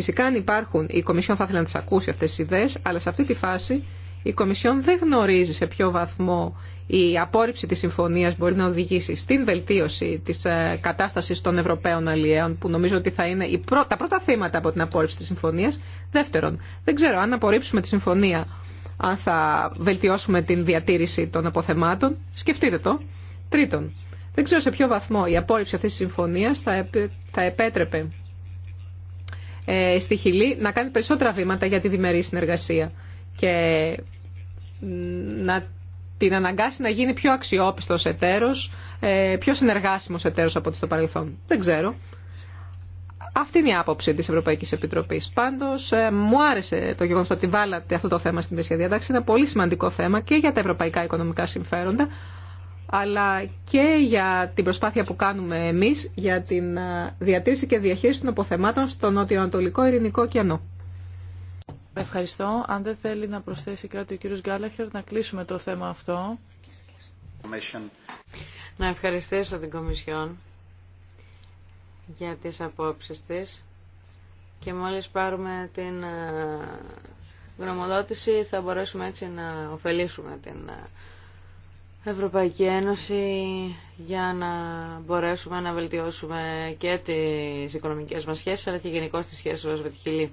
Φυσικά αν υπάρχουν, η Κομισιόν θα ήθελε να τι ακούσει αυτές τις ιδέες, αλλά σε αυτή τη φάση η Κομισιόν δεν γνωρίζει σε ποιο βαθμό η απόρριψη της συμφωνίας μπορεί να οδηγήσει στην βελτίωση της ε, κατάστασης των Ευρωπαίων αλλιέων, που νομίζω ότι θα είναι τα πρώτα θύματα από την απόρριψη της συμφωνίας. Δεύτερον, δεν ξέρω αν απορρίψουμε τη συμφωνία, αν θα βελτιώσουμε την διατήρηση των αποθεμάτων. Σκεφτείτε το. Τρίτον, δεν ξέρω σε ποιο βαθμό η απόρριψη αυτής της συμφωνίας θα επέτρεπε ε, στη Χιλή να κάνει περισσότερα βήματα για τη διμερή συνεργασία και να την αναγκάσει να γίνει πιο αξιόπιστος εταίρος, ε, πιο συνεργάσιμος εταίρος από ό,τι στο παρελθόν. Δεν ξέρω. Αυτή είναι η άποψη της Ευρωπαϊκής Επιτροπής. Πάντως, ε, μου άρεσε το γεγονός ότι βάλατε αυτό το θέμα στην διατάξη. Είναι ένα πολύ σημαντικό θέμα και για τα ευρωπαϊκά οικονομικά συμφέροντα, αλλά και για την προσπάθεια που κάνουμε εμείς για την ε, διατήρηση και διαχείριση των αποθεμάτων στο νοτιοανατολικό ειρηνικό κενό. Ευχαριστώ. Αν δεν θέλει να προσθέσει κάτι ο κύριος Γκάλαχερ, να κλείσουμε το θέμα αυτό. Να ευχαριστήσω την Κομισιόν για τις απόψεις της και μόλις πάρουμε την ε, γνωμοδότηση θα μπορέσουμε έτσι να ωφελήσουμε την ε, Ευρωπαϊκή Ένωση για να μπορέσουμε να βελτιώσουμε και τις οικονομικές μας σχέσεις αλλά και γενικώ τις σχέσεις μας με τη Χιλή.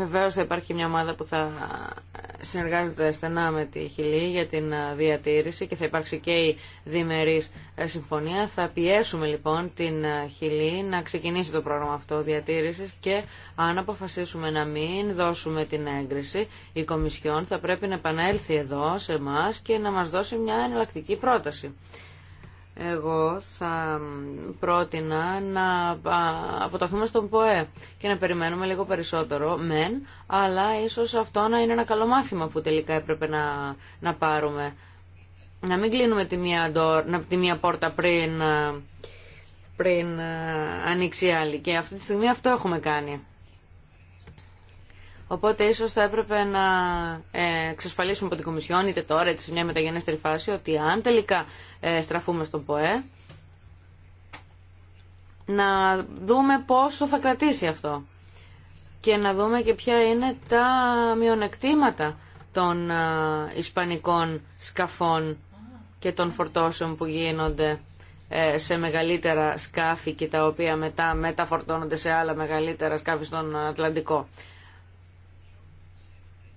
Βεβαίω θα υπάρχει μια ομάδα που θα συνεργάζεται στενά με τη Χιλή για την ε, διατήρηση και θα υπάρξει και η διμερής ε, συμφωνία. Θα πιέσουμε λοιπόν την ε, Χιλή να ξεκινήσει το πρόγραμμα αυτό διατήρησης και αν αποφασίσουμε να μην δώσουμε την έγκριση, η Κομισιόν θα πρέπει να επανέλθει εδώ σε εμά και να μα δώσει μια εναλλακτική πρόταση εγώ θα πρότεινα να αποταθούμε στον ΠΟΕ και να περιμένουμε λίγο περισσότερο, μεν, αλλά ίσως αυτό να είναι ένα καλό μάθημα που τελικά έπρεπε να, να πάρουμε. Να μην κλείνουμε τη μία, τη μία πόρτα πριν, πριν ανοίξει η άλλη. Και αυτή τη στιγμή αυτό έχουμε κάνει. Οπότε ίσω θα έπρεπε να ε, εξασφαλίσουμε από την Κομισιόν, είτε τώρα είτε σε μια μεταγενέστερη φάση, ότι αν τελικά ε, στραφούμε στον ΠΟΕ, να δούμε πόσο θα κρατήσει αυτό και να δούμε και ποια είναι τα μειονεκτήματα των ε, ισπανικών σκαφών και των φορτώσεων που γίνονται σε μεγαλύτερα σκάφη και τα οποία μετά μεταφορτώνονται σε άλλα μεγαλύτερα σκάφη στον Ατλαντικό.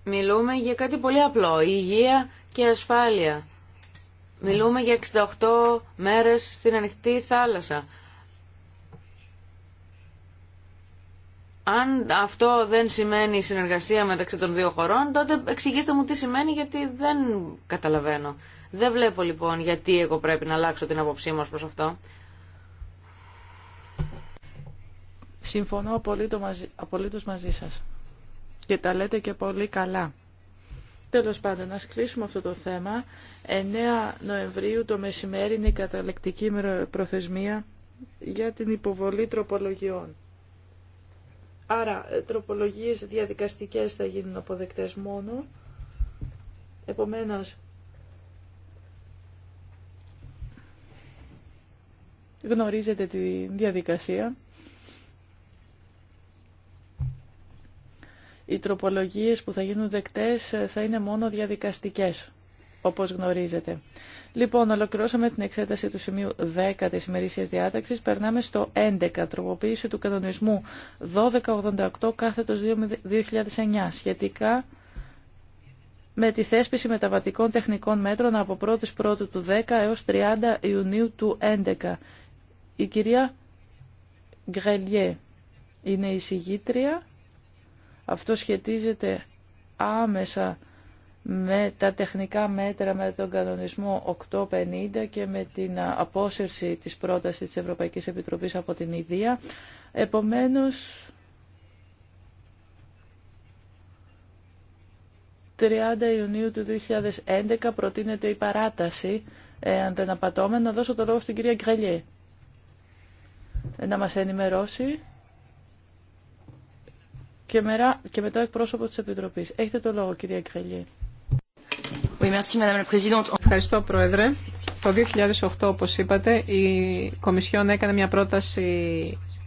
Μιλούμε για κάτι πολύ απλό, υγεία και ασφάλεια. Μιλούμε για 68 μέρες στην ανοιχτή θάλασσα. Αν αυτό δεν σημαίνει συνεργασία μεταξύ των δύο χωρών, τότε εξηγήστε μου τι σημαίνει γιατί δεν καταλαβαίνω. Δεν βλέπω λοιπόν γιατί εγώ πρέπει να αλλάξω την άποψή μας προς αυτό. Συμφωνώ απολύτως μαζί, απολύτως μαζί σας και τα λέτε και πολύ καλά. Τέλος πάντων, να κλείσουμε αυτό το θέμα. 9 Νοεμβρίου το μεσημέρι είναι η καταλεκτική προθεσμία για την υποβολή τροπολογιών. Άρα, ε, τροπολογίες διαδικαστικές θα γίνουν αποδεκτές μόνο. Επομένως, γνωρίζετε τη διαδικασία. οι τροπολογίες που θα γίνουν δεκτές ε, θα είναι μόνο διαδικαστικές, όπως γνωρίζετε. Λοιπόν, ολοκληρώσαμε την εξέταση του σημείου 10 της ημερήσιας διάταξης. Περνάμε στο 11, τροποποίηση του κανονισμού 1288 κάθετος 2009, σχετικά με τη θέσπιση μεταβατικών τεχνικών μέτρων από 1η Πρώτου του 10 έως 30 Ιουνίου του 11. Η κυρία Γκρελιέ είναι η συγγήτρια αυτό σχετίζεται άμεσα με τα τεχνικά μέτρα, με τον κανονισμό 850 και με την απόσυρση της πρότασης της Ευρωπαϊκής Επιτροπής από την Ιδία. Επομένως, 30 Ιουνίου του 2011 προτείνεται η παράταση, αν δεν απατώμε, να δώσω το λόγο στην κυρία Γκρελιέ να μας ενημερώσει και, μερά, και μετά εκπρόσωπο της Επιτροπής. Έχετε το λόγο, κυρία Κρελιέ. Ευχαριστώ, Πρόεδρε. Το 2008, όπως είπατε, η Κομισιόν έκανε μια πρόταση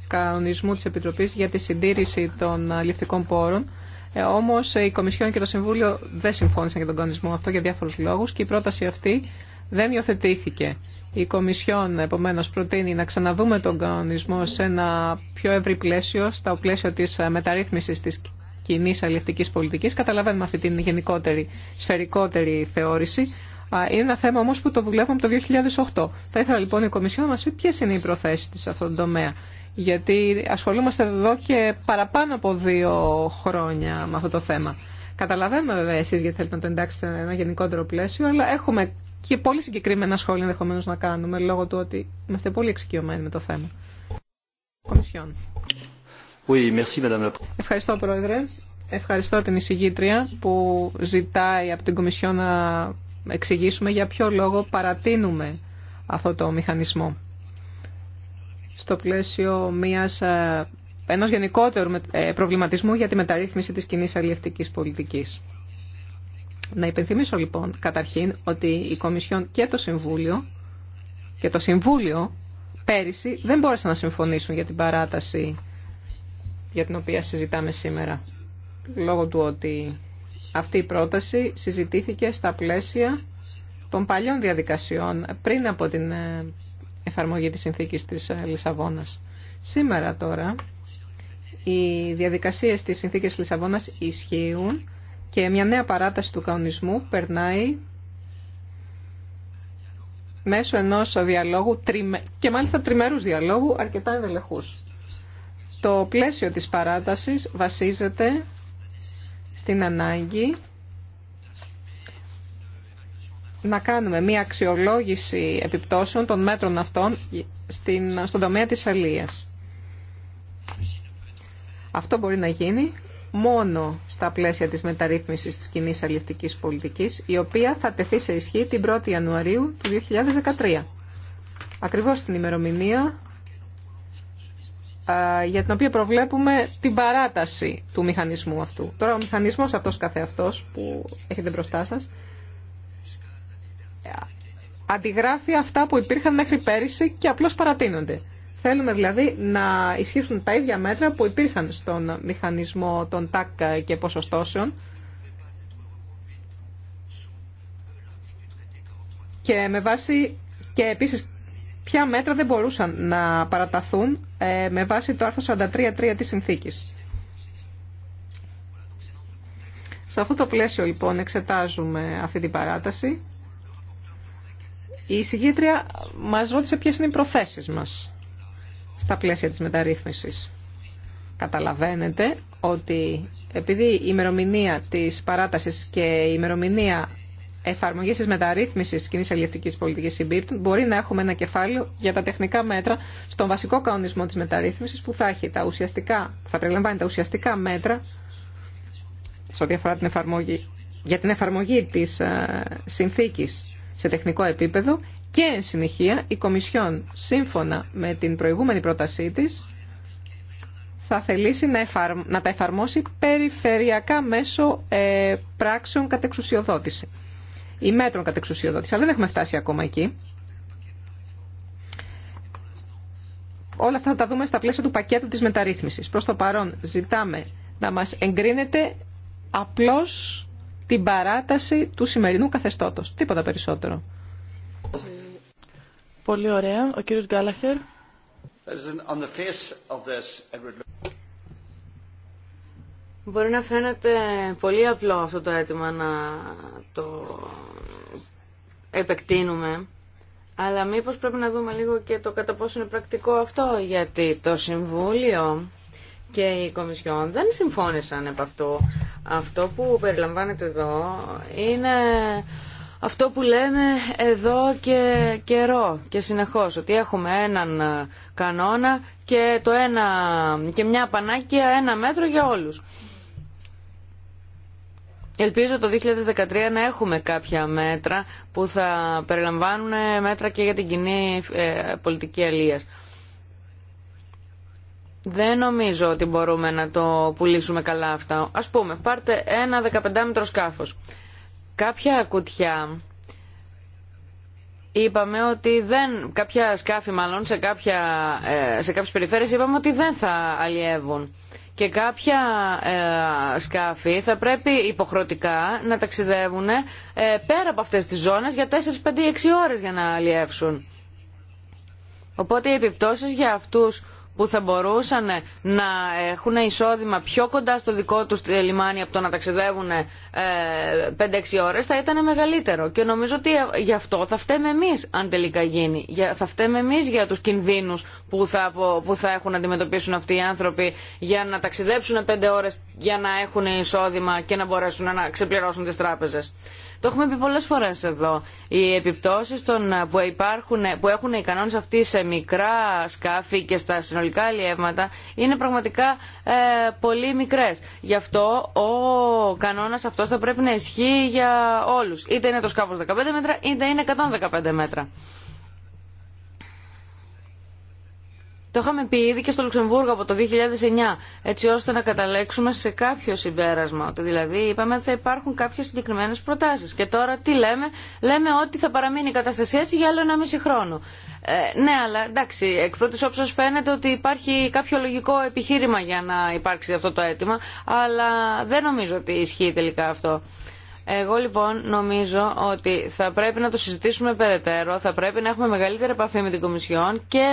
κανονισμού της Επιτροπής για τη συντήρηση των ληφτικών πόρων. Ε, Όμω η Κομισιόν και το Συμβούλιο δεν συμφώνησαν για τον κανονισμό αυτό για διάφορου λόγου και η πρόταση αυτή δεν υιοθετήθηκε. Η Κομισιόν, επομένως, προτείνει να ξαναδούμε τον κανονισμό σε ένα πιο ευρύ πλαίσιο, στα πλαίσιο της μεταρρύθμισης της κοινή αλληλευτική πολιτική. Καταλαβαίνουμε αυτή την γενικότερη, σφαιρικότερη θεώρηση. Είναι ένα θέμα όμω που το δουλεύουμε από το 2008. Θα ήθελα λοιπόν η Κομισιόν να μα πει ποιε είναι οι προθέσει τη σε αυτόν τον τομέα. Γιατί ασχολούμαστε εδώ και παραπάνω από δύο χρόνια με αυτό το θέμα. Καταλαβαίνουμε βέβαια εσεί γιατί θέλετε να το εντάξετε σε ένα γενικότερο πλαίσιο, αλλά έχουμε και πολύ συγκεκριμένα σχόλια ενδεχομένω να κάνουμε λόγω του ότι είμαστε πολύ εξοικειωμένοι με το θέμα. Ευχαριστώ, Πρόεδρε. Ευχαριστώ την εισηγήτρια που ζητάει από την Κομισιό να εξηγήσουμε για ποιο λόγο παρατείνουμε αυτό το μηχανισμό στο πλαίσιο μιας, ε, ενός γενικότερου ε, προβληματισμού για τη μεταρρύθμιση της κοινή αλληλευτικής πολιτικής. Να υπενθυμίσω λοιπόν καταρχήν ότι η Κομισιόν και το Συμβούλιο και το Συμβούλιο πέρυσι δεν μπόρεσαν να συμφωνήσουν για την παράταση για την οποία συζητάμε σήμερα. Λόγω του ότι αυτή η πρόταση συζητήθηκε στα πλαίσια των παλιών διαδικασιών πριν από την ε, εφαρμογή της συνθήκης της ε, Λισαβόνας. Σήμερα τώρα οι διαδικασίες της συνθήκης Λισαβόνας ισχύουν και μια νέα παράταση του κανονισμού περνάει μέσω ενός διαλόγου και μάλιστα τριμερούς διαλόγου αρκετά ενδελεχούς. Το πλαίσιο της παράτασης βασίζεται στην ανάγκη να κάνουμε μια αξιολόγηση επιπτώσεων των μέτρων αυτών στον τομέα της αλίας. Αυτό μπορεί να γίνει μόνο στα πλαίσια της μεταρρύθμισης της κοινή αλληλευτικής πολιτικής, η οποία θα τεθεί σε ισχύ την 1η Ιανουαρίου του 2013. Ακριβώς την ημερομηνία για την οποία προβλέπουμε την παράταση του μηχανισμού αυτού. Τώρα ο μηχανισμός αυτός καθεαυτός που έχετε μπροστά σας αντιγράφει αυτά που υπήρχαν μέχρι πέρυσι και απλώς παρατείνονται. Θέλουμε δηλαδή να ισχύσουν τα ίδια μέτρα που υπήρχαν στον μηχανισμό των ΤΑΚ και ποσοστώσεων και με βάση και επίσης ποια μέτρα δεν μπορούσαν να παραταθούν ε, με βάση το άρθρο 43.3 της συνθήκης. Σε αυτό το πλαίσιο λοιπόν εξετάζουμε αυτή την παράταση. Η συγκήτρια μας ρώτησε ποιες είναι οι προθέσεις μας στα πλαίσια της μεταρρύθμισης. Καταλαβαίνετε ότι επειδή η ημερομηνία της παράτασης και η ημερομηνία εφαρμογή τη μεταρρύθμιση κοινή αλληλευτική πολιτική συμπίπτων, μπορεί να έχουμε ένα κεφάλαιο για τα τεχνικά μέτρα στον βασικό κανονισμό τη μεταρρύθμιση που θα, έχει τα ουσιαστικά, θα περιλαμβάνει τα ουσιαστικά μέτρα για την εφαρμογή τη ε, συνθήκη σε τεχνικό επίπεδο και εν συνεχεία η Κομισιόν σύμφωνα με την προηγούμενη πρότασή της θα θελήσει να, να τα εφαρμόσει περιφερειακά μέσω ε, πράξεων κατεξουσιοδότηση ή μέτρων κατεξουσιοδότηση. Αλλά δεν έχουμε φτάσει ακόμα εκεί. Όλα αυτά θα τα δούμε στα πλαίσια του πακέτου της μεταρρύθμισης. Προς το παρόν ζητάμε να μας εγκρίνεται απλώς την παράταση του σημερινού καθεστώτος. Τίποτα περισσότερο. Πολύ ωραία. Ο κύριος Γκάλαχερ. Μπορεί να φαίνεται πολύ απλό αυτό το αίτημα να το επεκτείνουμε, αλλά μήπως πρέπει να δούμε λίγο και το κατά πόσο είναι πρακτικό αυτό, γιατί το Συμβούλιο και η Κομισιόν δεν συμφώνησαν επ' αυτό. Αυτό που περιλαμβάνεται εδώ είναι αυτό που λέμε εδώ και καιρό και συνεχώς ότι έχουμε έναν ε, κανόνα και, το ένα, και μια πανάκια ένα μέτρο για όλους. Ελπίζω το 2013 να έχουμε κάποια μέτρα που θα περιλαμβάνουν μέτρα και για την κοινή ε, πολιτική αλίας. Δεν νομίζω ότι μπορούμε να το πουλήσουμε καλά αυτά. Ας πούμε, πάρτε ένα 15 μέτρο σκάφος κάποια κουτιά είπαμε ότι δεν, κάποια σκάφη μάλλον σε, κάποια, ε, σε κάποιες περιφέρειες είπαμε ότι δεν θα αλλιεύουν. Και κάποια ε, σκάφη θα πρέπει υποχρεωτικά να ταξιδεύουν ε, πέρα από αυτές τις ζώνες για 4, 5, 6 ώρες για να αλλιεύσουν. Οπότε οι επιπτώσεις για αυτούς που θα μπορούσαν να έχουν εισόδημα πιο κοντά στο δικό τους λιμάνι από το να ταξιδεύουν 5-6 ε, ώρες θα ήταν μεγαλύτερο. Και νομίζω ότι γι' αυτό θα φταίμε εμείς αν τελικά γίνει. Θα φταίμε εμείς για τους κινδύνους που θα, που θα έχουν να αντιμετωπίσουν αυτοί οι άνθρωποι για να ταξιδέψουν 5 ώρες για να έχουν εισόδημα και να μπορέσουν να ξεπληρώσουν τις τράπεζες. Το έχουμε πει πολλές φορές εδώ. Οι επιπτώσεις ε, που, ε, που έχουν οι κανόνες αυτοί σε μικρά σκάφη και στα συνολικά αλλιεύματα είναι πραγματικά ε, πολύ μικρές. Γι' αυτό ο κανόνας αυτός θα πρέπει να ισχύει για όλους. Είτε είναι το σκάφος 15 μέτρα είτε είναι 115 μέτρα. Το είχαμε πει ήδη και στο Λουξεμβούργο από το 2009, έτσι ώστε να καταλέξουμε σε κάποιο συμπέρασμα. Ότι δηλαδή είπαμε ότι θα υπάρχουν κάποιε συγκεκριμένε προτάσει. Και τώρα τι λέμε, λέμε ότι θα παραμείνει η κατάσταση έτσι για άλλο ένα μισή χρόνο. Ε, ναι, αλλά εντάξει, εκ πρώτη όψεω φαίνεται ότι υπάρχει κάποιο λογικό επιχείρημα για να υπάρξει αυτό το αίτημα, αλλά δεν νομίζω ότι ισχύει τελικά αυτό. Εγώ λοιπόν νομίζω ότι θα πρέπει να το συζητήσουμε περαιτέρω, θα πρέπει να έχουμε μεγαλύτερη επαφή με την Κομισιόν και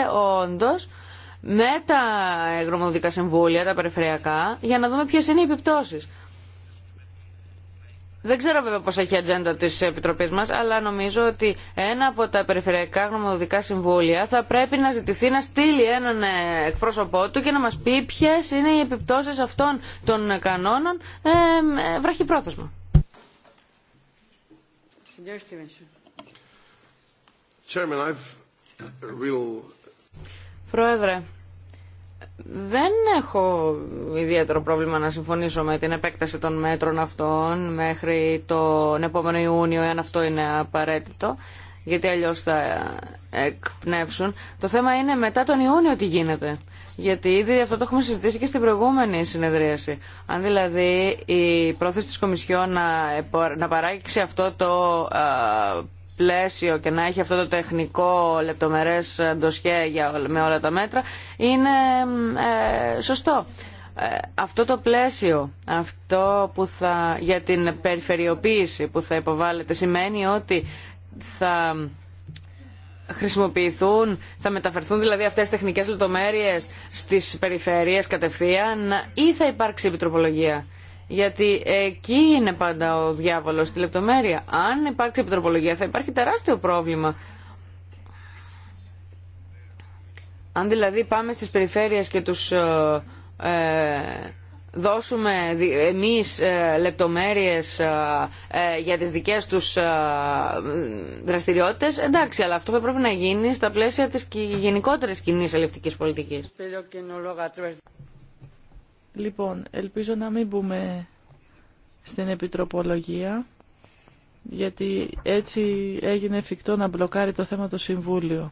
όντω με τα γνωμοδοτικά συμβούλια, τα περιφερειακά, για να δούμε ποιε είναι οι επιπτώσει. Δεν ξέρω βέβαια πώ έχει η ατζέντα τη Επιτροπή μα, αλλά νομίζω ότι ένα από τα περιφερειακά γνωμοδοτικά συμβούλια θα πρέπει να ζητηθεί να στείλει έναν ε, εκπρόσωπό του και να μα πει ποιε είναι οι επιπτώσει αυτών των κανόνων ε, ε, βραχυπρόθεσμα. Πρόεδρε, δεν έχω ιδιαίτερο πρόβλημα να συμφωνήσω με την επέκταση των μέτρων αυτών μέχρι τον επόμενο Ιούνιο, εάν αυτό είναι απαραίτητο, γιατί αλλιώς θα εκπνεύσουν. Το θέμα είναι μετά τον Ιούνιο τι γίνεται. Γιατί ήδη αυτό το έχουμε συζητήσει και στην προηγούμενη συνεδρίαση. Αν δηλαδή η πρόθεση της Κομισιόν να, να παράγει αυτό το πλαίσιο και να έχει αυτό το τεχνικό λεπτομερές ντοσιέ με όλα τα μέτρα είναι ε, σωστό. Ε, αυτό το πλαίσιο αυτό που θα, για την περιφερειοποίηση που θα υποβάλλεται σημαίνει ότι θα χρησιμοποιηθούν, θα μεταφερθούν δηλαδή αυτές τις τεχνικές λεπτομέρειες στις περιφέρειες κατευθείαν ή θα υπάρξει επιτροπολογία. Γιατί εκεί είναι πάντα ο διάβολος, τη λεπτομέρεια. Αν υπάρξει επιτροπολογία θα υπάρχει τεράστιο πρόβλημα. Αν δηλαδή πάμε στις περιφέρειες και τους ε, ε δώσουμε εμείς ε, λεπτομέρειες ε, ε, για τις δικές τους δραστηριότητες, εντάξει, αλλά αυτό θα πρέπει να γίνει στα πλαίσια της γενικότερης κοινής ελευτικής πολιτικής. Λοιπόν, ελπίζω να μην μπούμε στην επιτροπολογία, γιατί έτσι έγινε εφικτό να μπλοκάρει το θέμα το Συμβούλιο.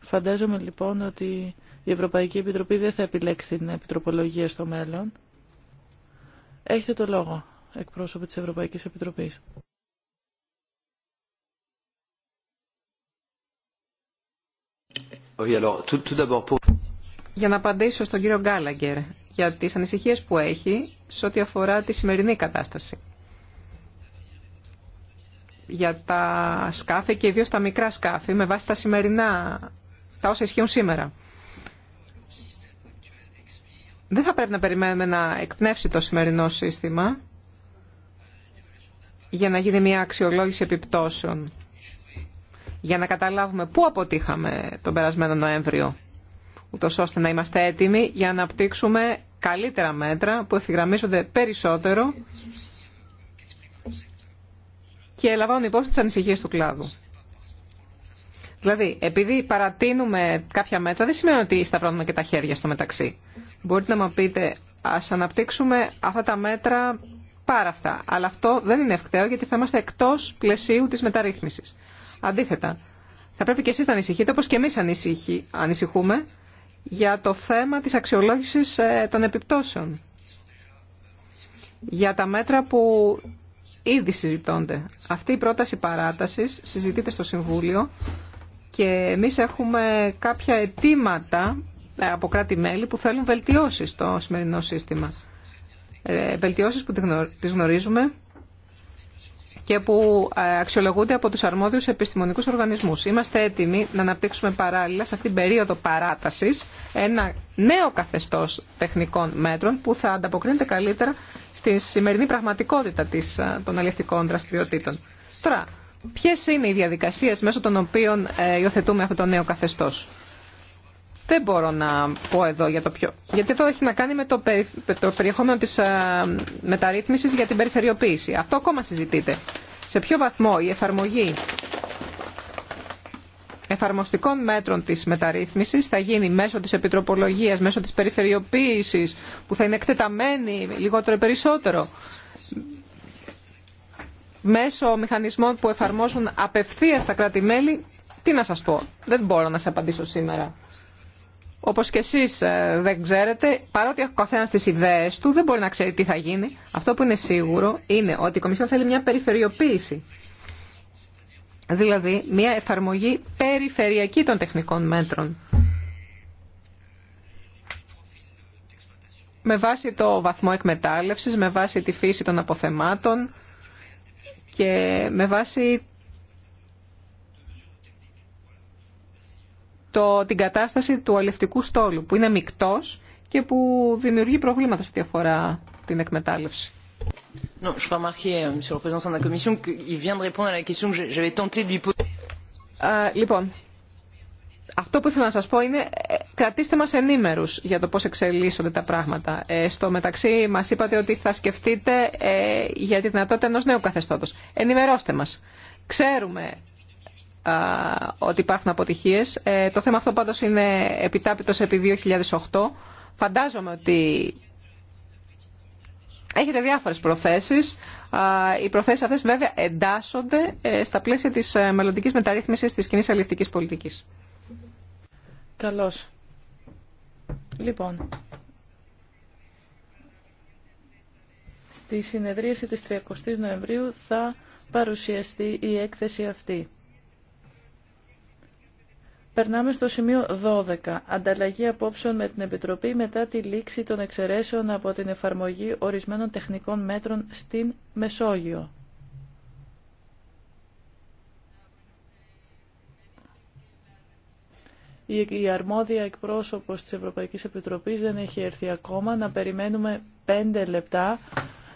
Φαντάζομαι λοιπόν ότι η Ευρωπαϊκή Επιτροπή δεν θα επιλέξει την επιτροπολογία στο μέλλον. Έχετε το λόγο, εκπρόσωπε της Ευρωπαϊκής Επιτροπής. Για να απαντήσω στον κύριο Γκάλαγκερ, για τις ανησυχίες που έχει σε ό,τι αφορά τη σημερινή κατάσταση. Για τα σκάφη και ιδίως τα μικρά σκάφη με βάση τα σημερινά, τα όσα ισχύουν σήμερα. Δεν θα πρέπει να περιμένουμε να εκπνεύσει το σημερινό σύστημα για να γίνει μια αξιολόγηση επιπτώσεων για να καταλάβουμε πού αποτύχαμε τον περασμένο Νοέμβριο ούτως ώστε να είμαστε έτοιμοι για να αναπτύξουμε καλύτερα μέτρα που ευθυγραμμίζονται περισσότερο και λαμβάνουν υπόψη τις ανησυχίες του κλάδου. Δηλαδή, επειδή παρατείνουμε κάποια μέτρα, δεν σημαίνει ότι σταυρώνουμε και τα χέρια στο μεταξύ. Μπορείτε να μου πείτε, ας αναπτύξουμε αυτά τα μέτρα πάρα αυτά. Αλλά αυτό δεν είναι ευκταίο γιατί θα είμαστε εκτός πλαισίου της μεταρρύθμισης. Αντίθετα, θα πρέπει και εσείς να ανησυχείτε, όπως και εμείς ανησυχούμε, για το θέμα της αξιολόγησης ε, των επιπτώσεων. Για τα μέτρα που ήδη συζητώνται. Αυτή η πρόταση παράτασης συζητείται στο Συμβούλιο και εμείς έχουμε κάποια αιτήματα ε, από κράτη-μέλη που θέλουν βελτιώσεις στο σημερινό σύστημα. Ε, βελτιώσεις που τις γνωρίζουμε και που ε, αξιολογούνται από τους αρμόδιους επιστημονικούς οργανισμούς. Είμαστε έτοιμοι να αναπτύξουμε παράλληλα σε αυτήν την περίοδο παράτασης ένα νέο καθεστώς τεχνικών μέτρων που θα ανταποκρίνεται καλύτερα στη σημερινή πραγματικότητα της, ε, των αλληλευτικών δραστηριοτήτων. Τώρα, ποιες είναι οι διαδικασίες μέσω των οποίων ε, υιοθετούμε αυτό το νέο καθεστώς δεν μπορώ να πω εδώ για το ποιο. Γιατί εδώ έχει να κάνει με το, περι... περιεχόμενο της ε, μεταρρύθμιση για την περιφερειοποίηση. Αυτό ακόμα συζητείτε. Σε ποιο βαθμό η εφαρμογή εφαρμοστικών μέτρων της μεταρρύθμισης θα γίνει μέσω της επιτροπολογίας, μέσω της περιφερειοποίησης που θα είναι εκτεταμένη λιγότερο ή περισσότερο μέσω μηχανισμών που εφαρμόζουν απευθείας τα κράτη-μέλη, τι να σας πω, δεν μπορώ να σας απαντήσω σήμερα όπως και εσείς ε, δεν ξέρετε, παρότι έχω καθένα στις ιδέες του δεν μπορεί να ξέρει τι θα γίνει. Αυτό που είναι σίγουρο είναι ότι η Κομισιόν θέλει μια περιφερειοποίηση. Δηλαδή, μια εφαρμογή περιφερειακή των τεχνικών μέτρων. Με βάση το βαθμό εκμετάλλευσης, με βάση τη φύση των αποθεμάτων και με βάση το, την κατάσταση του αλευτικού στόλου, που είναι μεικτός και που δημιουργεί προβλήματα σε ό,τι αφορά την εκμετάλλευση. Non, je marqué, euh, Monsieur le Président la Commission, qu'il vient répondre à la question que j'avais tenté de lui poser. Λοιπόν, αυτό που ήθελα να σας πω είναι ε, κρατήστε μας ενήμερους για το πώς εξελίσσονται τα πράγματα. Ε, στο μεταξύ μας είπατε ότι θα σκεφτείτε ε, για τη δυνατότητα ενός νέου καθεστώτος. Ενημερώστε μας. Ξέρουμε ότι υπάρχουν αποτυχίες. Ε, το θέμα αυτό πάντως είναι επιτάπητος επί 2008. Φαντάζομαι ότι έχετε διάφορες προθέσεις. οι προθέσεις αυτές βέβαια εντάσσονται ε, στα πλαίσια της ε, μελλοντικής μεταρρύθμισης της κοινή αλληλευτικής πολιτικής. Καλώς. Λοιπόν, στη συνεδρίαση της 30 Νοεμβρίου θα παρουσιαστεί η έκθεση αυτή. Περνάμε στο σημείο 12. Ανταλλαγή απόψεων με την Επιτροπή μετά τη λήξη των εξαιρέσεων από την εφαρμογή ορισμένων τεχνικών μέτρων στην Μεσόγειο. Η αρμόδια εκπρόσωπος της Ευρωπαϊκής Επιτροπής δεν έχει έρθει ακόμα. Να περιμένουμε 5 λεπτά.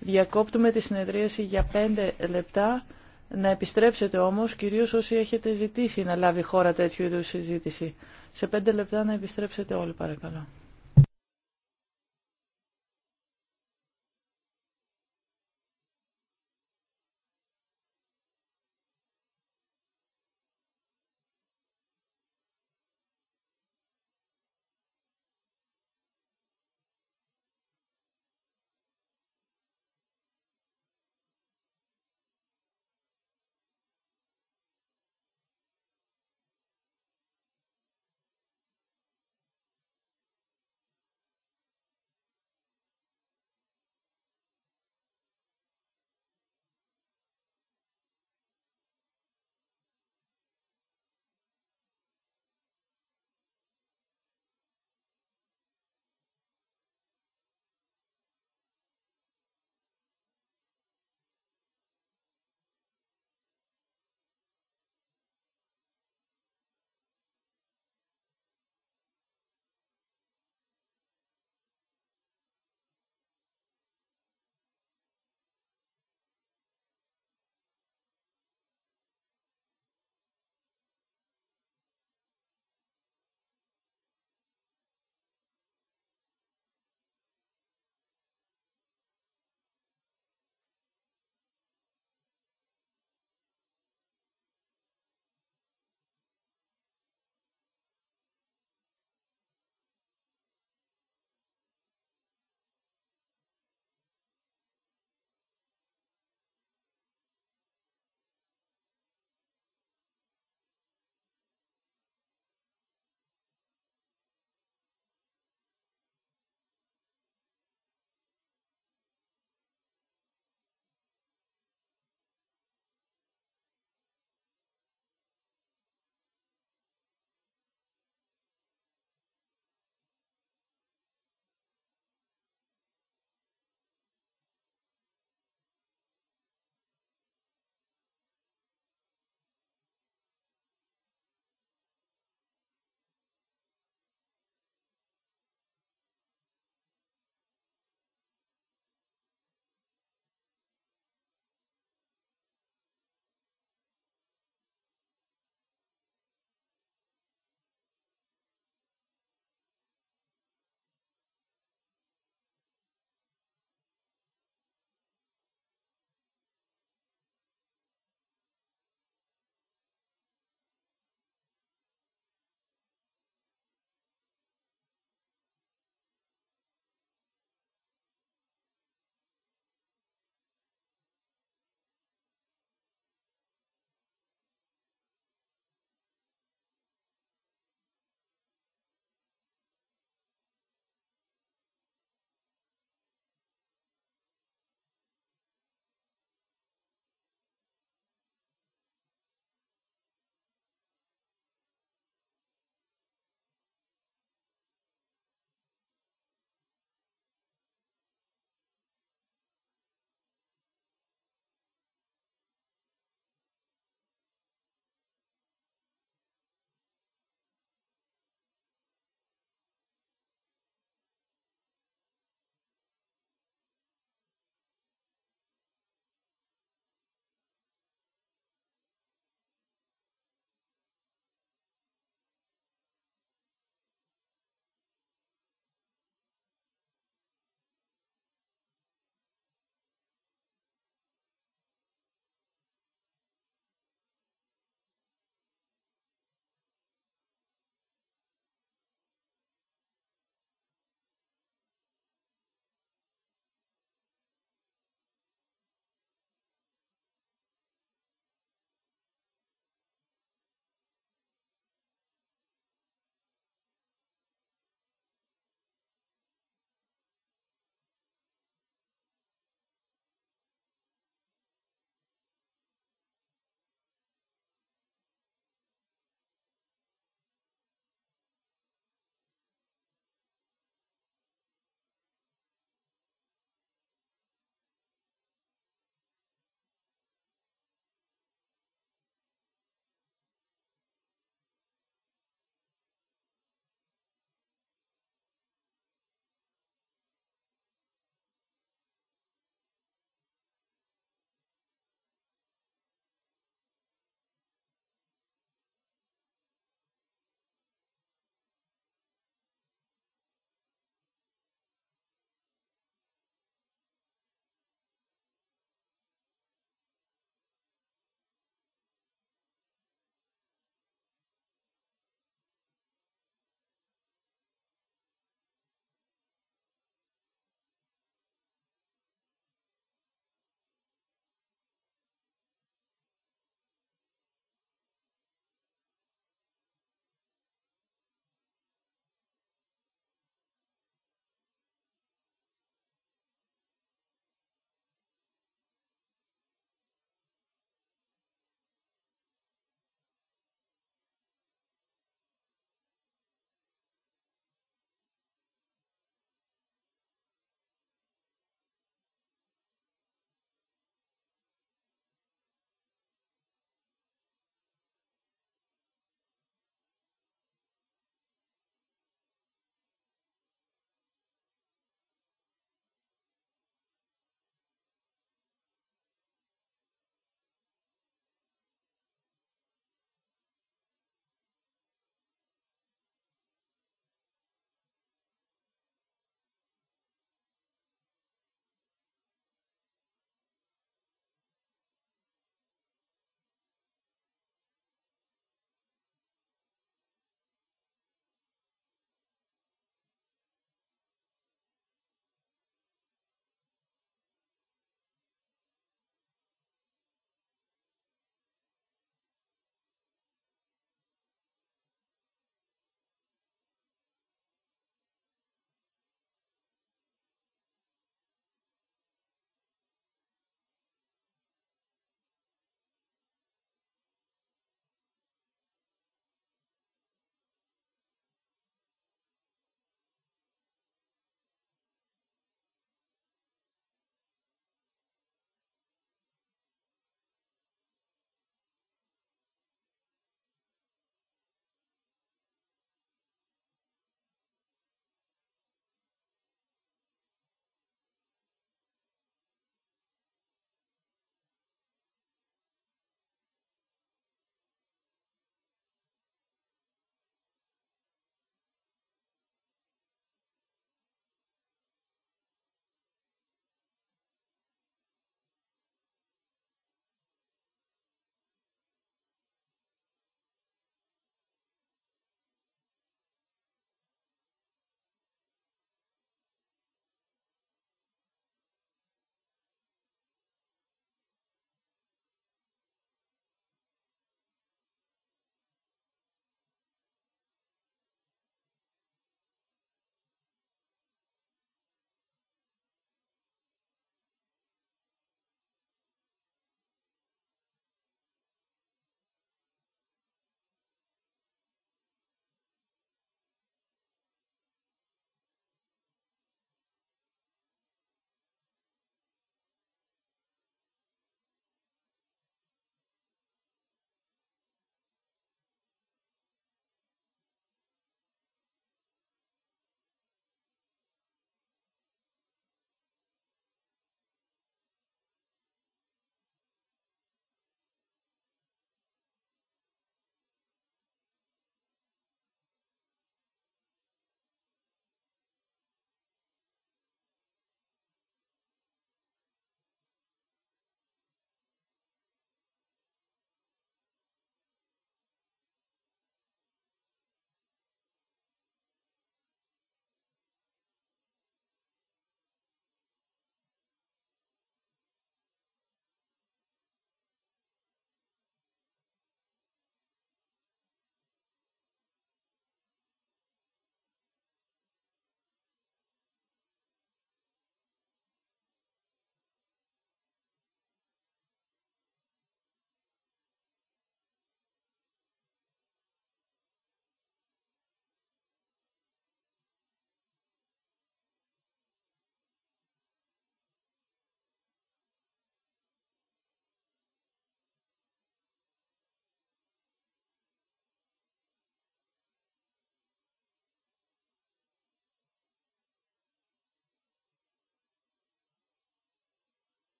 Διακόπτουμε τη συνεδρίαση για 5 λεπτά να επιστρέψετε όμως, κυρίως όσοι έχετε ζητήσει να λάβει χώρα τέτοιου είδους συζήτηση. Σε πέντε λεπτά να επιστρέψετε όλοι παρακαλώ.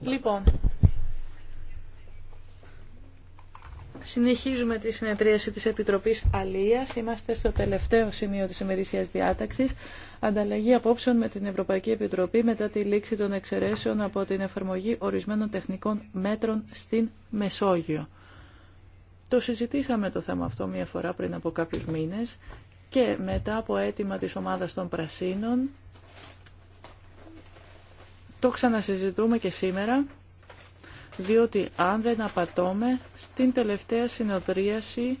Λοιπόν, συνεχίζουμε τη συνεδρίαση της Επιτροπής Αλίας. Είμαστε στο τελευταίο σημείο της ημερήσιας διάταξης. Ανταλλαγή απόψεων με την Ευρωπαϊκή Επιτροπή μετά τη λήξη των εξαιρέσεων από την εφαρμογή ορισμένων τεχνικών μέτρων στην Μεσόγειο. Το συζητήσαμε το θέμα αυτό μία φορά πριν από κάποιους μήνες και μετά από αίτημα της ομάδας των Πρασίνων το ξανασυζητούμε και σήμερα διότι αν δεν απατώμε στην τελευταία συνοδρίαση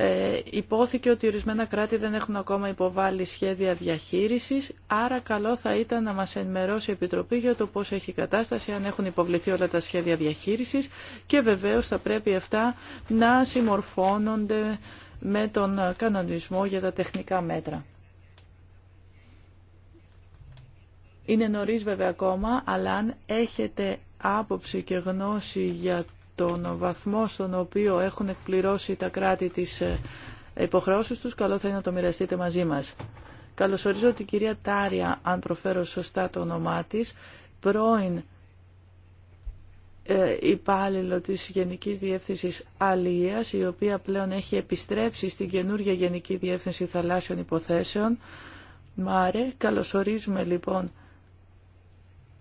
ε, υπόθηκε ότι ορισμένα κράτη δεν έχουν ακόμα υποβάλει σχέδια διαχείρισης, άρα καλό θα ήταν να μας ενημερώσει η Επιτροπή για το πώς έχει η κατάσταση, αν έχουν υποβληθεί όλα τα σχέδια διαχείρισης και βεβαίως θα πρέπει αυτά να συμμορφώνονται με τον κανονισμό για τα τεχνικά μέτρα. Είναι νωρίς βέβαια ακόμα, αλλά αν έχετε άποψη και γνώση για τον βαθμό στον οποίο έχουν εκπληρώσει τα κράτη τις ε, υποχρεώσεις τους, καλό θα είναι να το μοιραστείτε μαζί μας. Καλωσορίζω την κυρία Τάρια, αν προφέρω σωστά το όνομά της, πρώην ε, υπάλληλο της Γενικής Διεύθυνσης Αλίας, η οποία πλέον έχει επιστρέψει στην καινούργια Γενική Διεύθυνση Θαλάσσιων Υποθέσεων. Μάρε, καλωσορίζουμε λοιπόν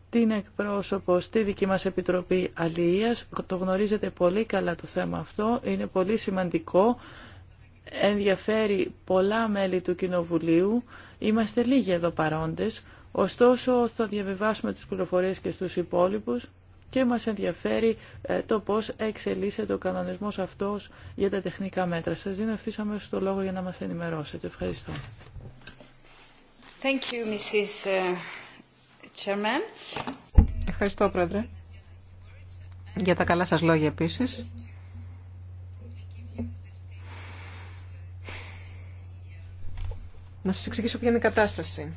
την εκπρόσωπο στη δική μας Επιτροπή Αλληλείας. Το γνωρίζετε πολύ καλά το θέμα αυτό, είναι πολύ σημαντικό, ενδιαφέρει πολλά μέλη του Κοινοβουλίου, είμαστε λίγοι εδώ παρόντες, ωστόσο θα διαβιβάσουμε τις πληροφορίες και στους υπόλοιπους και μας ενδιαφέρει ε, το πώς εξελίσσεται ο κανονισμός αυτός για τα τεχνικά μέτρα. Σας δίνω ευθύς αμέσως το λόγο για να μας ενημερώσετε. Ευχαριστώ. Thank you, Mrs. Ευχαριστώ, Πρόεδρε, για τα καλά σας λόγια επίσης. Να σας εξηγήσω ποια είναι η κατάσταση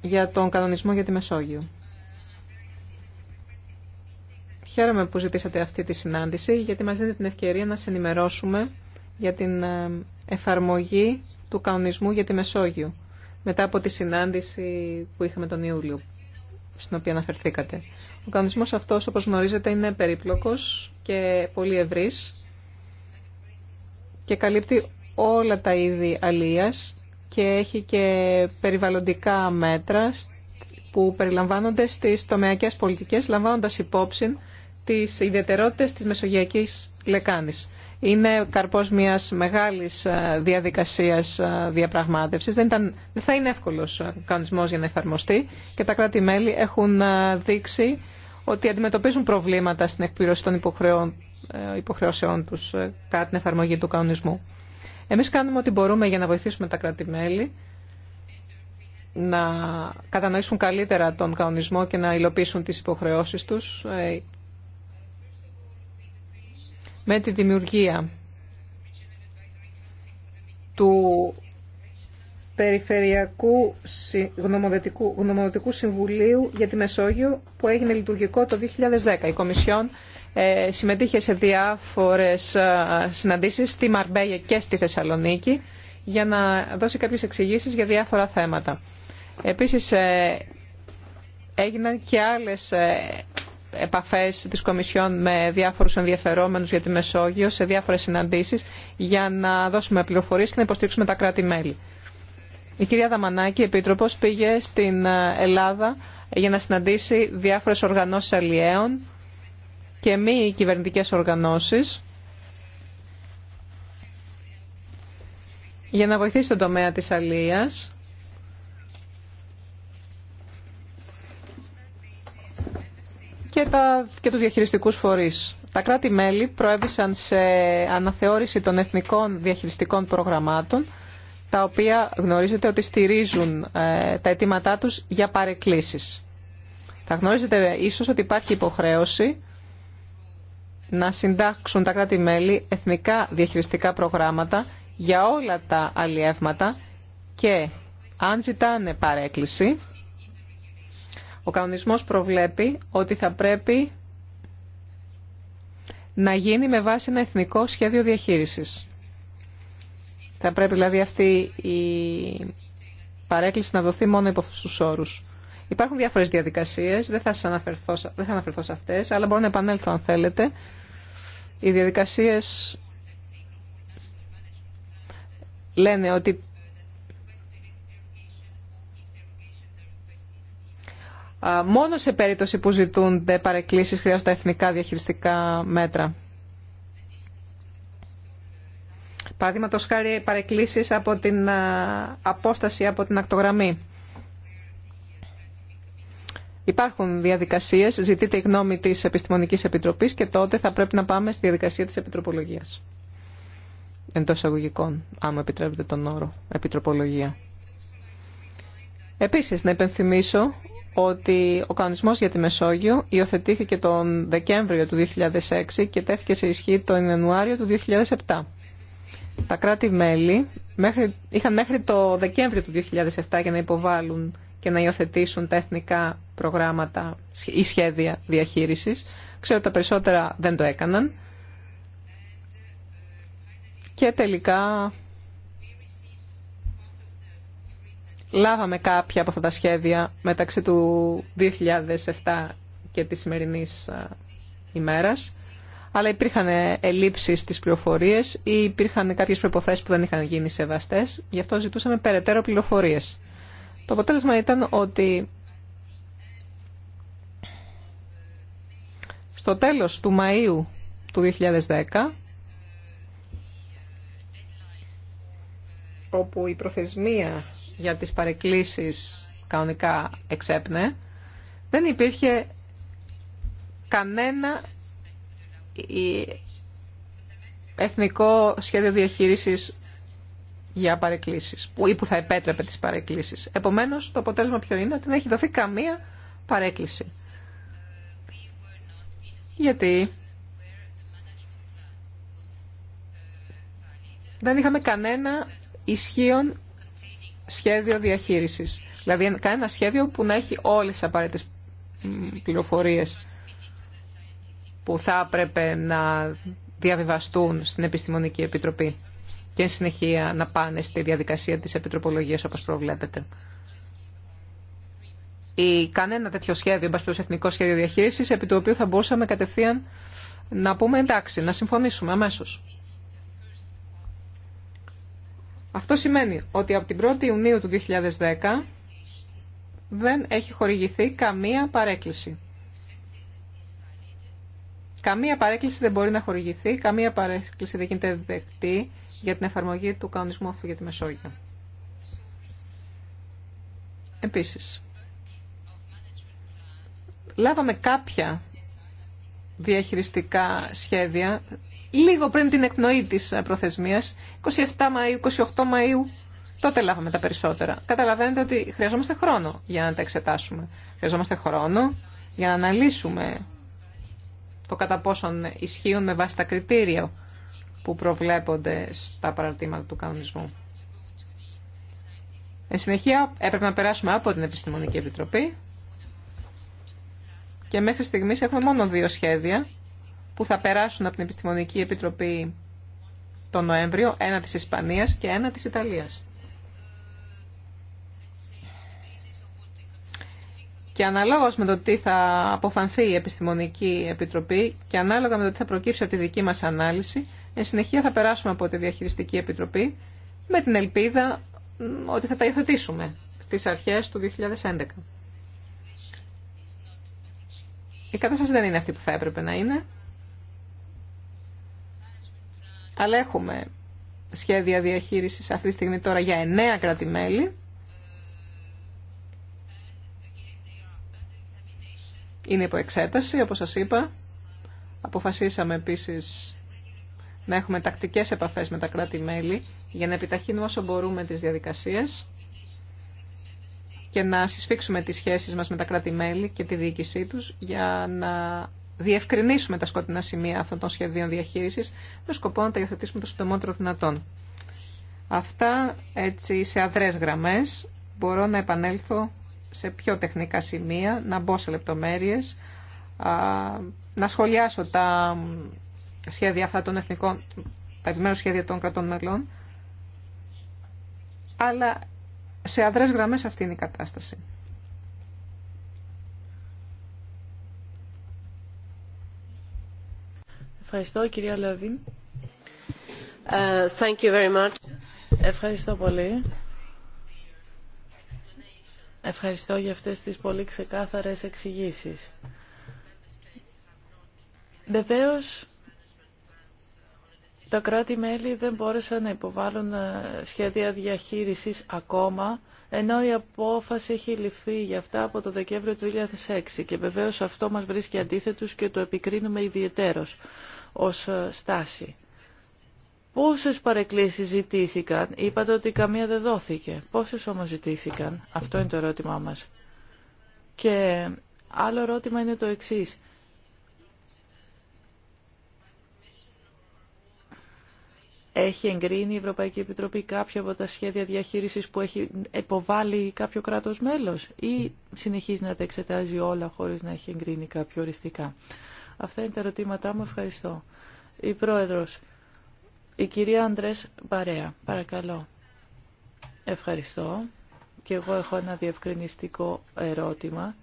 για τον κανονισμό για τη Μεσόγειο. Χαίρομαι που ζητήσατε αυτή τη συνάντηση, γιατί μας δίνετε την ευκαιρία να σε για την ε, εφαρμογή του κανονισμού για τη Μεσόγειο μετά από τη συνάντηση που είχαμε τον Ιούλιο, στην οποία αναφερθήκατε. Ο κανονισμό αυτός, όπως γνωρίζετε, είναι περίπλοκος και πολύ ευρύς και καλύπτει όλα τα είδη αλίας και έχει και περιβαλλοντικά μέτρα που περιλαμβάνονται στις τομεακές πολιτικές, λαμβάνοντας υπόψη τις ιδιαιτερότητες της Μεσογειακής Λεκάνης είναι καρπός μιας μεγάλης ε, διαδικασίας ε, διαπραγμάτευσης. Δεν, ήταν, δεν θα είναι εύκολος ο ε, κανονισμός για να εφαρμοστεί και τα κράτη-μέλη έχουν δείξει ότι αντιμετωπίζουν προβλήματα στην εκπλήρωση των υποχρεώσεών τους κατά την εφαρμογή του κανονισμού. Εμείς κάνουμε ό,τι μπορούμε για να βοηθήσουμε τα κράτη-μέλη να κατανοήσουν καλύτερα τον κανονισμό και να υλοποιήσουν τις υποχρεώσεις τους με τη δημιουργία του Περιφερειακού Γνωμοδοτικού, Γνωμοδοτικού Συμβουλίου για τη Μεσόγειο που έγινε λειτουργικό το 2010. Η Κομισιόν ε, συμμετείχε σε διάφορες ε, συναντήσεις στη Μαρμπέγια και στη Θεσσαλονίκη για να δώσει κάποιες εξηγήσεις για διάφορα θέματα. Επίσης ε, έγιναν και άλλες ε, Επαφέ της Κομισιόν με διάφορους ενδιαφερόμενους για τη Μεσόγειο σε διάφορες συναντήσεις για να δώσουμε πληροφορίε και να υποστηρίξουμε τα κράτη-μέλη. Η κυρία Δαμανάκη, Επίτροπο, πήγε στην Ελλάδα για να συναντήσει διάφορες οργανώσει αλλιέων και μη κυβερνητικές οργανώσει. για να βοηθήσει τον τομέα της αλίας. και, τα, και τους διαχειριστικούς φορείς. Τα κράτη-μέλη προέβησαν σε αναθεώρηση των εθνικών διαχειριστικών προγραμμάτων, τα οποία γνωρίζετε ότι στηρίζουν ε, τα αιτήματά τους για παρεκκλήσεις. Θα γνωρίζετε ίσως ότι υπάρχει υποχρέωση να συντάξουν τα κράτη-μέλη εθνικά διαχειριστικά προγράμματα για όλα τα αλλιεύματα και αν ζητάνε παρέκκληση, ο κανονισμός προβλέπει ότι θα πρέπει να γίνει με βάση ένα εθνικό σχέδιο διαχείρισης. Θα πρέπει δηλαδή αυτή η παρέκκληση να δοθεί μόνο υπό αυτού του όρου. Υπάρχουν διάφορε διαδικασίε, δεν θα αναφερθώ, δεν θα αναφερθώ σε αυτέ, αλλά μπορώ να επανέλθω αν θέλετε. Οι διαδικασίε λένε ότι μόνο σε περίπτωση που ζητούνται παρεκκλήσεις χρειάζονται εθνικά διαχειριστικά μέτρα. Παραδείγματο χάρη παρεκκλήσεις από την απόσταση από την ακτογραμμή. Υπάρχουν διαδικασίες, ζητείται η γνώμη της Επιστημονικής Επιτροπής και τότε θα πρέπει να πάμε στη διαδικασία της επιτροπολογίας. Εντό αν άμα επιτρέπετε τον όρο, επιτροπολογία. Επίσης, να υπενθυμίσω ότι ο κανονισμός για τη Μεσόγειο υιοθετήθηκε τον Δεκέμβριο του 2006 και τέθηκε σε ισχύ τον Ιανουάριο του 2007. Τα κράτη-μέλη είχαν μέχρι το Δεκέμβριο του 2007 για να υποβάλουν και να υιοθετήσουν τα εθνικά προγράμματα ή σχέδια διαχείρισης. Ξέρω ότι τα περισσότερα δεν το έκαναν. Και τελικά Λάβαμε κάποια από αυτά τα σχέδια μεταξύ του 2007 και της σημερινής ημέρας, αλλά υπήρχαν ελλείψεις στις πληροφορίες ή υπήρχαν κάποιες προϋποθέσεις που δεν είχαν γίνει σεβαστές, γι' αυτό ζητούσαμε περαιτέρω πληροφορίες. Το αποτέλεσμα ήταν ότι στο τέλος του Μαΐου του 2010, όπου η προθεσμία για τις παρεκκλήσεις κανονικά εξέπνε, δεν υπήρχε κανένα εθνικό σχέδιο διαχείρισης για παρεκκλήσεις ή που θα επέτρεπε τις παρεκκλήσεις. Επομένως, το αποτέλεσμα ποιο είναι, ότι δεν έχει δοθεί καμία παρέκκληση. Γιατί δεν είχαμε κανένα ισχύον σχέδιο διαχείρισης. Δηλαδή κανένα σχέδιο που να έχει όλες τι απαραίτητες πληροφορίες που θα έπρεπε να διαβιβαστούν στην Επιστημονική Επιτροπή και συνεχεία να πάνε στη διαδικασία της επιτροπολογίας όπως προβλέπετε. Ή κανένα τέτοιο σχέδιο, προς εθνικό σχέδιο διαχείρισης, επί του οποίου θα μπορούσαμε κατευθείαν να πούμε εντάξει, να συμφωνήσουμε αμέσως. Αυτό σημαίνει ότι από την 1η Ιουνίου του 2010 δεν έχει χορηγηθεί καμία παρέκκληση. Καμία παρέκκληση δεν μπορεί να χορηγηθεί, καμία παρέκκληση δεν γίνεται δεκτή για την εφαρμογή του κανονισμού αυτού για τη Μεσόγειο. Επίσης, λάβαμε κάποια διαχειριστικά σχέδια λίγο πριν την εκπνοή τη προθεσμία, 27 Μαΐου, 28 Μαΐου, τότε λάβαμε τα περισσότερα. Καταλαβαίνετε ότι χρειαζόμαστε χρόνο για να τα εξετάσουμε. Χρειαζόμαστε χρόνο για να αναλύσουμε το κατά πόσον ισχύουν με βάση τα κριτήρια που προβλέπονται στα παραρτήματα του κανονισμού. Εν συνεχεία έπρεπε να περάσουμε από την Επιστημονική Επιτροπή και μέχρι στιγμής έχουμε μόνο δύο σχέδια που θα περάσουν από την Επιστημονική Επιτροπή τον Νοέμβριο, ένα της Ισπανίας και ένα της Ιταλίας. Και αναλόγως με το τι θα αποφανθεί η Επιστημονική Επιτροπή και ανάλογα με το τι θα προκύψει από τη δική μας ανάλυση, εν συνεχεία θα περάσουμε από τη Διαχειριστική Επιτροπή με την ελπίδα ότι θα τα υιοθετήσουμε στις αρχές του 2011. Η κατάσταση δεν είναι αυτή που θα έπρεπε να είναι. Αλλά έχουμε σχέδια διαχείρισης αυτή τη στιγμή τώρα για εννέα Είναι υπό εξέταση, όπως σας είπα. Αποφασίσαμε επίσης να έχουμε τακτικές επαφές με τα κράτη-μέλη για να επιταχύνουμε όσο μπορούμε τις διαδικασίες και να συσφίξουμε τις σχέσεις μας με τα κράτη-μέλη και τη διοίκησή τους για να διευκρινίσουμε τα σκοτεινά σημεία αυτών των σχεδίων διαχείρισης με σκοπό να τα υιοθετήσουμε το συντομότερο δυνατόν. Αυτά έτσι σε αδρέ γραμμές μπορώ να επανέλθω σε πιο τεχνικά σημεία, να μπω σε λεπτομέρειε, να σχολιάσω τα σχέδια αυτά των εθνικών, τα επιμέρους σχέδια των κρατών μελών, αλλά σε αδρές γραμμές αυτή είναι η κατάσταση. Ευχαριστώ, κυρία Λαβίν. Ε, Ευχαριστώ πολύ. Ευχαριστώ για αυτές τις πολύ ξεκάθαρες εξηγήσεις. Βεβαίω, τα κράτη-μέλη δεν μπόρεσαν να υποβάλουν ε, σχέδια διαχείρισης ακόμα, ενώ η απόφαση έχει ληφθεί για αυτά από το Δεκέμβριο του 2006 και βεβαίως αυτό μας βρίσκει αντίθετους και το επικρίνουμε ιδιαιτέρως ως ε, στάση. Πόσες παρεκκλήσεις ζητήθηκαν, είπατε ότι καμία δεν δόθηκε. Πόσες όμως ζητήθηκαν, αυτό είναι το ερώτημά μας. Και άλλο ερώτημα είναι το εξής. Έχει εγκρίνει η Ευρωπαϊκή Επιτροπή κάποια από τα σχέδια διαχείρισης που έχει υποβάλει κάποιο κράτος μέλος ή συνεχίζει να τα εξετάζει όλα χωρίς να έχει εγκρίνει κάποιο οριστικά. Αυτά είναι τα ερωτήματά μου. Ευχαριστώ. Η Πρόεδρος, η κυρία Αντρές Παρέα, παρακαλώ. Ευχαριστώ. Και εγώ έχω ένα διευκρινιστικό ερώτημα.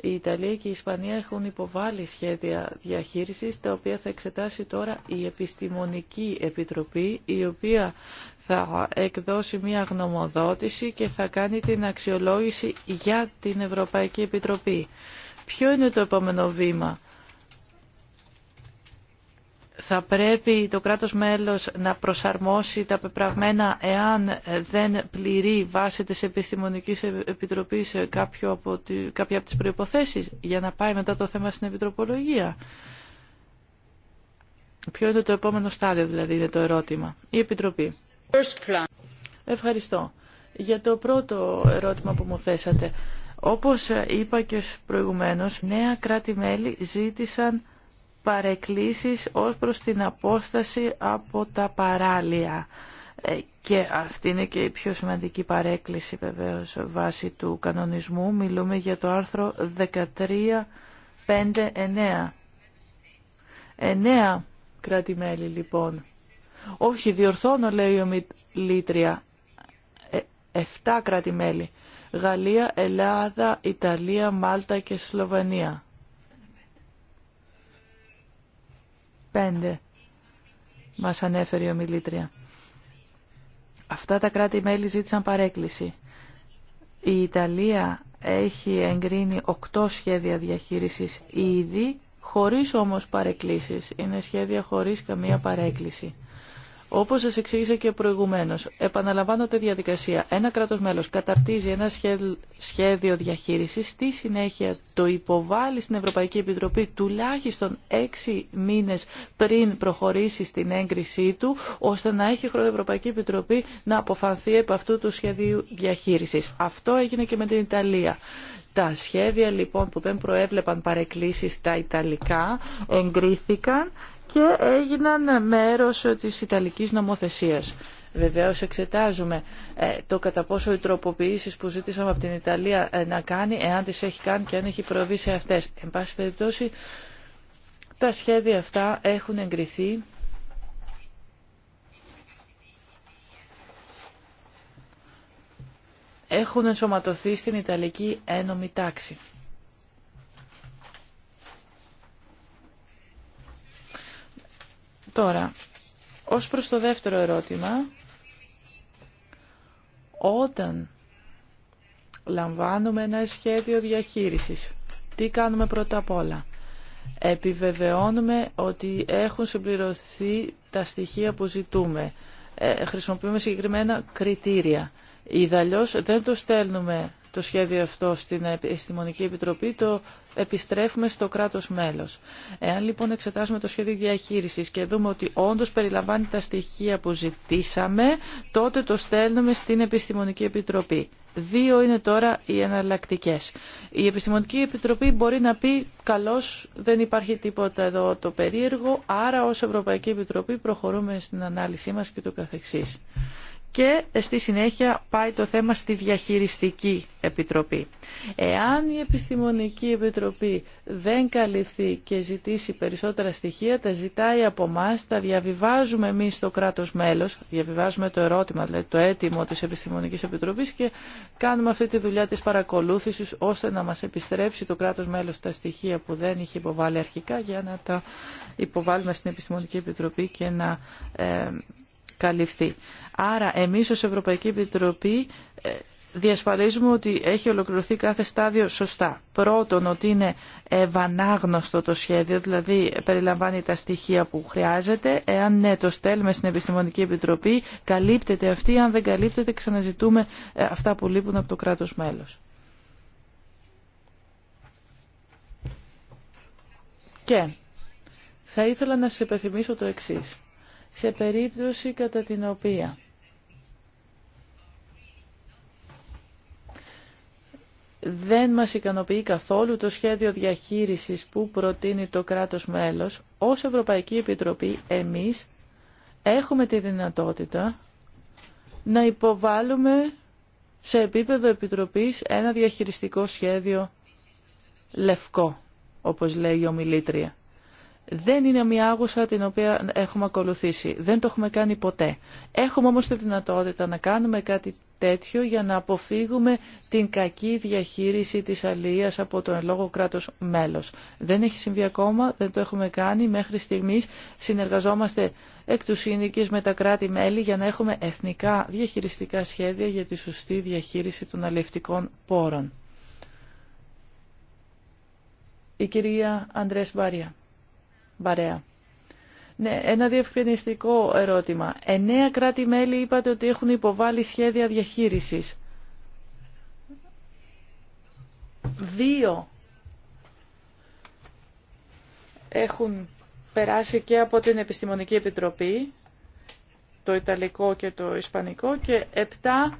Η Ιταλία και η Ισπανία έχουν υποβάλει σχέδια διαχείρισης, τα οποία θα εξετάσει τώρα η Επιστημονική Επιτροπή, η οποία θα εκδώσει μια γνωμοδότηση και θα κάνει την αξιολόγηση για την Ευρωπαϊκή Επιτροπή. Ποιο είναι το επόμενο βήμα θα πρέπει το κράτος μέλος να προσαρμόσει τα πεπραγμένα εάν δεν πληρεί βάση της Επιστημονικής Επιτροπής κάποιο από κάποια από τις προϋποθέσεις για να πάει μετά το θέμα στην Επιτροπολογία. Ποιο είναι το επόμενο στάδιο δηλαδή είναι το ερώτημα. Η Επιτροπή. Ευχαριστώ. Για το πρώτο ερώτημα που μου θέσατε. Όπως είπα και προηγουμένως, νέα κράτη-μέλη ζήτησαν παρεκκλήσεις ως προς την απόσταση από τα παράλια. Ε, και αυτή είναι και η πιο σημαντική παρέκκληση βεβαίως βάσει του κανονισμού. Μιλούμε για το άρθρο 13.5.9. 9 κράτη-μέλη λοιπόν. Όχι, διορθώνω λέει η ομιλήτρια. 7 ε, κράτη-μέλη. Γαλλία, Ελλάδα, Ιταλία, Μάλτα και Σλοβανία πέντε, μας ανέφερε η ομιλήτρια. Αυτά τα κράτη-μέλη ζήτησαν παρέκκληση. Η Ιταλία έχει εγκρίνει οκτώ σχέδια διαχείρισης ήδη, χωρίς όμως παρεκκλήσεις. Είναι σχέδια χωρίς καμία παρέκκληση. Όπως σας εξήγησα και προηγουμένως, επαναλαμβάνω τη διαδικασία. Ένα κράτος μέλος καταρτίζει ένα σχέδιο διαχείρισης, στη συνέχεια το υποβάλλει στην Ευρωπαϊκή Επιτροπή τουλάχιστον έξι μήνες πριν προχωρήσει στην έγκρισή του, ώστε να έχει χρόνο η Ευρωπαϊκή Επιτροπή να αποφανθεί επ' αυτού του σχεδίου διαχείρισης. Αυτό έγινε και με την Ιταλία. Τα σχέδια λοιπόν που δεν προέβλεπαν παρεκκλήσεις τα Ιταλικά εγκρίθηκαν και έγιναν μέρος της Ιταλικής νομοθεσίας. Βεβαίως εξετάζουμε ε, το κατά πόσο οι τροποποιήσεις που ζήτησαμε από την Ιταλία ε, να κάνει, εάν τις έχει κάνει και αν έχει προβεί σε αυτές. Εν πάση περιπτώσει, τα σχέδια αυτά έχουν εγκριθεί έχουν ενσωματωθεί στην Ιταλική ένομη τάξη. Τώρα, ως προς το δεύτερο ερώτημα, όταν λαμβάνουμε ένα σχέδιο διαχείρισης, τι κάνουμε πρώτα απ' όλα. Επιβεβαιώνουμε ότι έχουν συμπληρωθεί τα στοιχεία που ζητούμε. Ε, χρησιμοποιούμε συγκεκριμένα κριτήρια. Ιδαλλιώς δεν το στέλνουμε το σχέδιο αυτό στην Επιστημονική Επιτροπή, το επιστρέφουμε στο κράτος μέλος. Εάν λοιπόν εξετάσουμε το σχέδιο διαχείρισης και δούμε ότι όντως περιλαμβάνει τα στοιχεία που ζητήσαμε, τότε το στέλνουμε στην Επιστημονική Επιτροπή. Δύο είναι τώρα οι εναλλακτικέ. Η Επιστημονική Επιτροπή μπορεί να πει καλώς δεν υπάρχει τίποτα εδώ το περίεργο, άρα ως Ευρωπαϊκή Επιτροπή προχωρούμε στην ανάλυση μας και το καθεξής και στη συνέχεια πάει το θέμα στη διαχειριστική επιτροπή. Εάν η επιστημονική επιτροπή δεν καλυφθεί και ζητήσει περισσότερα στοιχεία, τα ζητάει από εμά, τα διαβιβάζουμε εμεί στο κράτο μέλο, διαβιβάζουμε το ερώτημα, δηλαδή το έτοιμο τη επιστημονική επιτροπή και κάνουμε αυτή τη δουλειά τη παρακολούθηση ώστε να μα επιστρέψει το κράτο μέλο τα στοιχεία που δεν είχε υποβάλει αρχικά για να τα υποβάλουμε στην επιστημονική επιτροπή και να ε, καλυφθεί. Άρα εμείς ως Ευρωπαϊκή Επιτροπή ε, διασφαλίζουμε ότι έχει ολοκληρωθεί κάθε στάδιο σωστά. Πρώτον, ότι είναι ευανάγνωστο το σχέδιο, δηλαδή περιλαμβάνει τα στοιχεία που χρειάζεται. Εάν ναι, το στέλνουμε στην Επιστημονική Επιτροπή, καλύπτεται αυτή. Αν δεν καλύπτεται, ξαναζητούμε ε, αυτά που λείπουν από το κράτος μέλος. Και θα ήθελα να σας υπενθυμίσω το εξής σε περίπτωση κατά την οποία δεν μας ικανοποιεί καθόλου το σχέδιο διαχείρισης που προτείνει το κράτος μέλος, ως Ευρωπαϊκή Επιτροπή εμείς έχουμε τη δυνατότητα να υποβάλουμε σε επίπεδο Επιτροπής ένα διαχειριστικό σχέδιο λευκό, όπως λέει η ομιλήτρια δεν είναι μια άγουσα την οποία έχουμε ακολουθήσει. Δεν το έχουμε κάνει ποτέ. Έχουμε όμως τη δυνατότητα να κάνουμε κάτι τέτοιο για να αποφύγουμε την κακή διαχείριση της αλληλείας από το λόγο κράτος μέλος. Δεν έχει συμβεί ακόμα, δεν το έχουμε κάνει. Μέχρι στιγμής συνεργαζόμαστε εκ του σύνοικης με τα κράτη-μέλη για να έχουμε εθνικά διαχειριστικά σχέδια για τη σωστή διαχείριση των αλληλευτικών πόρων. Η κυρία Μπάρια. Βαρέα. Ναι, ένα διευκρινιστικό ερώτημα. Εννέα κράτη-μέλη είπατε ότι έχουν υποβάλει σχέδια διαχείρισης. Δύο έχουν περάσει και από την Επιστημονική Επιτροπή, το Ιταλικό και το Ισπανικό, και επτά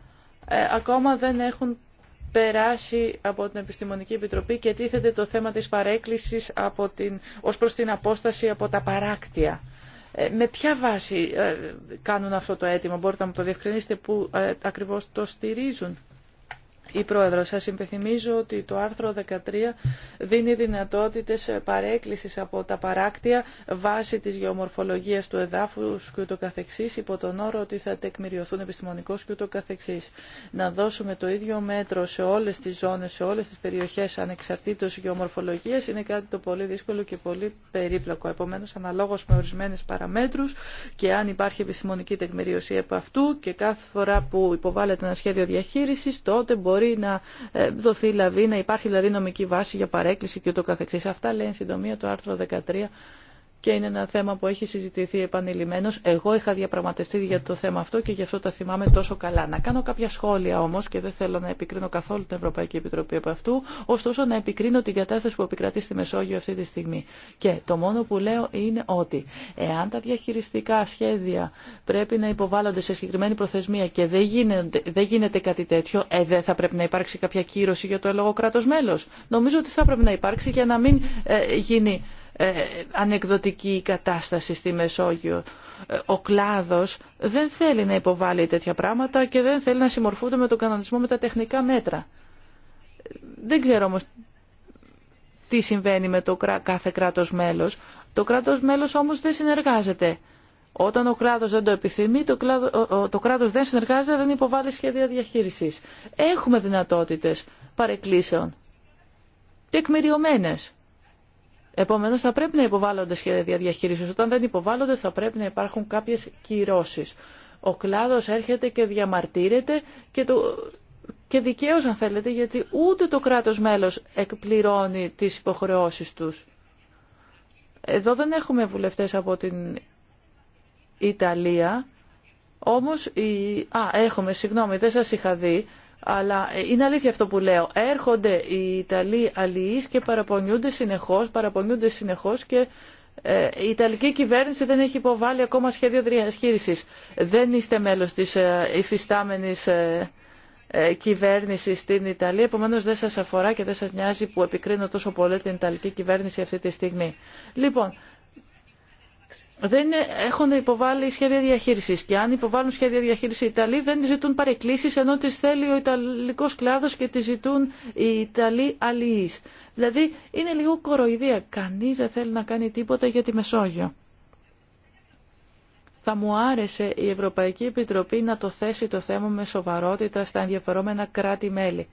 ε, ακόμα δεν έχουν περάσει από την Επιστημονική Επιτροπή και τίθεται το θέμα της παρέκκλησης από την, ως προς την απόσταση από τα παράκτια. Ε, με ποια βάση ε, κάνουν αυτό το αίτημα, μπορείτε να μου το διευκρινίσετε, πού ε, ακριβώς το στηρίζουν η Πρόεδρο. Σας υπενθυμίζω ότι το άρθρο 13 δίνει δυνατότητε παρέκκληση από τα παράκτια βάσει τη γεωμορφολογία του εδάφου και ούτω υπό τον όρο ότι θα τεκμηριωθούν επιστημονικώ και Να δώσουμε το ίδιο μέτρο σε όλε τι ζώνε, σε όλε τι περιοχέ ανεξαρτήτως γεωμορφολογίας είναι κάτι το πολύ δύσκολο και πολύ περίπλοκο. Επομένω, αναλόγω με ορισμένε παραμέτρου, και αν υπάρχει επιστημονική τεκμηρίωση από αυτού και κάθε φορά που υποβάλλεται ένα σχέδιο διαχείριση, τότε μπορεί να ε, δοθεί λαβή, να υπάρχει δηλαδή νομική βάση για παρέκκληση και ούτω καθεξής. Αυτά λέει εν συντομία το άρθρο 13 και είναι ένα θέμα που έχει συζητηθεί επανειλημμένως. Εγώ είχα διαπραγματευτεί για το θέμα αυτό και γι' αυτό τα θυμάμαι τόσο καλά. Να κάνω κάποια σχόλια όμω και δεν θέλω να επικρίνω καθόλου την Ευρωπαϊκή Επιτροπή από αυτού, ωστόσο να επικρίνω την κατάσταση που επικρατεί στη Μεσόγειο αυτή τη στιγμή. Και το μόνο που λέω είναι ότι εάν τα διαχειριστικά σχέδια πρέπει να υποβάλλονται σε συγκεκριμένη προθεσμία και δεν γίνεται, δεν γίνεται κάτι τέτοιο, ε, δεν θα πρέπει να υπάρξει κάποια κύρωση για το λόγο Νομίζω ότι θα πρέπει να υπάρξει για να μην ε, γίνει ε, ανεκδοτική κατάσταση στη Μεσόγειο. Ε, ο κλάδος δεν θέλει να υποβάλει τέτοια πράγματα και δεν θέλει να συμμορφούνται με τον κανονισμό με τα τεχνικά μέτρα. Δεν ξέρω όμως τι συμβαίνει με το κάθε κράτος μέλος. Το κράτος μέλος όμως δεν συνεργάζεται. Όταν ο κράτος δεν το επιθυμεί, το, κλάδο, το κράτος δεν συνεργάζεται, δεν υποβάλλει σχέδια διαχείρισης. Έχουμε δυνατότητες παρεκκλήσεων. Τεκμηριωμένες. Επομένως θα πρέπει να υποβάλλονται σχέδια διαχείρισης. Όταν δεν υποβάλλονται θα πρέπει να υπάρχουν κάποιες κυρώσεις. Ο κλάδος έρχεται και διαμαρτύρεται και, το... και δικαίως αν θέλετε γιατί ούτε το κράτος μέλος εκπληρώνει τις υποχρεώσεις τους. Εδώ δεν έχουμε βουλευτές από την Ιταλία, όμως η... Α, έχουμε, συγγνώμη, δεν σας είχα δει. Αλλά ε, είναι αλήθεια αυτό που λέω. Έρχονται οι Ιταλοί αλληλεί και παραπονιούνται συνεχώ, παραπονιούνται συνεχώς και ε, η Ιταλική κυβέρνηση δεν έχει υποβάλει ακόμα σχέδιο διαχείριση. Δεν είστε μέλος της ε, υφιστάμενης κυβέρνηση στην Ιταλία. Επομένω, δεν σα αφορά και δεν σα νοιάζει που επικρίνω τόσο πολύ την Ιταλική κυβέρνηση αυτή τη στιγμή. Λοιπόν, δεν έχουν υποβάλει σχέδια διαχείρισης και αν υποβάλουν σχέδια διαχείρισης οι Ιταλοί δεν ζητούν παρεκκλήσεις ενώ τις θέλει ο Ιταλικός κλάδος και τις ζητούν οι Ιταλοί αλληλείς. Δηλαδή είναι λίγο κοροϊδία. Κανείς δεν θέλει να κάνει τίποτα για τη Μεσόγειο. Θα μου άρεσε η Ευρωπαϊκή Επιτροπή να το θέσει το θέμα με σοβαρότητα στα ενδιαφερόμενα κράτη-μέλη.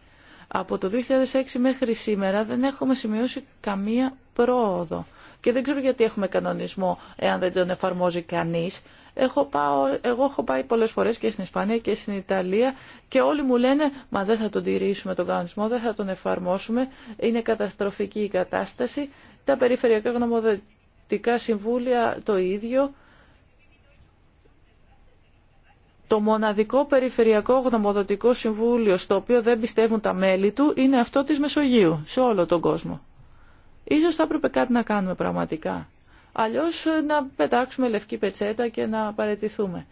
Από το 2006 μέχρι σήμερα δεν έχουμε σημειώσει καμία πρόοδο και δεν ξέρω γιατί έχουμε κανονισμό εάν δεν τον εφαρμόζει κανείς. Έχω πάω, εγώ έχω πάει πολλές φορές και στην Ισπανία και στην Ιταλία και όλοι μου λένε «Μα δεν θα τον τηρήσουμε τον κανονισμό, δεν θα τον εφαρμόσουμε, είναι καταστροφική η κατάσταση». Τα περιφερειακά γνωμοδοτικά συμβούλια το ίδιο. Το μοναδικό περιφερειακό γνωμοδοτικό συμβούλιο στο οποίο δεν πιστεύουν τα μέλη του είναι αυτό της Μεσογείου, σε όλο τον κόσμο. Ίσως θα έπρεπε κάτι να κάνουμε πραγματικά. Αλλιώς ε, να πετάξουμε λευκή πετσέτα και να παρετηθούμε.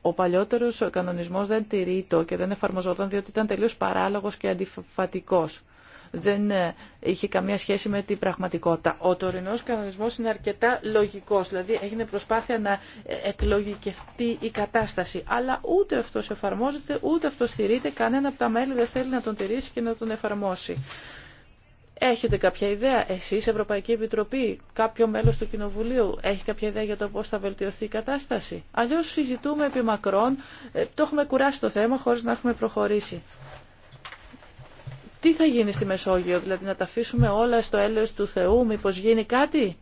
Ο παλιότερος κανονισμός δεν το και δεν εφαρμοζόταν διότι ήταν τελείως παράλογος και αντιφατικός δεν ε, είχε καμία σχέση με την πραγματικότητα. Ο τωρινός κανονισμός είναι αρκετά λογικός, δηλαδή έγινε προσπάθεια να ε, εκλογικευτεί η κατάσταση, αλλά ούτε αυτός εφαρμόζεται, ούτε αυτό στηρείται, κανένα από τα μέλη δεν θέλει να τον τηρήσει και να τον εφαρμόσει. Έχετε κάποια ιδέα, εσείς Ευρωπαϊκή Επιτροπή, κάποιο μέλος του Κοινοβουλίου, έχει κάποια ιδέα για το πώς θα βελτιωθεί η κατάσταση. Αλλιώς συζητούμε επί μακρόν, ε, το έχουμε κουράσει το θέμα χωρίς να έχουμε προχωρήσει. Τι θα γίνει στη Μεσόγειο, δηλαδή να τα αφήσουμε όλα στο έλεος του Θεού, μήπως γίνει κάτι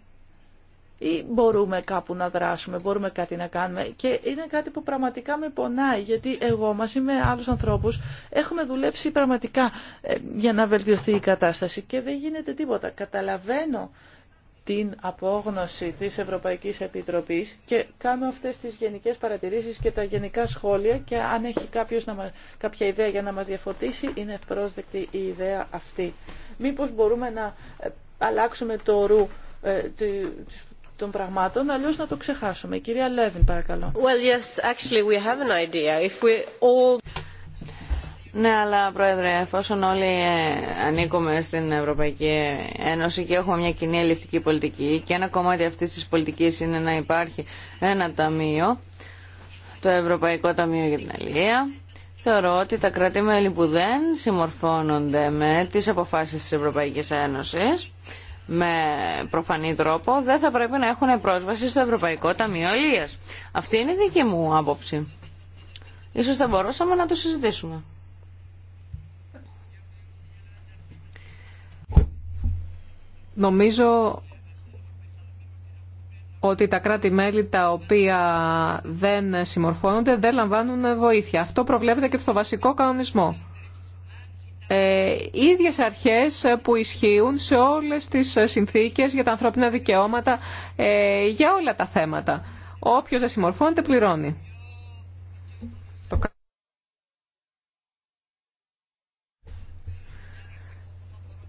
ή μπορούμε κάπου να δράσουμε, μπορούμε κάτι να κάνουμε και είναι κάτι που πραγματικά με πονάει γιατί εγώ μαζί με άλλους ανθρώπους έχουμε δουλέψει πραγματικά ε, για να βελτιωθεί η κατάσταση και δεν γίνεται τίποτα. Καταλαβαίνω την απόγνωση της Ευρωπαϊκής Επιτροπής και κάνω αυτές τις γενικές παρατηρήσεις και τα γενικά σχόλια και αν έχει κάποιος κάποια ιδέα για να μας διαφωτίσει είναι ευπρόσδεκτη η ιδέα αυτή. Μήπως μπορούμε να ε, αλλάξουμε το ρου ε, των πραγμάτων, αλλιώς να το ξεχάσουμε. Κυρία Λέβιν, παρακαλώ. Well, yes, actually we have an idea. If we all... Ναι, αλλά Πρόεδρε, εφόσον όλοι ε, ανήκουμε στην Ευρωπαϊκή Ένωση και έχουμε μια κοινή ελληνική πολιτική και ένα κομμάτι αυτής της πολιτικής είναι να υπάρχει ένα ταμείο, το Ευρωπαϊκό Ταμείο για την Αλληλεία, θεωρώ ότι τα κρατη που δεν συμμορφώνονται με τις αποφάσεις της Ευρωπαϊκής Ένωσης με προφανή τρόπο δεν θα πρέπει να έχουν πρόσβαση στο Ευρωπαϊκό Ταμείο Αλληλείας. Αυτή είναι η δική μου άποψη. Ίσως θα μπορούσαμε να το συζητήσουμε. Νομίζω ότι τα κράτη-μέλη τα οποία δεν συμμορφώνονται δεν λαμβάνουν βοήθεια. Αυτό προβλέπεται και στο βασικό κανονισμό. Ε, ίδιες αρχές που ισχύουν σε όλες τις συνθήκες για τα ανθρώπινα δικαιώματα, ε, για όλα τα θέματα. Όποιος δεν συμμορφώνεται πληρώνει.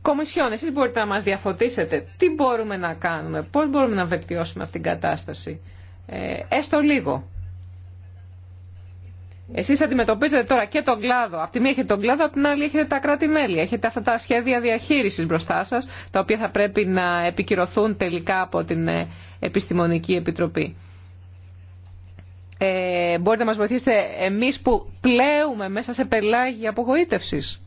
Κομισιόν, εσείς μπορείτε να μας διαφωτίσετε τι μπορούμε να κάνουμε, πώς μπορούμε να βελτιώσουμε αυτήν την κατάσταση, ε, έστω λίγο. Εσείς αντιμετωπίζετε τώρα και τον κλάδο. Απ' τη μία έχετε τον κλάδο, από την άλλη έχετε τα κράτη-μέλη. Έχετε αυτά τα σχέδια διαχείρισης μπροστά σας, τα οποία θα πρέπει να επικυρωθούν τελικά από την ε, Επιστημονική Επιτροπή. Ε, μπορείτε να μας βοηθήσετε εμείς που πλέουμε μέσα σε πελάγια απογοήτευσης.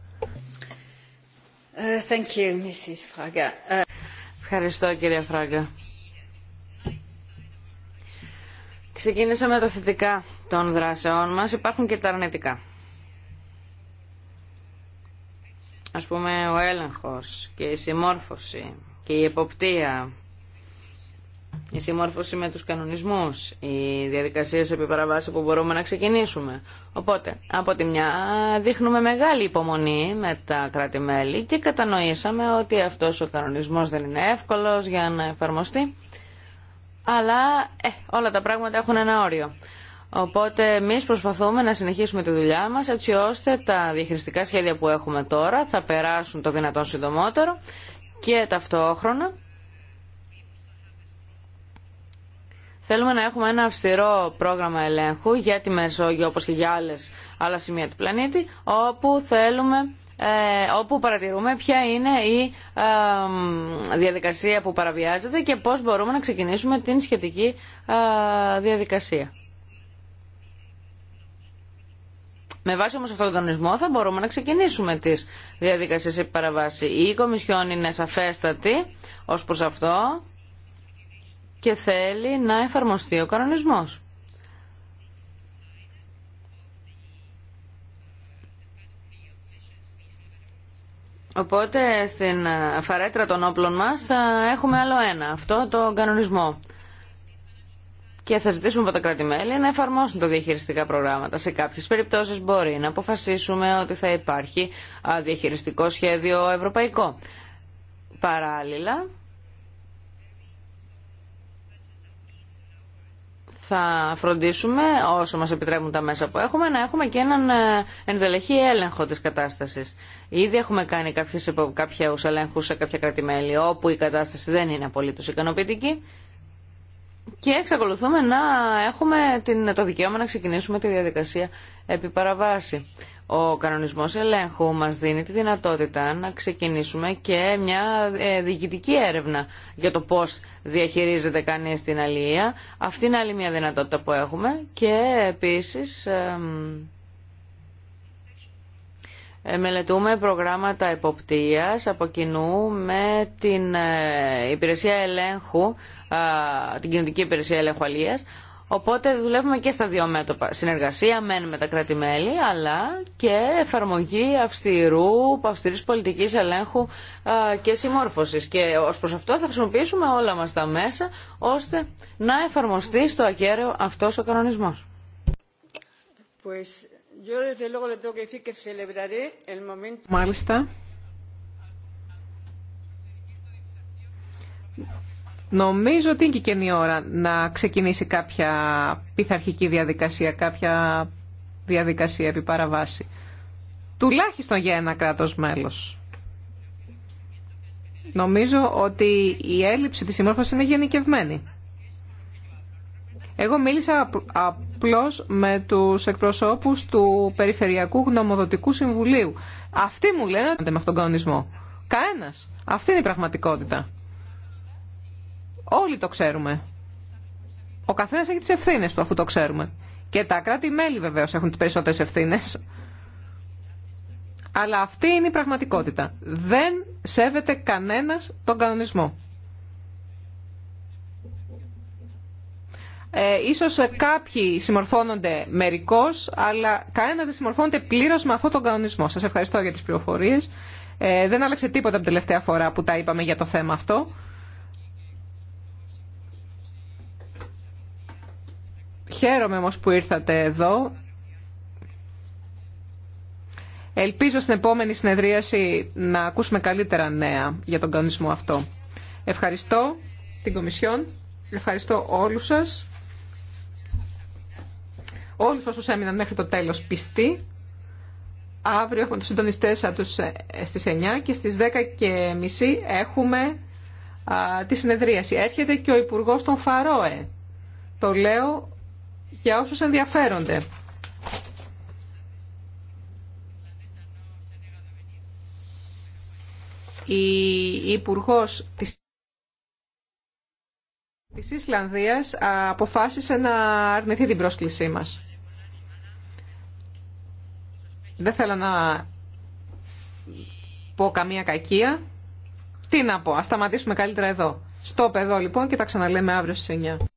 Ευχαριστώ κυρία Φράγκα. Ξεκίνησα με τα θετικά των δράσεών μας. Υπάρχουν και τα αρνητικά. Ας πούμε ο έλεγχος και η συμμόρφωση και η εποπτεία η συμμόρφωση με τους κανονισμούς, οι διαδικασίες επί παραβάση που μπορούμε να ξεκινήσουμε. Οπότε, από τη μια δείχνουμε μεγάλη υπομονή με τα κράτη-μέλη και κατανοήσαμε ότι αυτός ο κανονισμός δεν είναι εύκολος για να εφαρμοστεί, αλλά ε, όλα τα πράγματα έχουν ένα όριο. Οπότε εμεί προσπαθούμε να συνεχίσουμε τη δουλειά μας έτσι ώστε τα διαχειριστικά σχέδια που έχουμε τώρα θα περάσουν το δυνατόν συντομότερο και ταυτόχρονα Θέλουμε να έχουμε ένα αυστηρό πρόγραμμα ελέγχου για τη Μεσόγειο όπως και για άλλες, άλλα σημεία του πλανήτη όπου θέλουμε ε, όπου παρατηρούμε ποια είναι η ε, διαδικασία που παραβιάζεται και πώς μπορούμε να ξεκινήσουμε την σχετική ε, διαδικασία. Με βάση όμως αυτόν τον κανονισμό θα μπορούμε να ξεκινήσουμε τις διαδικασίες επί παραβάση. Η Κομισιόν είναι σαφέστατη ως προς αυτό και θέλει να εφαρμοστεί ο κανονισμός. Οπότε στην φαρέτρα των όπλων μας θα έχουμε άλλο ένα, αυτό το κανονισμό. Και θα ζητήσουμε από τα κράτη-μέλη να εφαρμόσουν τα διαχειριστικά προγράμματα. Σε κάποιες περιπτώσεις μπορεί να αποφασίσουμε ότι θα υπάρχει διαχειριστικό σχέδιο ευρωπαϊκό. Παράλληλα, θα φροντίσουμε όσο μας επιτρέπουν τα μέσα που έχουμε να έχουμε και έναν ε, ενδελεχή έλεγχο της κατάστασης. Ήδη έχουμε κάνει κάποιους, κάποιους ελέγχους σε κάποια κρατημέλη όπου η κατάσταση δεν είναι απολύτως ικανοποιητική και εξακολουθούμε να έχουμε την, το δικαίωμα να ξεκινήσουμε τη διαδικασία επί παραβάση. Ο κανονισμός ελέγχου μας δίνει τη δυνατότητα να ξεκινήσουμε και μια ε, διοικητική έρευνα για το πώς διαχειρίζεται κανείς την αλληλεία. Αυτή είναι άλλη μια δυνατότητα που έχουμε και επίσης ε, μελετούμε προγράμματα εποπτείας από κοινού με την ε, υπηρεσία ελέγχου, την κοινωτική υπηρεσία ελέγχου αλίας, Οπότε δουλεύουμε και στα δύο μέτωπα. Συνεργασία μεν με τα κράτη-μέλη, αλλά και εφαρμογή αυστηρού, αυστηρής πολιτικής ελέγχου και συμμόρφωσης. Και ως προς αυτό θα χρησιμοποιήσουμε όλα μας τα μέσα, ώστε να εφαρμοστεί στο ακέραιο αυτός ο κανονισμός. Μάλιστα. Νομίζω ότι είναι και καινή ώρα να ξεκινήσει κάποια πειθαρχική διαδικασία, κάποια διαδικασία επί παραβάση. Τουλάχιστον για ένα κράτος μέλος. Νομίζω ότι η έλλειψη της συμμόρφωσης είναι γενικευμένη. Εγώ μίλησα απλώς με τους εκπροσώπους του Περιφερειακού Γνωμοδοτικού Συμβουλίου. Αυτοί μου λένε ότι με αυτόν τον κανονισμό. Κανένας. Αυτή είναι η πραγματικότητα. Όλοι το ξέρουμε. Ο καθένας έχει τις ευθύνες του αφού το ξέρουμε. Και τα κράτη-μέλη βεβαίως έχουν τις περισσότερες ευθύνες. Αλλά αυτή είναι η πραγματικότητα. Δεν σέβεται κανένας τον κανονισμό. Ε, ίσως κάποιοι συμμορφώνονται μερικώς, αλλά κανένας δεν συμμορφώνεται πλήρως με αυτόν τον κανονισμό. Σας ευχαριστώ για τις πληροφορίες. Ε, δεν άλλαξε τίποτα από την τελευταία φορά που τα είπαμε για το θέμα αυτό. Χαίρομαι όμως που ήρθατε εδώ. Ελπίζω στην επόμενη συνεδρίαση να ακούσουμε καλύτερα νέα για τον κανονισμό αυτό. Ευχαριστώ την Κομισιόν, ευχαριστώ όλους σας όλους όσους έμειναν μέχρι το τέλος πιστοί. Αύριο έχουμε τους συντονιστές από ε, στις 9 και στις 10 και μισή έχουμε α, τη συνεδρίαση. Έρχεται και ο Υπουργός των Φαρόε. Το λέω για όσους ενδιαφέρονται. η υπουργό της της Ισλανδίας αποφάσισε να αρνηθεί την πρόσκλησή μας. Δεν θέλω να πω καμία κακία. Τι να πω, ας σταματήσουμε καλύτερα εδώ. στο εδώ λοιπόν και τα ξαναλέμε αύριο στις 9.